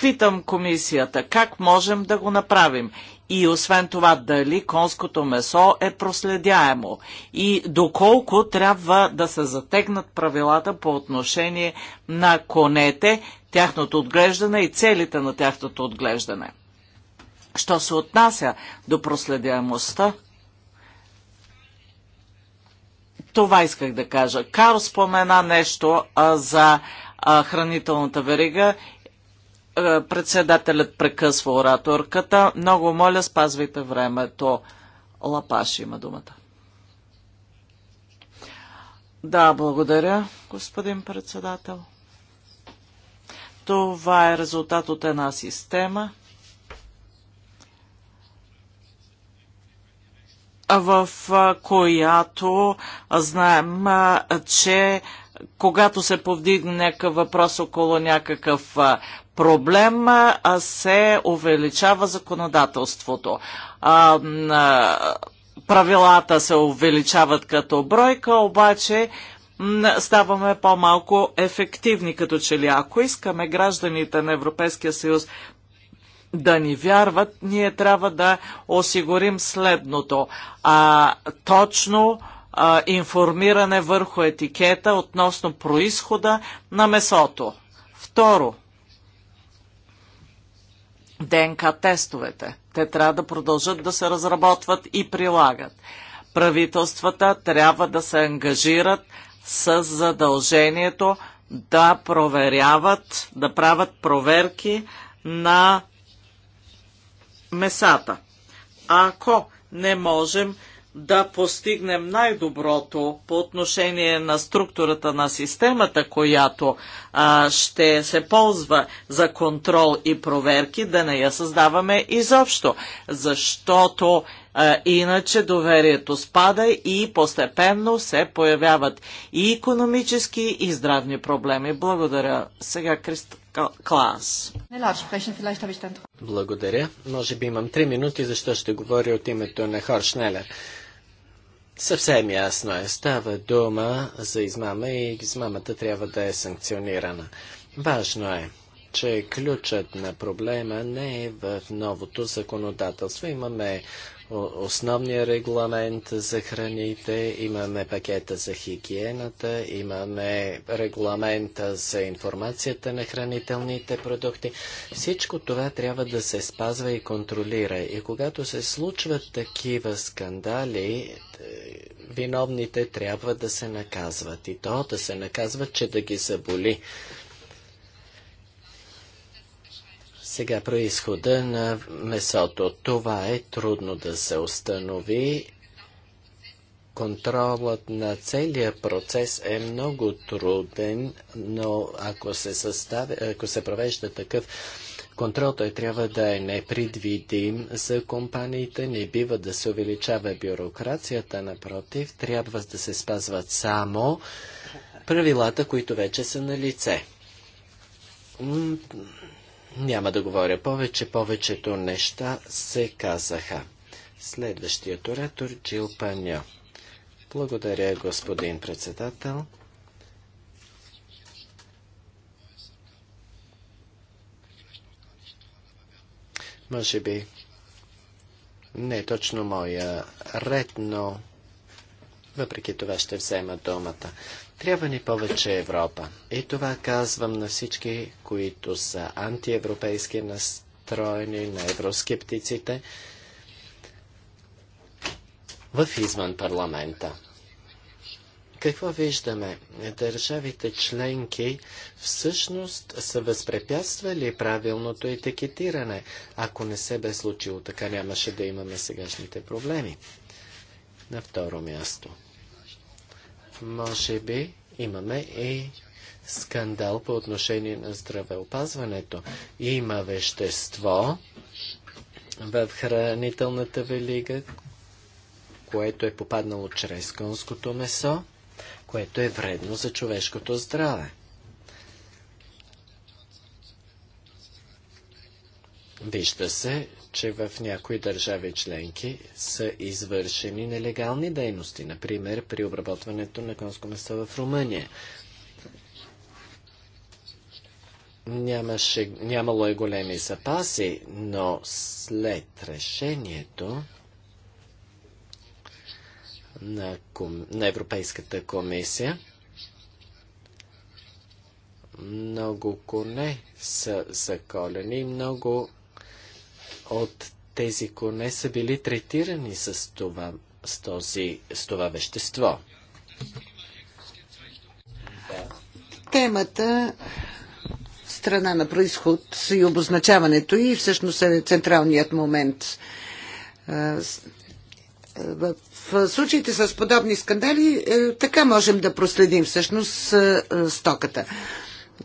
Питам комисията, как можем да го направим? И освен това, дали конското месо е проследяемо? И доколко трябва да се затегнат правилата по отношение на конете, тяхното отглеждане и целите на тяхното отглеждане? Що се отнася до проследяемостта, Това исках да кажа. Карл спомена нещо а, за а, хранителната верига. А, е, председателят прекъсва ораторката. Много моля, спазвайте времето. Лапаш има думата. Да, благодаря, господин председател. Това е резултат от една система – в която знаем, че когато се повдигне някакъв въпрос около някакъв проблем, се увеличава законодателството. Правилата се увеличават като бройка, обаче ставаме по-малко ефективни, като че ли ако искаме гражданите на Европейския съюз да ни вярват, ние трябва да осигурим следното. А, точно а, информиране върху етикета относно происхода на месото. Второ, ДНК тестовете. Те трябва да продължат да се разработват и прилагат. Правителствата трябва да се ангажират с задължението да проверяват, да правят проверки на месата. Ако не можем да постигнем най-доброто по отношение на структурата на системата, която а, ще се ползва за контрол и проверки, да не я създаваме изобщо, защото а, иначе доверието спада и постепенно се появяват и економически, и здравни проблеми. Благодаря. Сега Крист клас. Благодаря. Може би имам три минути, защо ще говоря от името на Хор Шнелер. Съвсем ясно е. Става дума за измама и измамата трябва да е санкционирана. Важно е, че ключът на проблема не е в новото законодателство. Имаме основния регламент за храните, имаме пакета за хигиената, имаме регламента за информацията на хранителните продукти. Всичко това трябва да се спазва и контролира. И когато се случват такива скандали, е, виновните трябва да се наказват. И то да се наказват, че да ги заболи. Сега происхода на месото. Това е трудно да се установи. Контролът на целия процес е много труден, но ако се, състави, ако се провежда такъв контрол, той трябва да е непредвидим за компаниите, не бива да се увеличава бюрокрацията, напротив, трябва да се спазват само правилата, които вече са на лице няма да говоря повече, повечето неща се казаха. Следващият оратор Джил Паньо. Благодаря, господин председател. Може би не е точно моя ред, но въпреки това ще взема думата. Трябва ни повече Европа. И това казвам на всички, които са антиевропейски настроени, на евроскептиците, в извън парламента. Какво виждаме? Държавите членки всъщност са възпрепятствали правилното етикетиране. Ако не се бе случило така, нямаше да имаме сегашните проблеми. На второ място – може би имаме и скандал по отношение на здравеопазването. Има вещество в хранителната велига, което е попаднало чрез конското месо, което е вредно за човешкото здраве. Вижда се, че в някои държави членки са извършени нелегални дейности, например при обработването на конско месо в Румъния. Нямаше, нямало е големи запаси, но след решението на, ком... на Европейската комисия много коне са заколени много от тези коне са били третирани с това, с този, с това вещество. Темата страна на происход и обозначаването и всъщност е централният момент. В случаите с подобни скандали е, така можем да проследим всъщност е, е, стоката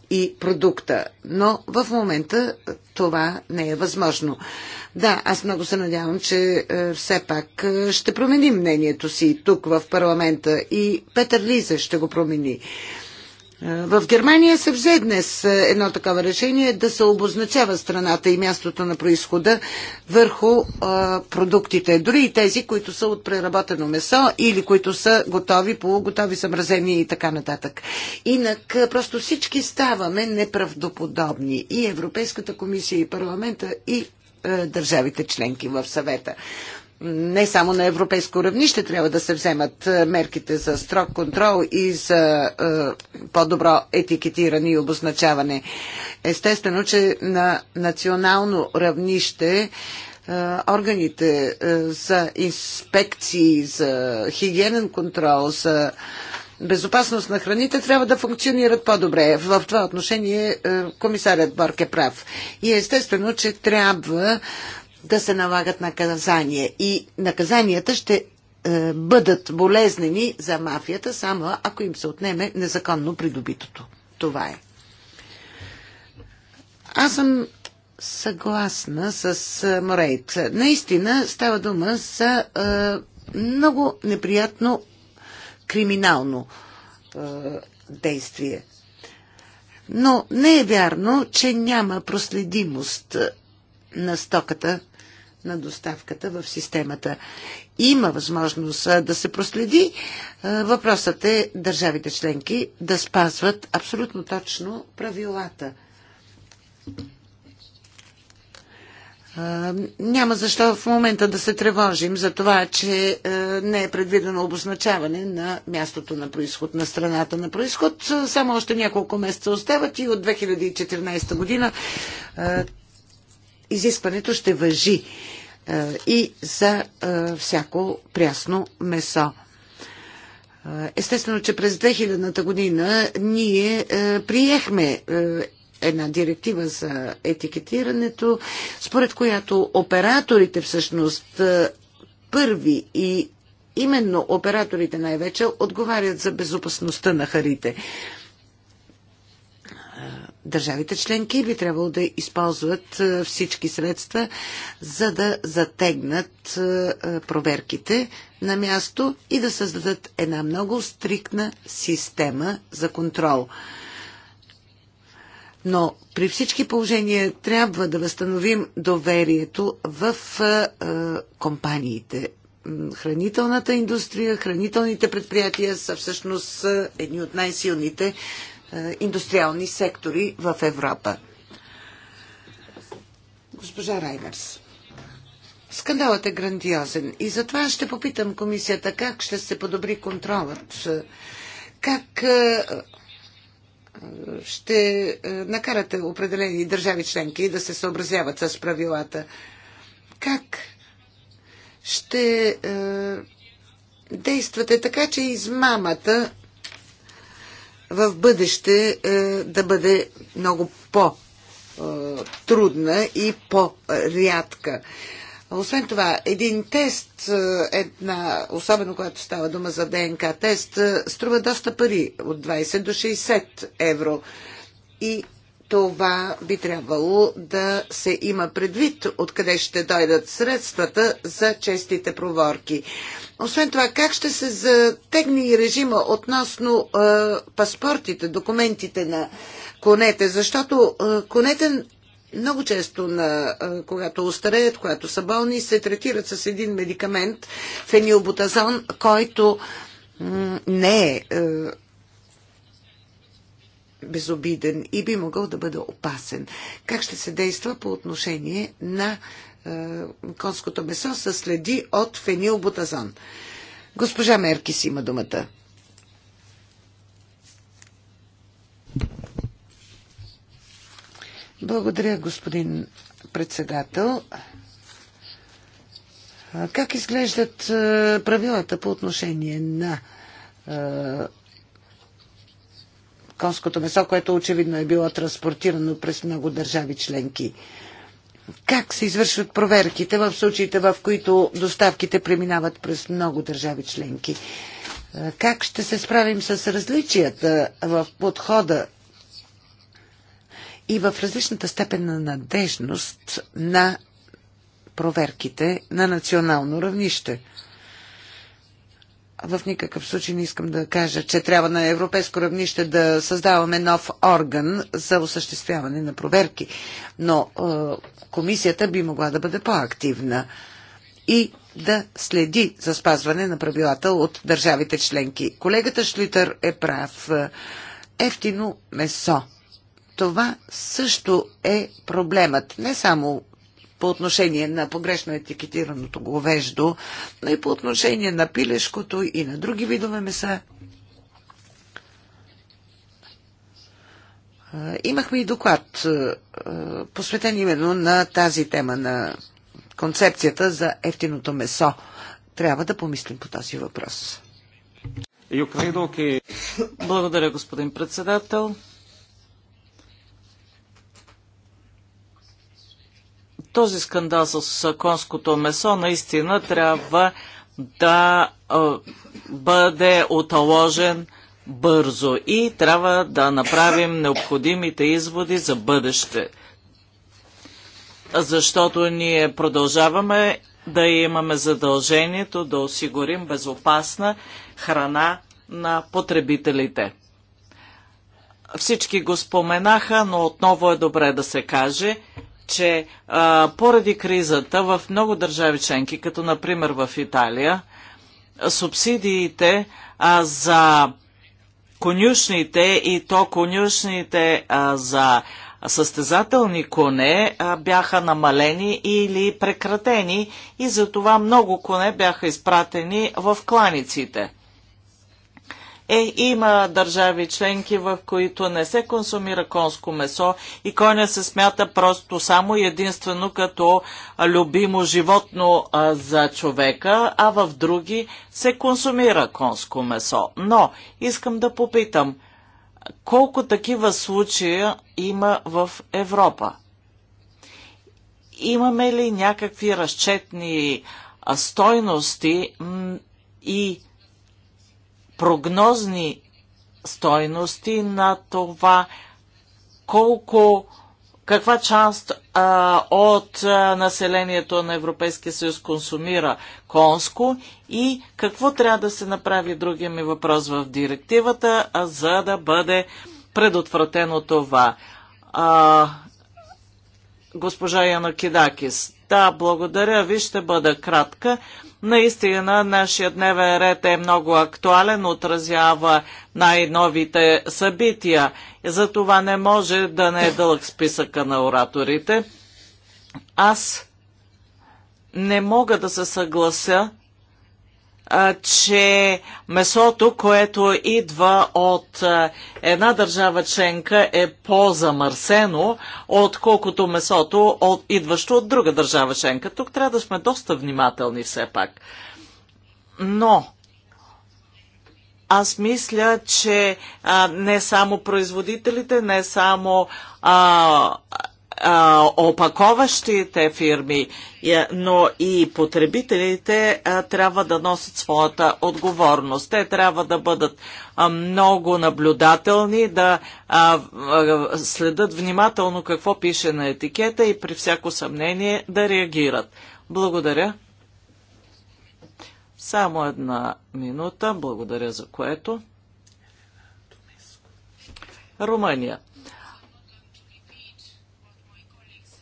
и продукта. Но в момента това не е възможно. Да, аз много се надявам, че е, все пак е, ще промени мнението си тук в парламента и Петър Лиза ще го промени. Е, в Германия се взе днес е, едно такова решение да се обозначава страната и мястото на происхода върху а, е, продуктите. Дори и тези, които са от преработено месо или които са готови, полуготови, замразени и така нататък. Инак просто всички ставаме неправдоподобни. И Европейската комисия, и парламента, и а, държавите членки в съвета не само на европейско равнище трябва да се вземат е, мерките за строг контрол и за е, по-добро етикетиране и обозначаване. Естествено, че на национално равнище е, органите за инспекции, за хигиенен контрол, за безопасност на храните трябва да функционират по-добре. В това отношение комисарят Борг е прав. И естествено, че трябва да се налагат наказания. И наказанията ще е, бъдат болезнени за мафията, само ако им се отнеме незаконно придобитото. Това е. Аз съм съгласна с е, Морейт. Наистина става дума за е, много неприятно криминално е, действие. Но не е вярно, че няма проследимост е, на стоката на доставката в системата. Има възможност да се проследи. Въпросът е държавите членки да спазват абсолютно точно правилата. Няма защо в момента да се тревожим за това, че не е предвидено обозначаване на мястото на происход, на страната на происход. Само още няколко месеца остават и от 2014 година изискването ще въжи е, и за е, всяко прясно месо. Е, естествено, че през 2000-та година ние приехме една директива за етикетирането, според която операторите всъщност първи и именно операторите най-вече отговарят за безопасността на харите държавите членки би трябвало да използват е, всички средства, за да затегнат е, е, проверките на място и да създадат една много стрикна система за контрол. Но при всички положения трябва да възстановим доверието в компаниите. Хранителната индустрия, хранителните предприятия са всъщност едни от най-силните е, индустриални сектори в Европа. Госпожа Райнерс. Скандалът е грандиозен и затова ще попитам комисията как ще се подобри контролът, е, как е, ще накарате определени държави членки да се съобразяват с правилата, как ще действате така, че измамата в бъдеще е, да бъде много по-трудна и по-рядка. Освен това, един тест, е, една, особено когато става дума за ДНК тест, е, струва доста пари, от 20 до 60 евро. И това би трябвало да се има предвид, откъде ще дойдат средствата за честите проворки. Освен това, как ще се затегне и режима относно е, паспортите, документите на конете, защото е, конете много често, на, е, когато устареят, когато са болни, се третират с един медикамент, фенилбутазон, който не е, е безобиден и би могъл да бъде опасен. Как ще се действа по отношение на е, конското месо с следи от фенилбутазон? Госпожа Меркис има думата. Благодаря, господин председател. Как изглеждат е, правилата по отношение на е, конското месо, което очевидно е било транспортирано през много държави членки. Как се извършват проверките в случаите, в които доставките преминават през много държави членки? Как ще се справим с различията в подхода и в различната степен на надежност на проверките на национално равнище? в никакъв случай не искам да кажа, че трябва на европейско равнище да създаваме нов орган за осъществяване на проверки, но е, комисията би могла да бъде по-активна и да следи за спазване на правилата от държавите членки. Колегата Шлитър е прав. Ефтино месо. Това също е проблемът. Не само по отношение на погрешно етикетираното говеждо, но и по отношение на пилешкото и на други видове меса. Имахме и доклад, посветен именно на тази тема на концепцията за ефтиното месо. Трябва да помислим по този въпрос. Благодаря, господин председател. Този скандал с конското месо наистина трябва да бъде отложен бързо и трябва да направим необходимите изводи за бъдеще. Защото ние продължаваме да имаме задължението да осигурим безопасна храна на потребителите. Всички го споменаха, но отново е добре да се каже, че а, поради кризата в много държави членки, като например в Италия, субсидиите а, за конюшните и то конюшните а, за състезателни коне а, бяха намалени или прекратени и затова много коне бяха изпратени в кланиците. Е, има държави членки, в които не се консумира конско месо и коня се смята просто само единствено като любимо животно а, за човека, а в други се консумира конско месо. Но искам да попитам, колко такива случая има в Европа? Имаме ли някакви разчетни стойности и прогнозни стойности на това колко каква част а, от а, населението на Европейския съюз консумира конско и какво трябва да се направи, другия ми въпрос в директивата, а, за да бъде предотвратено това. А, госпожа Яна Кидакис. Да, благодаря ви, ще бъда кратка. Наистина, нашия дневен ред е много актуален, отразява най-новите събития. Затова не може да не е дълъг списъка на ораторите. Аз не мога да се съглася че месото, което идва от една държава членка е по-замърсено, отколкото месото, от, идващо от друга държава членка. Тук трябва да сме доста внимателни все пак. Но аз мисля, че а, не само производителите, не само а, опаковащите фирми, но и потребителите трябва да носят своята отговорност. Те трябва да бъдат много наблюдателни, да следат следят внимателно какво пише на етикета и при всяко съмнение да реагират. Благодаря. Само една минута. Благодаря за което. Румъния.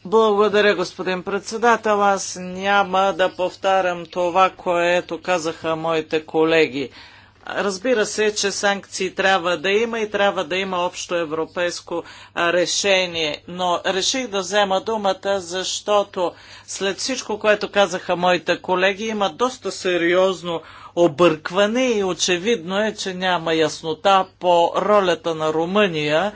Благодаря, господин председател. Аз няма да повтарям това, което казаха моите колеги. Разбира се, че санкции трябва да има и трябва да има общо европейско решение, но реших да взема думата, защото след всичко, което казаха моите колеги, има доста сериозно объркване и очевидно е, че няма яснота по ролята на Румъния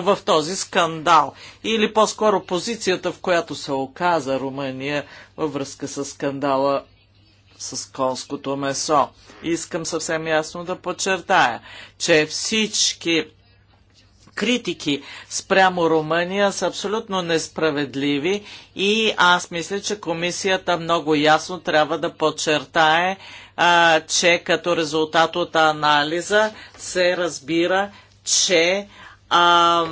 в този скандал. Или по-скоро позицията, в която се оказа Румъния във връзка с скандала с конското месо. Искам съвсем ясно да подчертая, че всички критики спрямо Румъния са абсолютно несправедливи и аз мисля, че комисията много ясно трябва да подчертае, а, че като резултат от анализа се разбира, че а,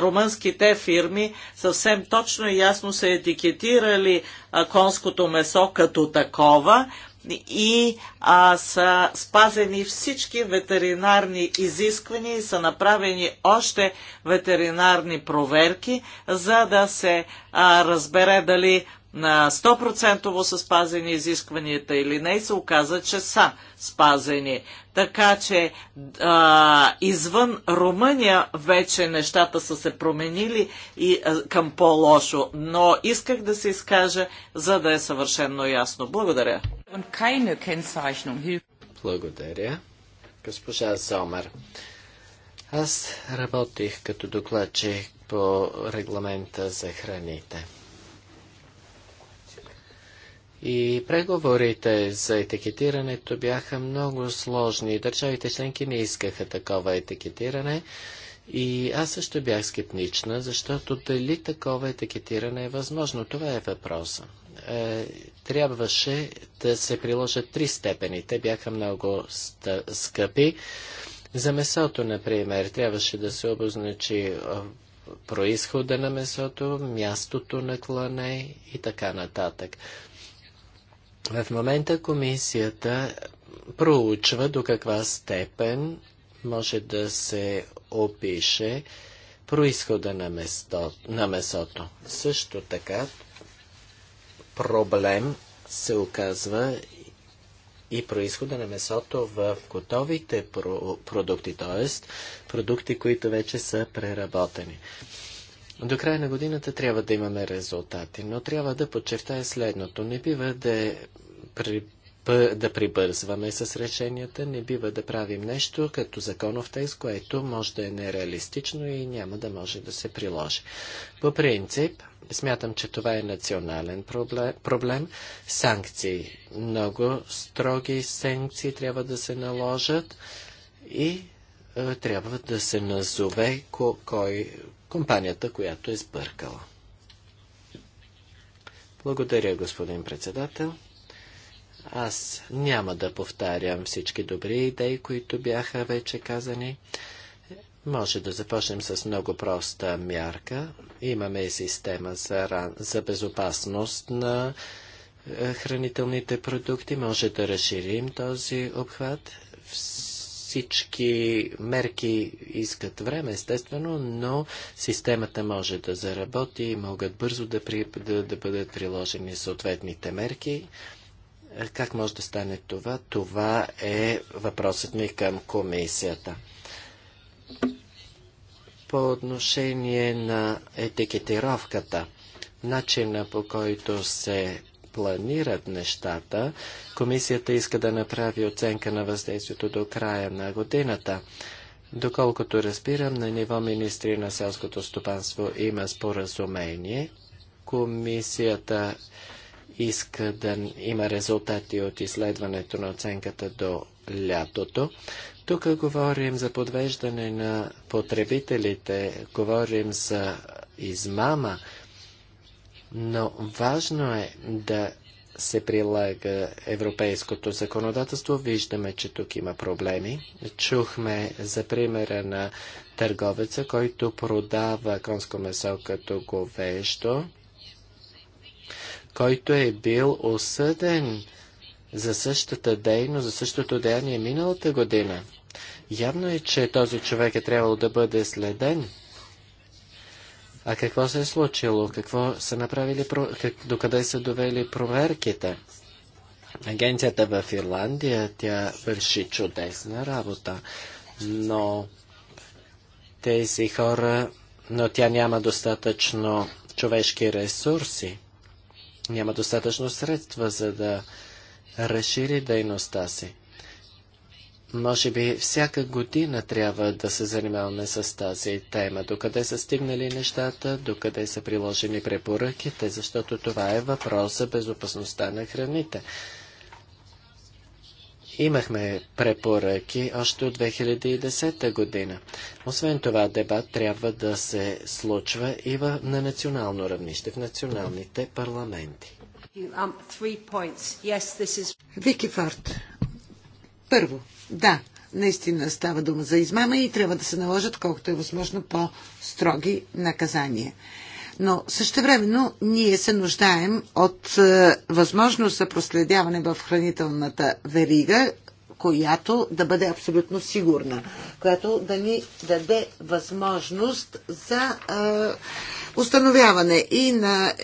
румънските фирми съвсем точно и ясно са етикетирали конското месо като такова и а, са спазени всички ветеринарни изисквания и са направени още ветеринарни проверки, за да се а, разбере дали на 100% са спазени изискванията или не, и се оказа, че са спазени. Така че а, извън Румъния вече нещата са се променили и а, към по-лошо, но исках да се изкажа, за да е съвършено ясно. Благодаря. Благодаря. Госпожа Сомер, аз работих като докладчик по регламента за храните. И преговорите за етикетирането бяха много сложни. Държавите членки не искаха такова етикетиране. И аз също бях скептична, защото дали такова етикетиране е възможно, това е въпроса. Е, трябваше да се приложат три степени. Те бяха много скъпи. За месото, например, трябваше да се обозначи е, происхода на месото, мястото на клане и така нататък. В момента комисията проучва до каква степен може да се опише происхода на, место, на месото. Също така проблем се оказва и происхода на месото в готовите продукти, т.е. продукти, които вече са преработени. До края на годината трябва да имаме резултати, но трябва да подчертая следното. Не бива да, при, да прибързваме с решенията, не бива да правим нещо като законов текст, което може да е нереалистично и няма да може да се приложи. По принцип, смятам, че това е национален проблем. проблем. Санкции. Много строги санкции трябва да се наложат и е, трябва да се назове кой, компанията, която е сбъркала. Благодаря, господин председател. Аз няма да повтарям всички добри идеи, които бяха вече казани. Може да започнем с много проста мярка. Имаме и система за, ран... за безопасност на е, хранителните продукти. Може да разширим този обхват всички мерки искат време, естествено, но системата може да заработи и могат бързо да, при, да, да бъдат приложени съответните мерки. Е, как може да стане това? Това е въпросът ми към комисията. По отношение на етикетировката, начина по който се планират нещата. Комисията иска да направи оценка на въздействието до края на годината. Доколкото разбирам, на ниво министри на селското стопанство има споразумение. Комисията иска да има резултати от изследването на оценката до лятото. Тук говорим за подвеждане на потребителите, говорим за измама но важно е да се прилага европейското законодателство. Виждаме, че тук има проблеми. Чухме за примера на търговеца, който продава конско месо като говещо, който е бил осъден за същата дейност, за същото деяние миналата година. Явно е, че този човек е трябвало да бъде следен а какво се е случило? Какво са направили, докъде са довели проверките? Агенцията в Ирландия, тя върши чудесна работа, но тези хора, но тя няма достатъчно човешки ресурси, няма достатъчно средства, за да разшири дейността си. Може би всяка година трябва да се занимаваме с тази тема. Докъде са стигнали нещата, докъде са приложени препоръките, защото това е въпрос за безопасността на храните. Имахме препоръки още от 2010 година. Освен това, дебат трябва да се случва и в, на национално равнище, в националните парламенти. Um, Вики Фарт. Първо, да, наистина става дума за измама и трябва да се наложат колкото е възможно по-строги наказания. Но същевременно ние се нуждаем от е, възможност за проследяване в хранителната верига, която да бъде абсолютно сигурна, която да ни даде възможност за е, установяване и на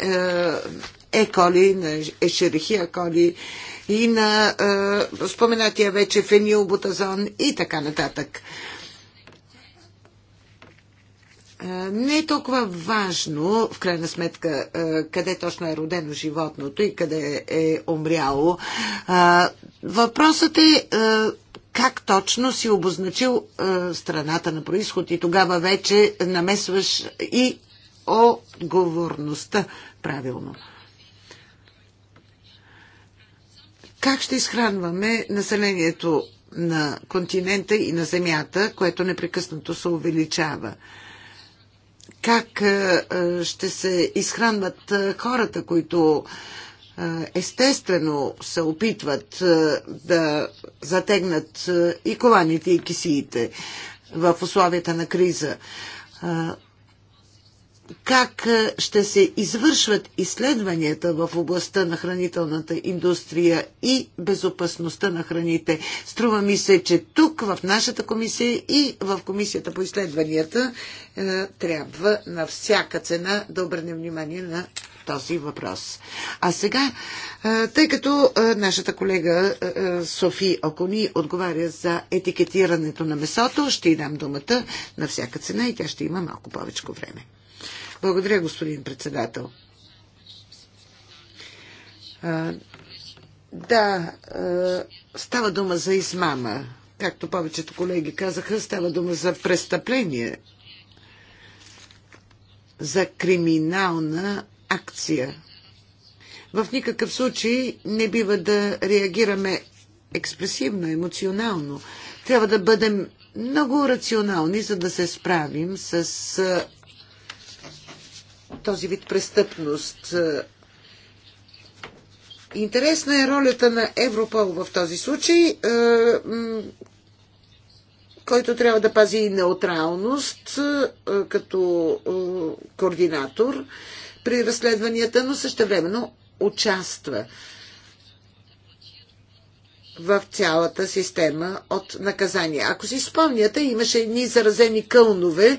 е, е коли, на Ешерихия коли, и на е, споменатия вече фенилбутазон и така нататък. Е, не е толкова важно, в крайна сметка, е, къде точно е родено животното и къде е умряло. Е, въпросът е как точно си обозначил страната на происход и тогава вече намесваш и отговорността правилно. Как ще изхранваме населението на континента и на Земята, което непрекъснато се увеличава? Как е, е, ще се изхранват е, хората, които естествено се опитват да затегнат и коланите, и кисиите в условията на криза? как ще се извършват изследванията в областта на хранителната индустрия и безопасността на храните. Струва ми се, че тук в нашата комисия и в комисията по изследванията е, трябва на всяка цена да обърнем внимание на този въпрос. А сега, е, тъй като е, нашата колега Софи Окони отговаря за етикетирането на месото, ще й дам думата на всяка цена и тя ще има малко повече време. Благодаря, господин председател. Да, става дума за измама. Както повечето колеги казаха, става дума за престъпление, за криминална акция. В никакъв случай не бива да реагираме експресивно, емоционално. Трябва да бъдем много рационални, за да се справим с този вид престъпност. Интересна е ролята на Европол в този случай, е, който трябва да пази и неутралност е, като е, координатор при разследванията, но същевременно участва в цялата система от наказания. Ако си спомняте, имаше едни заразени кълнове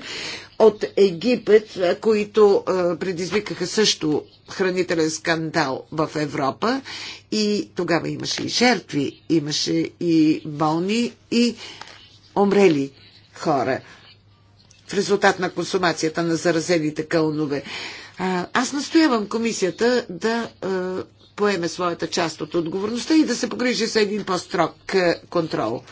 от Египет, които предизвикаха също хранителен скандал в Европа. И тогава имаше и жертви, имаше и болни, и умрели хора в резултат на консумацията на заразените кълнове. Аз настоявам комисията да поеме своята част от отговорността и да се погрижи за един по-строг контрол.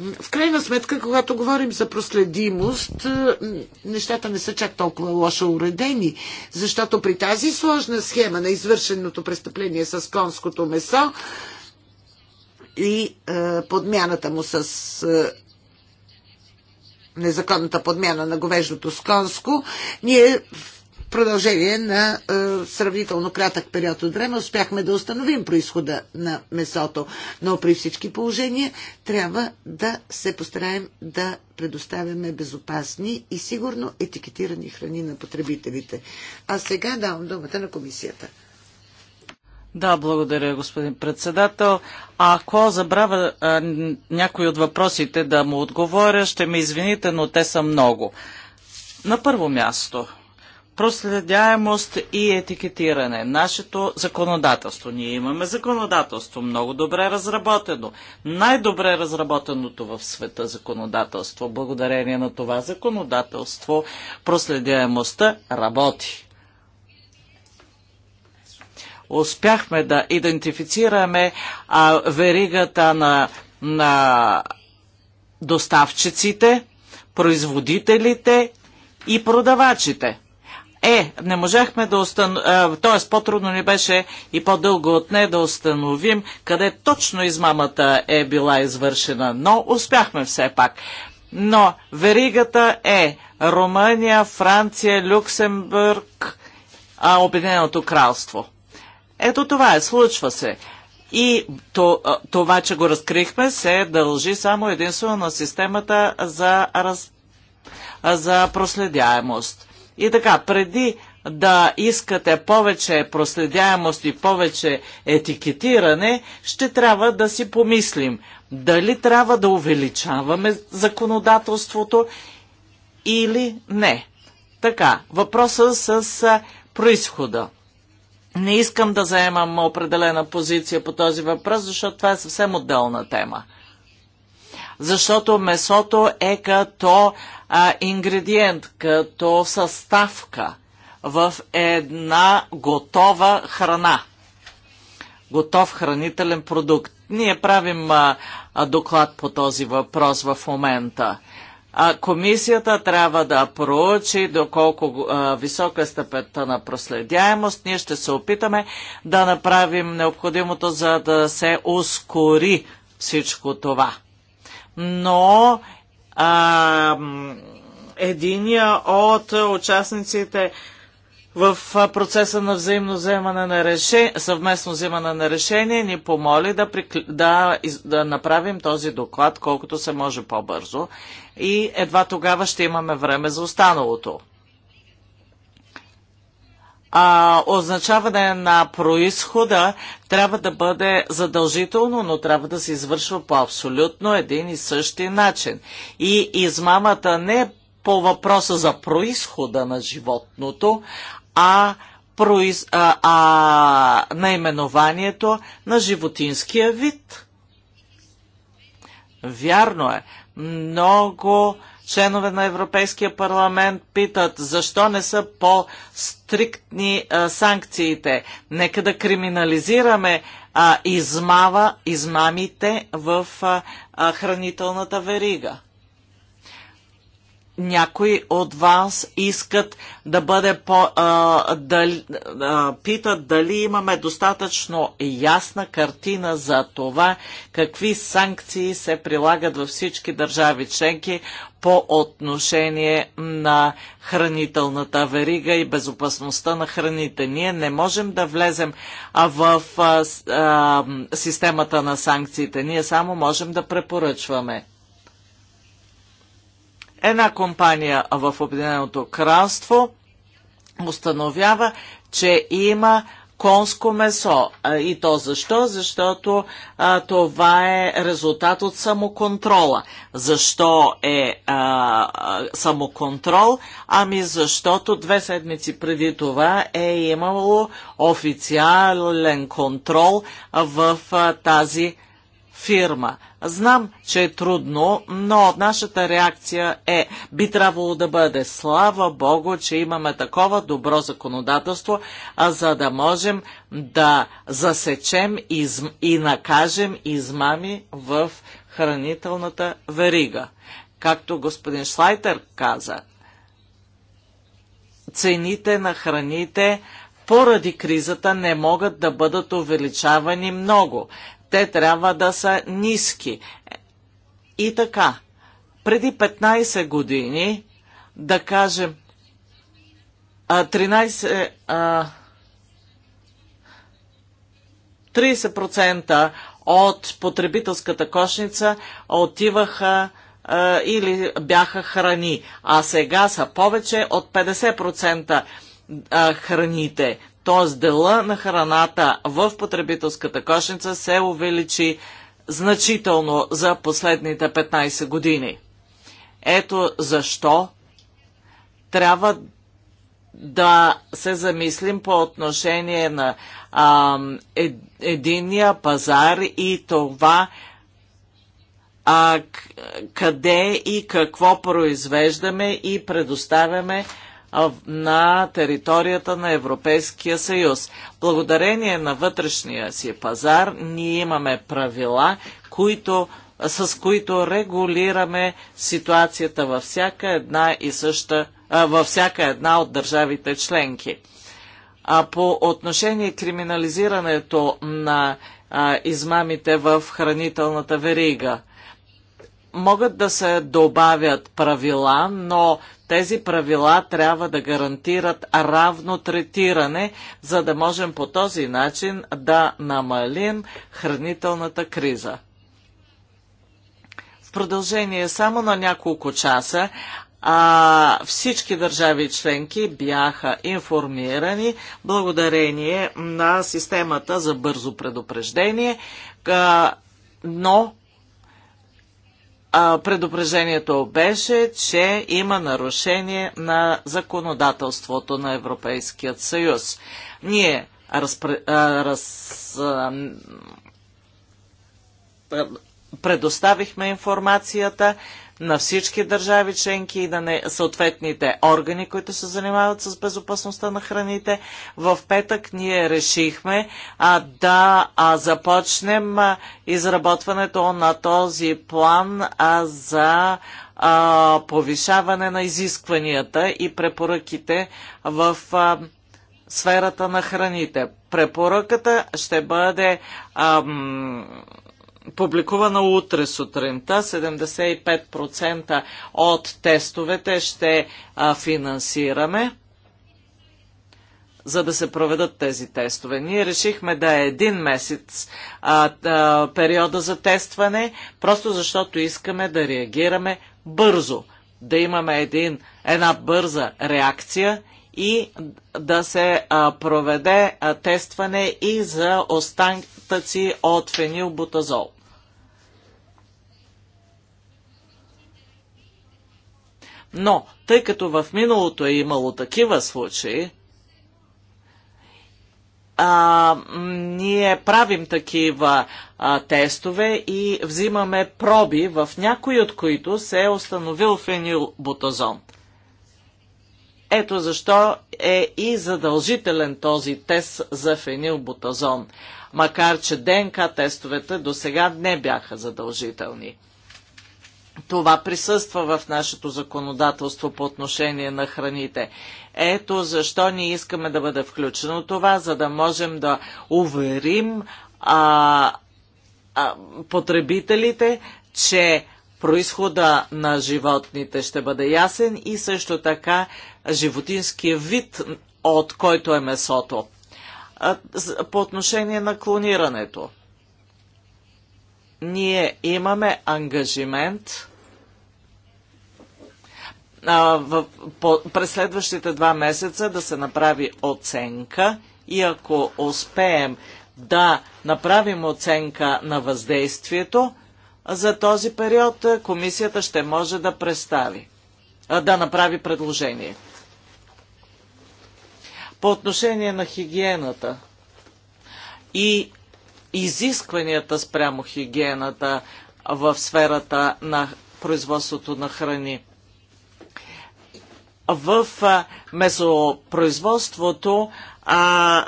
В крайна сметка, когато говорим за проследимост, е, нещата не са чак толкова лошо уредени, защото при тази сложна схема на извършеното престъпление с конското месо и е, подмяната му с е, незаконната подмяна на говеждото с конско, ние продължение на е, сравнително кратък период от време успяхме да установим происхода на месото. Но при всички положения трябва да се постараем да предоставяме безопасни и сигурно етикетирани храни на потребителите. А сега давам думата на комисията. Да, благодаря, господин председател. Ако забравя а, е, някои от въпросите да му отговоря, ще ме извините, но те са много. На първо място, проследяемост и етикетиране. Нашето законодателство. Ние имаме законодателство, много добре разработено. Най-добре разработеното в света законодателство. Благодарение на това законодателство проследяемостта работи. Успяхме да идентифицираме а, веригата на, на доставчиците, производителите и продавачите – е, не можахме да установим, т.е. по-трудно ни беше и по-дълго от не да установим къде точно измамата е била извършена, но успяхме все пак. Но веригата е Румъния, Франция, Люксембург, а, Обединеното кралство. Ето това е, случва се. И това, че го разкрихме, се дължи само единствено на системата за, раз... за проследяемост. И така, преди да искате повече проследяемост и повече етикетиране, ще трябва да си помислим дали трябва да увеличаваме законодателството или не. Така, въпросът с происхода. Не искам да заемам определена позиция по този въпрос, защото това е съвсем отделна тема защото месото е като а, ингредиент, като съставка в една готова храна, готов хранителен продукт. Ние правим а, а, доклад по този въпрос в момента. А, комисията трябва да проучи доколко а, висока е степента на проследяемост. Ние ще се опитаме да направим необходимото, за да се ускори всичко това но а, единия от участниците в процеса на взаимно вземане на решение, съвместно вземане на решение ни помоли да, прикл... да, да направим този доклад колкото се може по-бързо и едва тогава ще имаме време за останалото а, означаване на происхода трябва да бъде задължително, но трябва да се извършва по абсолютно един и същи начин. И измамата не по въпроса за происхода на животното, а, произ... а, а наименованието на животинския вид. Вярно е, много членове на Европейския парламент питат защо не са по-стриктни санкциите. Нека да криминализираме а, измава, измамите в а, а, хранителната верига някои от вас искат да бъде по, а, да, а, питат дали имаме достатъчно ясна картина за това какви санкции се прилагат във всички държави членки по отношение на хранителната верига и безопасността на храните. Ние не можем да влезем в а, а, системата на санкциите. Ние само можем да препоръчваме. Една компания в Обединеното кралство установява, че има конско месо. И то защо? Защото а, това е резултат от самоконтрола. Защо е а, самоконтрол? Ами защото две седмици преди това е имало официален контрол в а, тази фирма. Знам, че е трудно, но нашата реакция е, би трябвало да бъде слава Богу, че имаме такова добро законодателство, а за да можем да засечем из... и накажем измами в хранителната верига. Както господин Шлайтер каза, цените на храните поради кризата не могат да бъдат увеличавани много те трябва да са ниски. И така, преди 15 години, да кажем, 13, а, 30% от потребителската кошница отиваха а, или бяха храни, а сега са повече от 50% храните т.е. дела на храната в потребителската кошница се увеличи значително за последните 15 години. Ето защо трябва да се замислим по отношение на а, е, единия пазар и това а, къде и какво произвеждаме и предоставяме на територията на Европейския съюз. Благодарение на вътрешния си пазар ние имаме правила, които, с които регулираме ситуацията във всяка една и съща, във всяка една от държавите членки. А по отношение криминализирането на а, измамите в хранителната верига – могат да се добавят правила, но тези правила трябва да гарантират равно третиране, за да можем по този начин да намалим хранителната криза. В продължение само на няколко часа а, всички държави членки бяха информирани благодарение на системата за бързо предупреждение, но а, предупреждението беше, че има нарушение на законодателството на Европейският съюз. Ние разпре, а, раз, а, предоставихме информацията, на всички държави членки и да не съответните органи, които се занимават с безопасността на храните. В петък ние решихме а, да а, започнем а, изработването на този план а, за а, повишаване на изискванията и препоръките в а, сферата на храните. Препоръката ще бъде А, публикувана утре сутринта. 75% от тестовете ще а, финансираме, за да се проведат тези тестове. Ние решихме да е един месец а, а, периода за тестване, просто защото искаме да реагираме бързо, да имаме един, една бърза реакция и да се а, проведе а, тестване и за останки от фенилбутазол. Но, тъй като в миналото е имало такива случаи, а, ние правим такива а, тестове и взимаме проби, в някои от които се е установил фенилбутазон. Ето защо е и задължителен този тест за фенилбутазон, макар че ДНК тестовете до сега не бяха задължителни. Това присъства в нашето законодателство по отношение на храните. Ето защо ние искаме да бъде включено това, за да можем да уверим а, а, потребителите, че происхода на животните ще бъде ясен и също така животинския вид, от който е месото. По отношение на клонирането ние имаме ангажимент а, в, по, през следващите два месеца да се направи оценка и ако успеем да направим оценка на въздействието за този период, комисията ще може да представи, да направи предложение. По отношение на хигиената и изискванията спрямо хигиената в сферата на производството на храни. В месопроизводството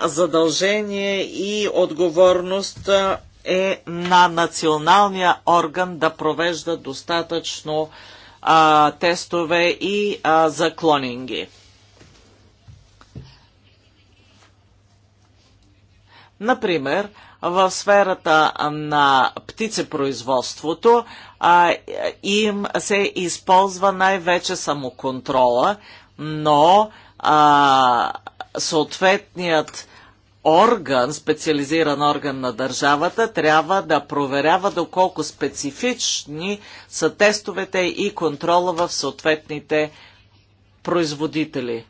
задължение и отговорност е на националния орган да провежда достатъчно а, тестове и а, заклонинги. Например, в сферата на птицепроизводството а, им се използва най-вече самоконтрола, но а, съответният орган, специализиран орган на държавата, трябва да проверява доколко специфични са тестовете и контрола в съответните производители.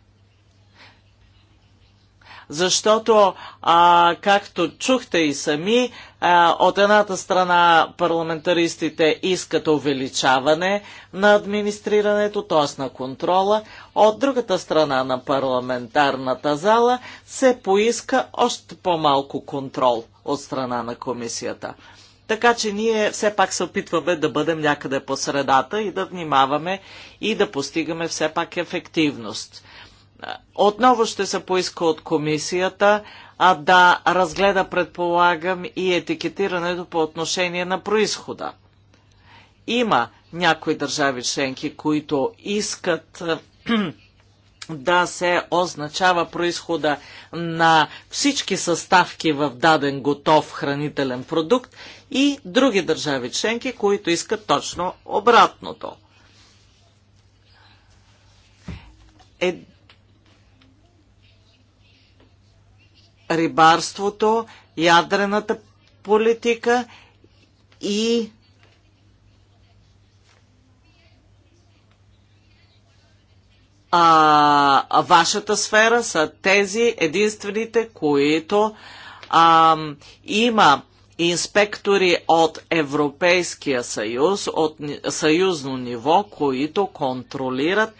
Защото, а, както чухте и сами, а, от едната страна парламентаристите искат увеличаване на администрирането, т.е. на контрола, от другата страна на парламентарната зала се поиска още по-малко контрол от страна на комисията. Така че ние все пак се опитваме да бъдем някъде по средата и да внимаваме и да постигаме все пак ефективност отново ще се поиска от комисията а да разгледа, предполагам, и етикетирането по отношение на происхода. Има някои държави членки, които искат да се означава происхода на всички съставки в даден готов хранителен продукт и други държави членки, които искат точно обратното. Е, рибарството, ядрената политика и а, вашата сфера са тези единствените, които а, има инспектори от Европейския съюз, от съюзно ниво, които контролират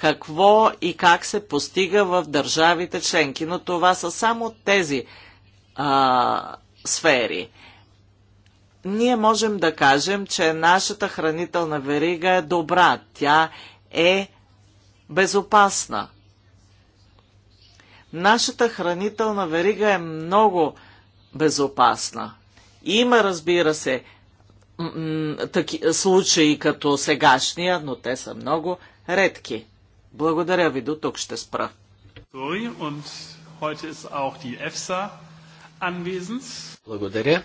какво и как се постига в държавите членки. Но това са само тези а, сфери. Ние можем да кажем, че нашата хранителна верига е добра. Тя е безопасна. Нашата хранителна верига е много безопасна. Има, разбира се, таки, случаи като сегашния, но те са много редки. Благодаря ви, до тук ще спра. Благодаря.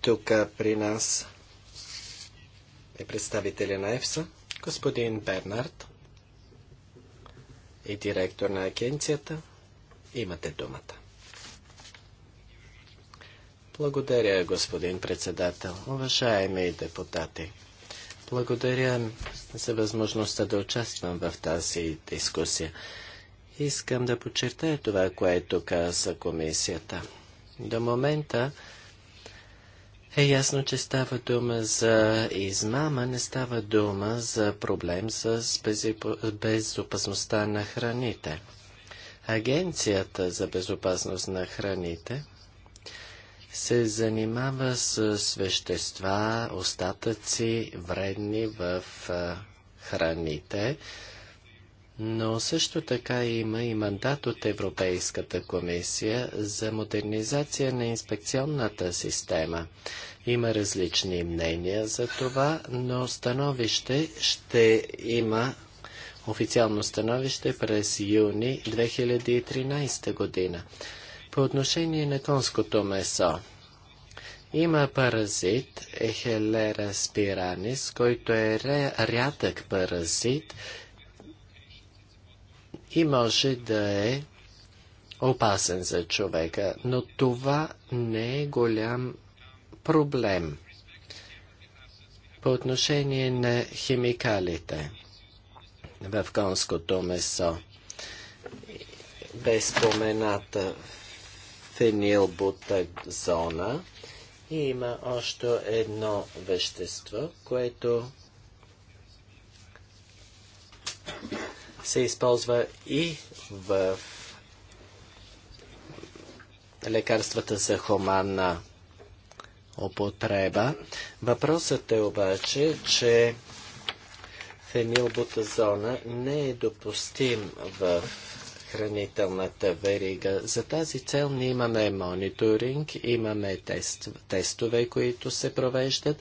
Тук при нас е представителя на ЕФСА, господин Бернард и директор на агенцията. Имате думата. Благодаря, господин председател. Уважаеми депутати, благодаря за възможността да участвам в тази дискусия. Искам да подчертая това, което каза комисията. До момента е ясно, че става дума за измама, не става дума за проблем с безопасността на храните. Агенцията за безопасност на храните – се занимава с вещества, остатъци, вредни в храните, но също така има и мандат от Европейската комисия за модернизация на инспекционната система. Има различни мнения за това, но становище ще има официално становище през юни 2013 година. По отношение на конското месо, има паразит Ехелера спиранис, който е рядък паразит и може да е опасен за човека, но това не е голям проблем по отношение на химикалите в конското месо. Без спомената фенилбутазона и има още едно вещество, което се използва и в лекарствата за хуманна употреба. Въпросът е обаче, че фенилбутазона не е допустим в хранителната верига. За тази цел ние имаме мониторинг, имаме тест, тестове, които се провеждат.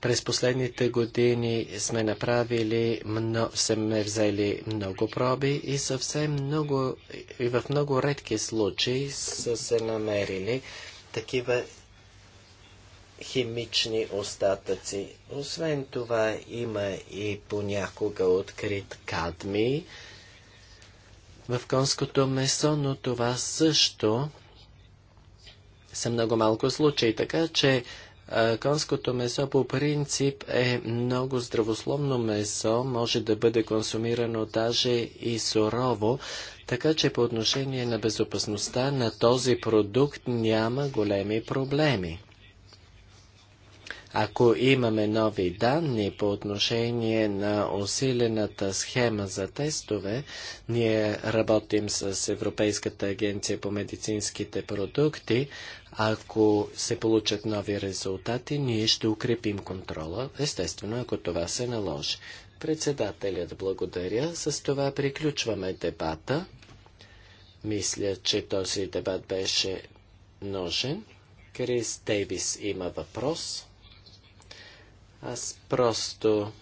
През последните години сме направили, мно, сме взели много проби и съвсем много, и в много редки случаи са се намерили такива химични остатъци. Освен това има и понякога открит кадмий, в конското месо, но това също са много малко случаи. Така че конското месо по принцип е много здравословно месо, може да бъде консумирано даже и сурово, така че по отношение на безопасността на този продукт няма големи проблеми. Ако имаме нови данни по отношение на усилената схема за тестове, ние работим с Европейската агенция по медицинските продукти. Ако се получат нови резултати, ние ще укрепим контрола, естествено, ако това се наложи. Председателят благодаря. С това приключваме дебата. Мисля, че този дебат беше нужен. Крис Дейвис има въпрос. Аз просто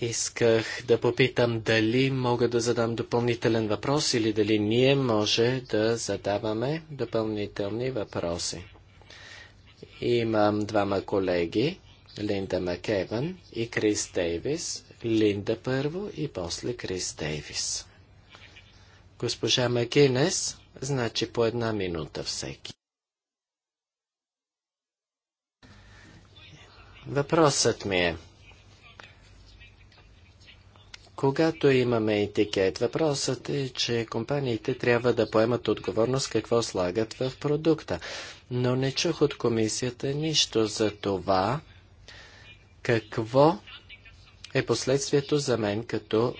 исках да попитам дали мога да задам допълнителен въпрос или дали ние може да задаваме допълнителни въпроси. Имам двама колеги, Линда Макеван и Крис Дейвис. Линда първо и после Крис Дейвис. Госпожа Макинес, значи по една минута всеки. Въпросът ми е, когато имаме етикет, въпросът е, че компаниите трябва да поемат отговорност какво слагат в продукта. Но не чух от комисията нищо за това, какво е последствието за мен като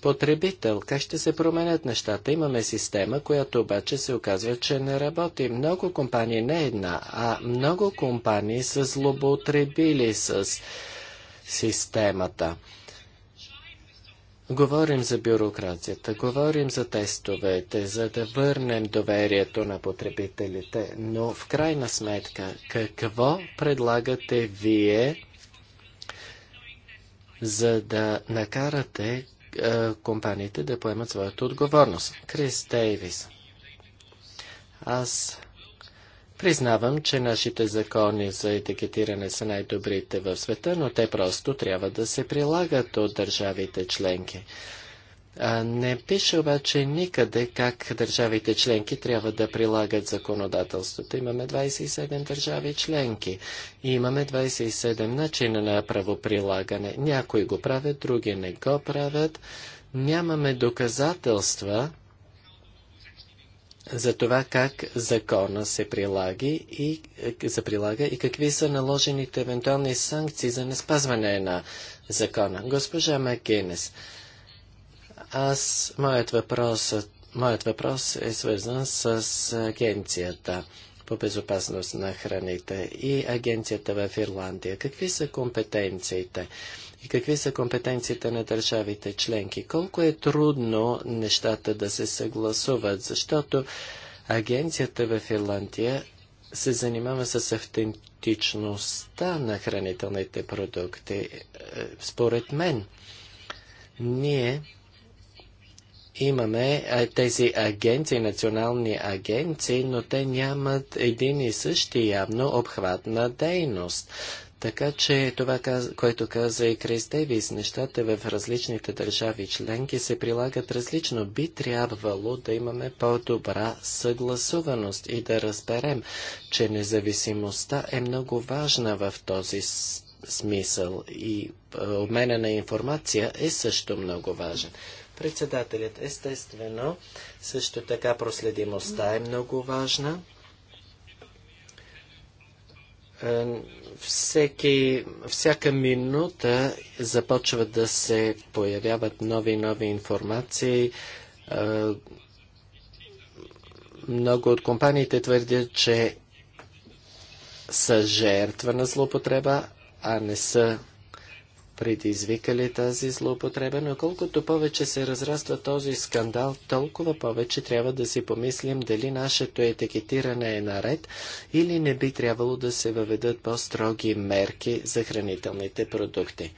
потребител. Как ще се променят нещата? Имаме система, която обаче се оказва, че не работи. Много компании, не една, а много компании са злоупотребили с системата. Говорим за бюрокрацията, говорим за тестовете, за да върнем доверието на потребителите, но в крайна сметка, какво предлагате вие, за да накарате е, компаниите да поемат своята отговорност. Крис Дейвис. Аз признавам, че нашите закони за етикетиране са най-добрите в света, но те просто трябва да се прилагат от държавите членки. Не пише обаче никъде как държавите членки трябва да прилагат законодателството. Имаме 27 държави членки и имаме 27 начина на правоприлагане. Някои го правят, други не го правят. Нямаме доказателства за това как закона се прилаги и, за е, прилага и какви са наложените евентуални санкции за неспазване на закона. Госпожа Макенес, аз, моят въпрос, моят въпрос е свързан с агенцията по безопасност на храните и агенцията в Ирландия. Какви са компетенциите? И какви са компетенциите на държавите членки? Колко е трудно нещата да се съгласуват, защото агенцията в Ирландия се занимава с автентичността на хранителните продукти. Е, според мен, ние имаме тези агенции, национални агенции, но те нямат един и същи явно обхват на дейност. Така че това, което каза и Крис Девис, нещата в различните държави членки се прилагат различно. Би трябвало да имаме по-добра съгласуваност и да разберем, че независимостта е много важна в този смисъл и е, обмена на информация е също много важен. Председателят естествено също така проследимостта е много важна. Е, всеки, всяка минута започват да се появяват нови и нови информации. Е, много от компаниите твърдят, че са жертва на злоупотреба, а не са предизвикали тази злоупотреба, но колкото повече се разраства този скандал, толкова повече трябва да си помислим дали нашето етикетиране е наред или не би трябвало да се въведат по-строги мерки за хранителните продукти.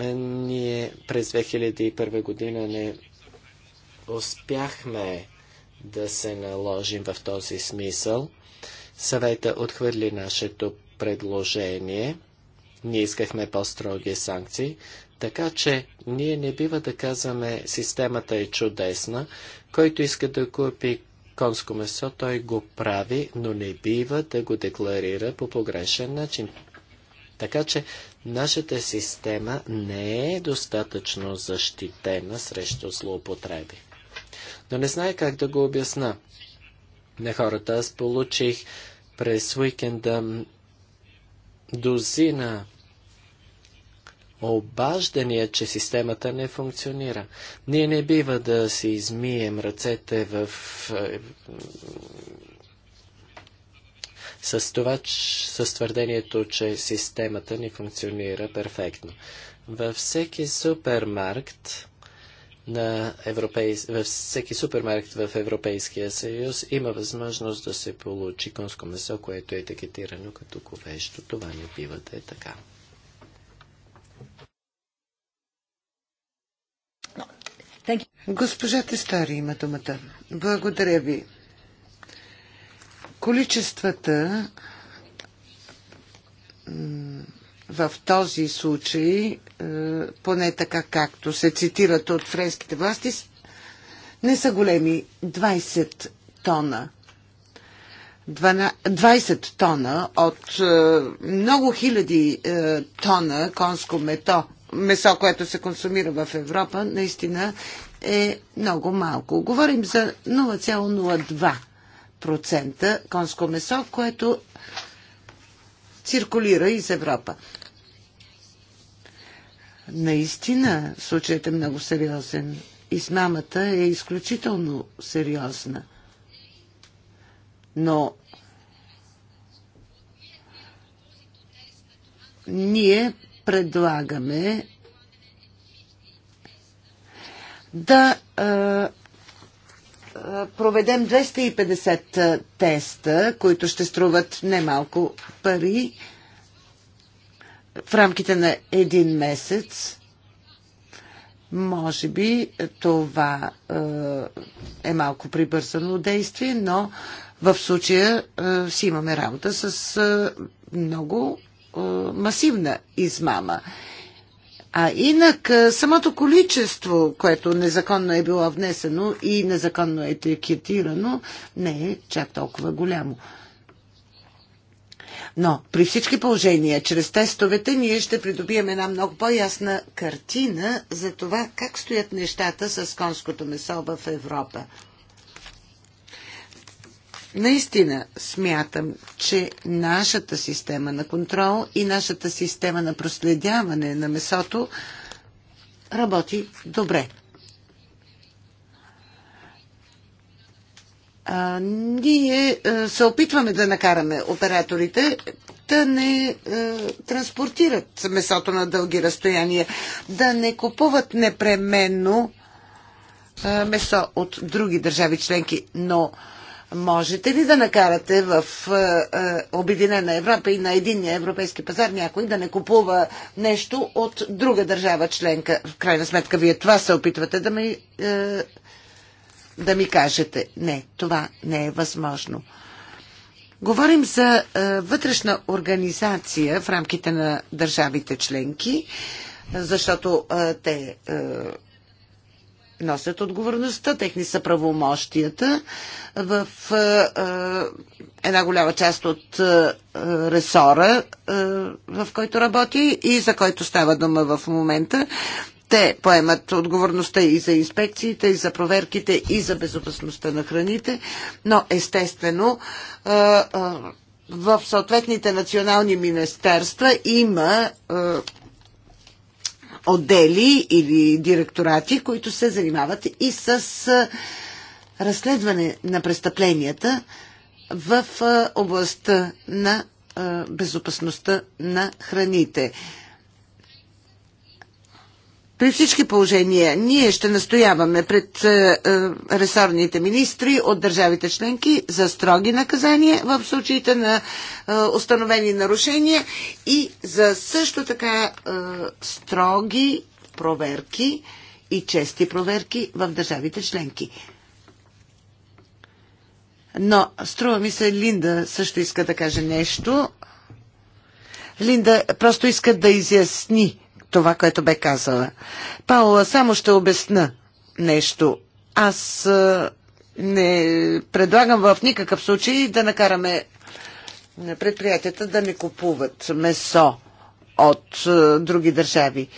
Е, ние през 2001 година не успяхме да се наложим в този смисъл. Съвета отхвърли нашето предложение – ние искахме по-строги санкции, така че ние не бива да казваме системата е чудесна. Който иска да купи конско месо, той го прави, но не бива да го декларира по погрешен начин. Така че нашата система не е достатъчно защитена срещу злоупотреби. Но не знае как да го обясна на хората. Аз получих през уикенда дозина обаждания, че системата не функционира. Ние не бива да си измием ръцете в... Е, с това, с твърдението, че системата ни функционира перфектно. Във всеки супермаркт на европейс... във всеки супермаркет в Европейския съюз има възможност да се получи конско месо, което е етикетирано като ковещо. Това не бива да е така. Госпожа Тестари има думата. Благодаря ви. Количествата в този случай, е, поне така както се цитират от френските власти, не са големи 20 тона. 20 тона от е, много хиляди е, тона конско мето, месо, което се консумира в Европа, наистина е много малко. Говорим за 0,02% конско месо, което циркулира из Европа. Наистина случаят е много сериозен. Измамата е изключително сериозна. Но ние предлагаме да а, проведем 250 теста, които ще струват немалко пари в рамките на един месец. Може би това е, е малко прибързано действие, но в случая е, си имаме работа с е, много масивна измама. А инак самото количество, което незаконно е било внесено и незаконно е етикетирано, не е чак толкова голямо. Но при всички положения, чрез тестовете, ние ще придобием една много по-ясна картина за това как стоят нещата с конското месо в Европа. Наистина смятам, че нашата система на контрол и нашата система на проследяване на месото работи добре. А, ние а, е, се опитваме да накараме операторите да не а, е, транспортират месото на дълги разстояния, да не купуват непременно а, е, месо от други държави членки, но можете ли да накарате в а, а, Обединена Европа и на единния европейски пазар някой да не купува нещо от друга държава членка? В крайна сметка, вие това се опитвате да ме. А, да ми кажете, не, това не е възможно. Говорим за е, вътрешна организация в рамките на държавите членки, е, защото е, те е, носят отговорността, техни са правомощията в е, е, една голяма част от е, ресора, е, в който работи и за който става дума в момента те поемат отговорността и за инспекциите, и за проверките, и за безопасността на храните, но естествено в съответните национални министерства има отдели или директорати, които се занимават и с разследване на престъпленията в областта на безопасността на храните. При всички положения ние ще настояваме пред е, е, ресорните министри от държавите членки за строги наказания в случаите на е, установени нарушения и за също така строги проверки и чести проверки в държавите членки. Но струва ми се, Линда също иска да каже нещо. Линда просто иска да изясни това, което бе казала. Паула, само ще обясна нещо. Аз не предлагам в никакъв случай да накараме предприятията да не купуват месо от други държави.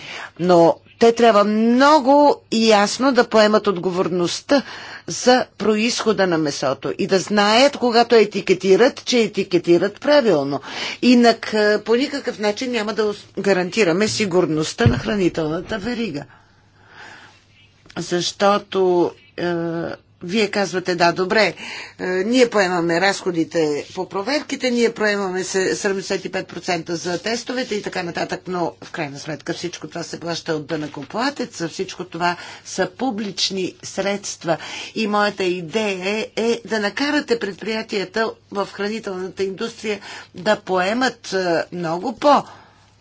Но те трябва много ясно да поемат отговорността за происхода на месото и да знаят, когато етикетират, че етикетират правилно. Инак по никакъв начин няма да гарантираме сигурността на хранителната верига. Защото е, вие казвате, да, добре, е, ние поемаме разходите по проверките, ние поемаме 75% за тестовете и така нататък, но в крайна сметка всичко това се плаща от дънакоплатеца, всичко това са публични средства. И моята идея е, е да накарате предприятията в хранителната индустрия да поемат е, много по-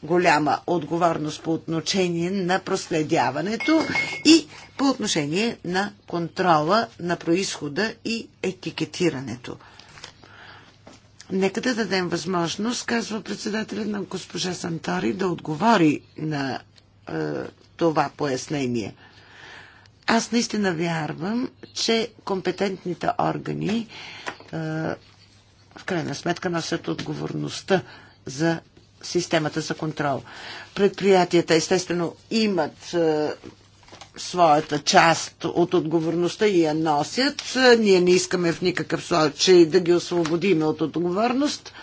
голяма отговорност по отношение на проследяването и по отношение на контрола на происхода и етикетирането. Нека да дадем възможност, казва председателят на госпожа Сантори, да отговори на е, това пояснение. Аз наистина вярвам, че компетентните органи е, в крайна сметка носят отговорността за системата за контрол. Предприятията естествено имат е, своята част от отговорността и я носят. Ние не искаме в никакъв случай да ги освободим от отговорност.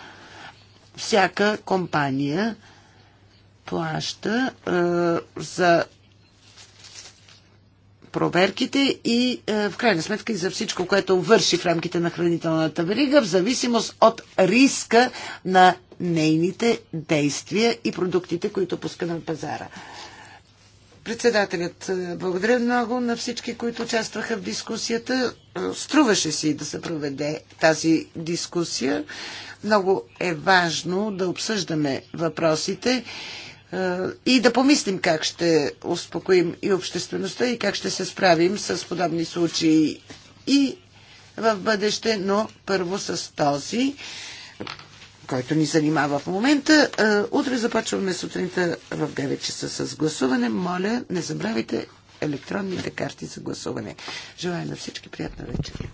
Всяка компания плаща е, за проверките и е, в крайна сметка и за всичко, което върши в рамките на хранителната верига, в зависимост от риска на нейните действия и продуктите, които пуска на пазара. Председателят, е, благодаря много на всички, които участваха в дискусията. Е, струваше си да се проведе тази дискусия. Много е важно да обсъждаме въпросите е, и да помислим как ще успокоим и обществеността и как ще се справим с подобни случаи и в бъдеще, но първо с този, който ни занимава в момента. Е, утре започваме сутринта в 9 часа с гласуване. Моля, не забравяйте електронните карти за гласуване. Желая на всички приятна вечер.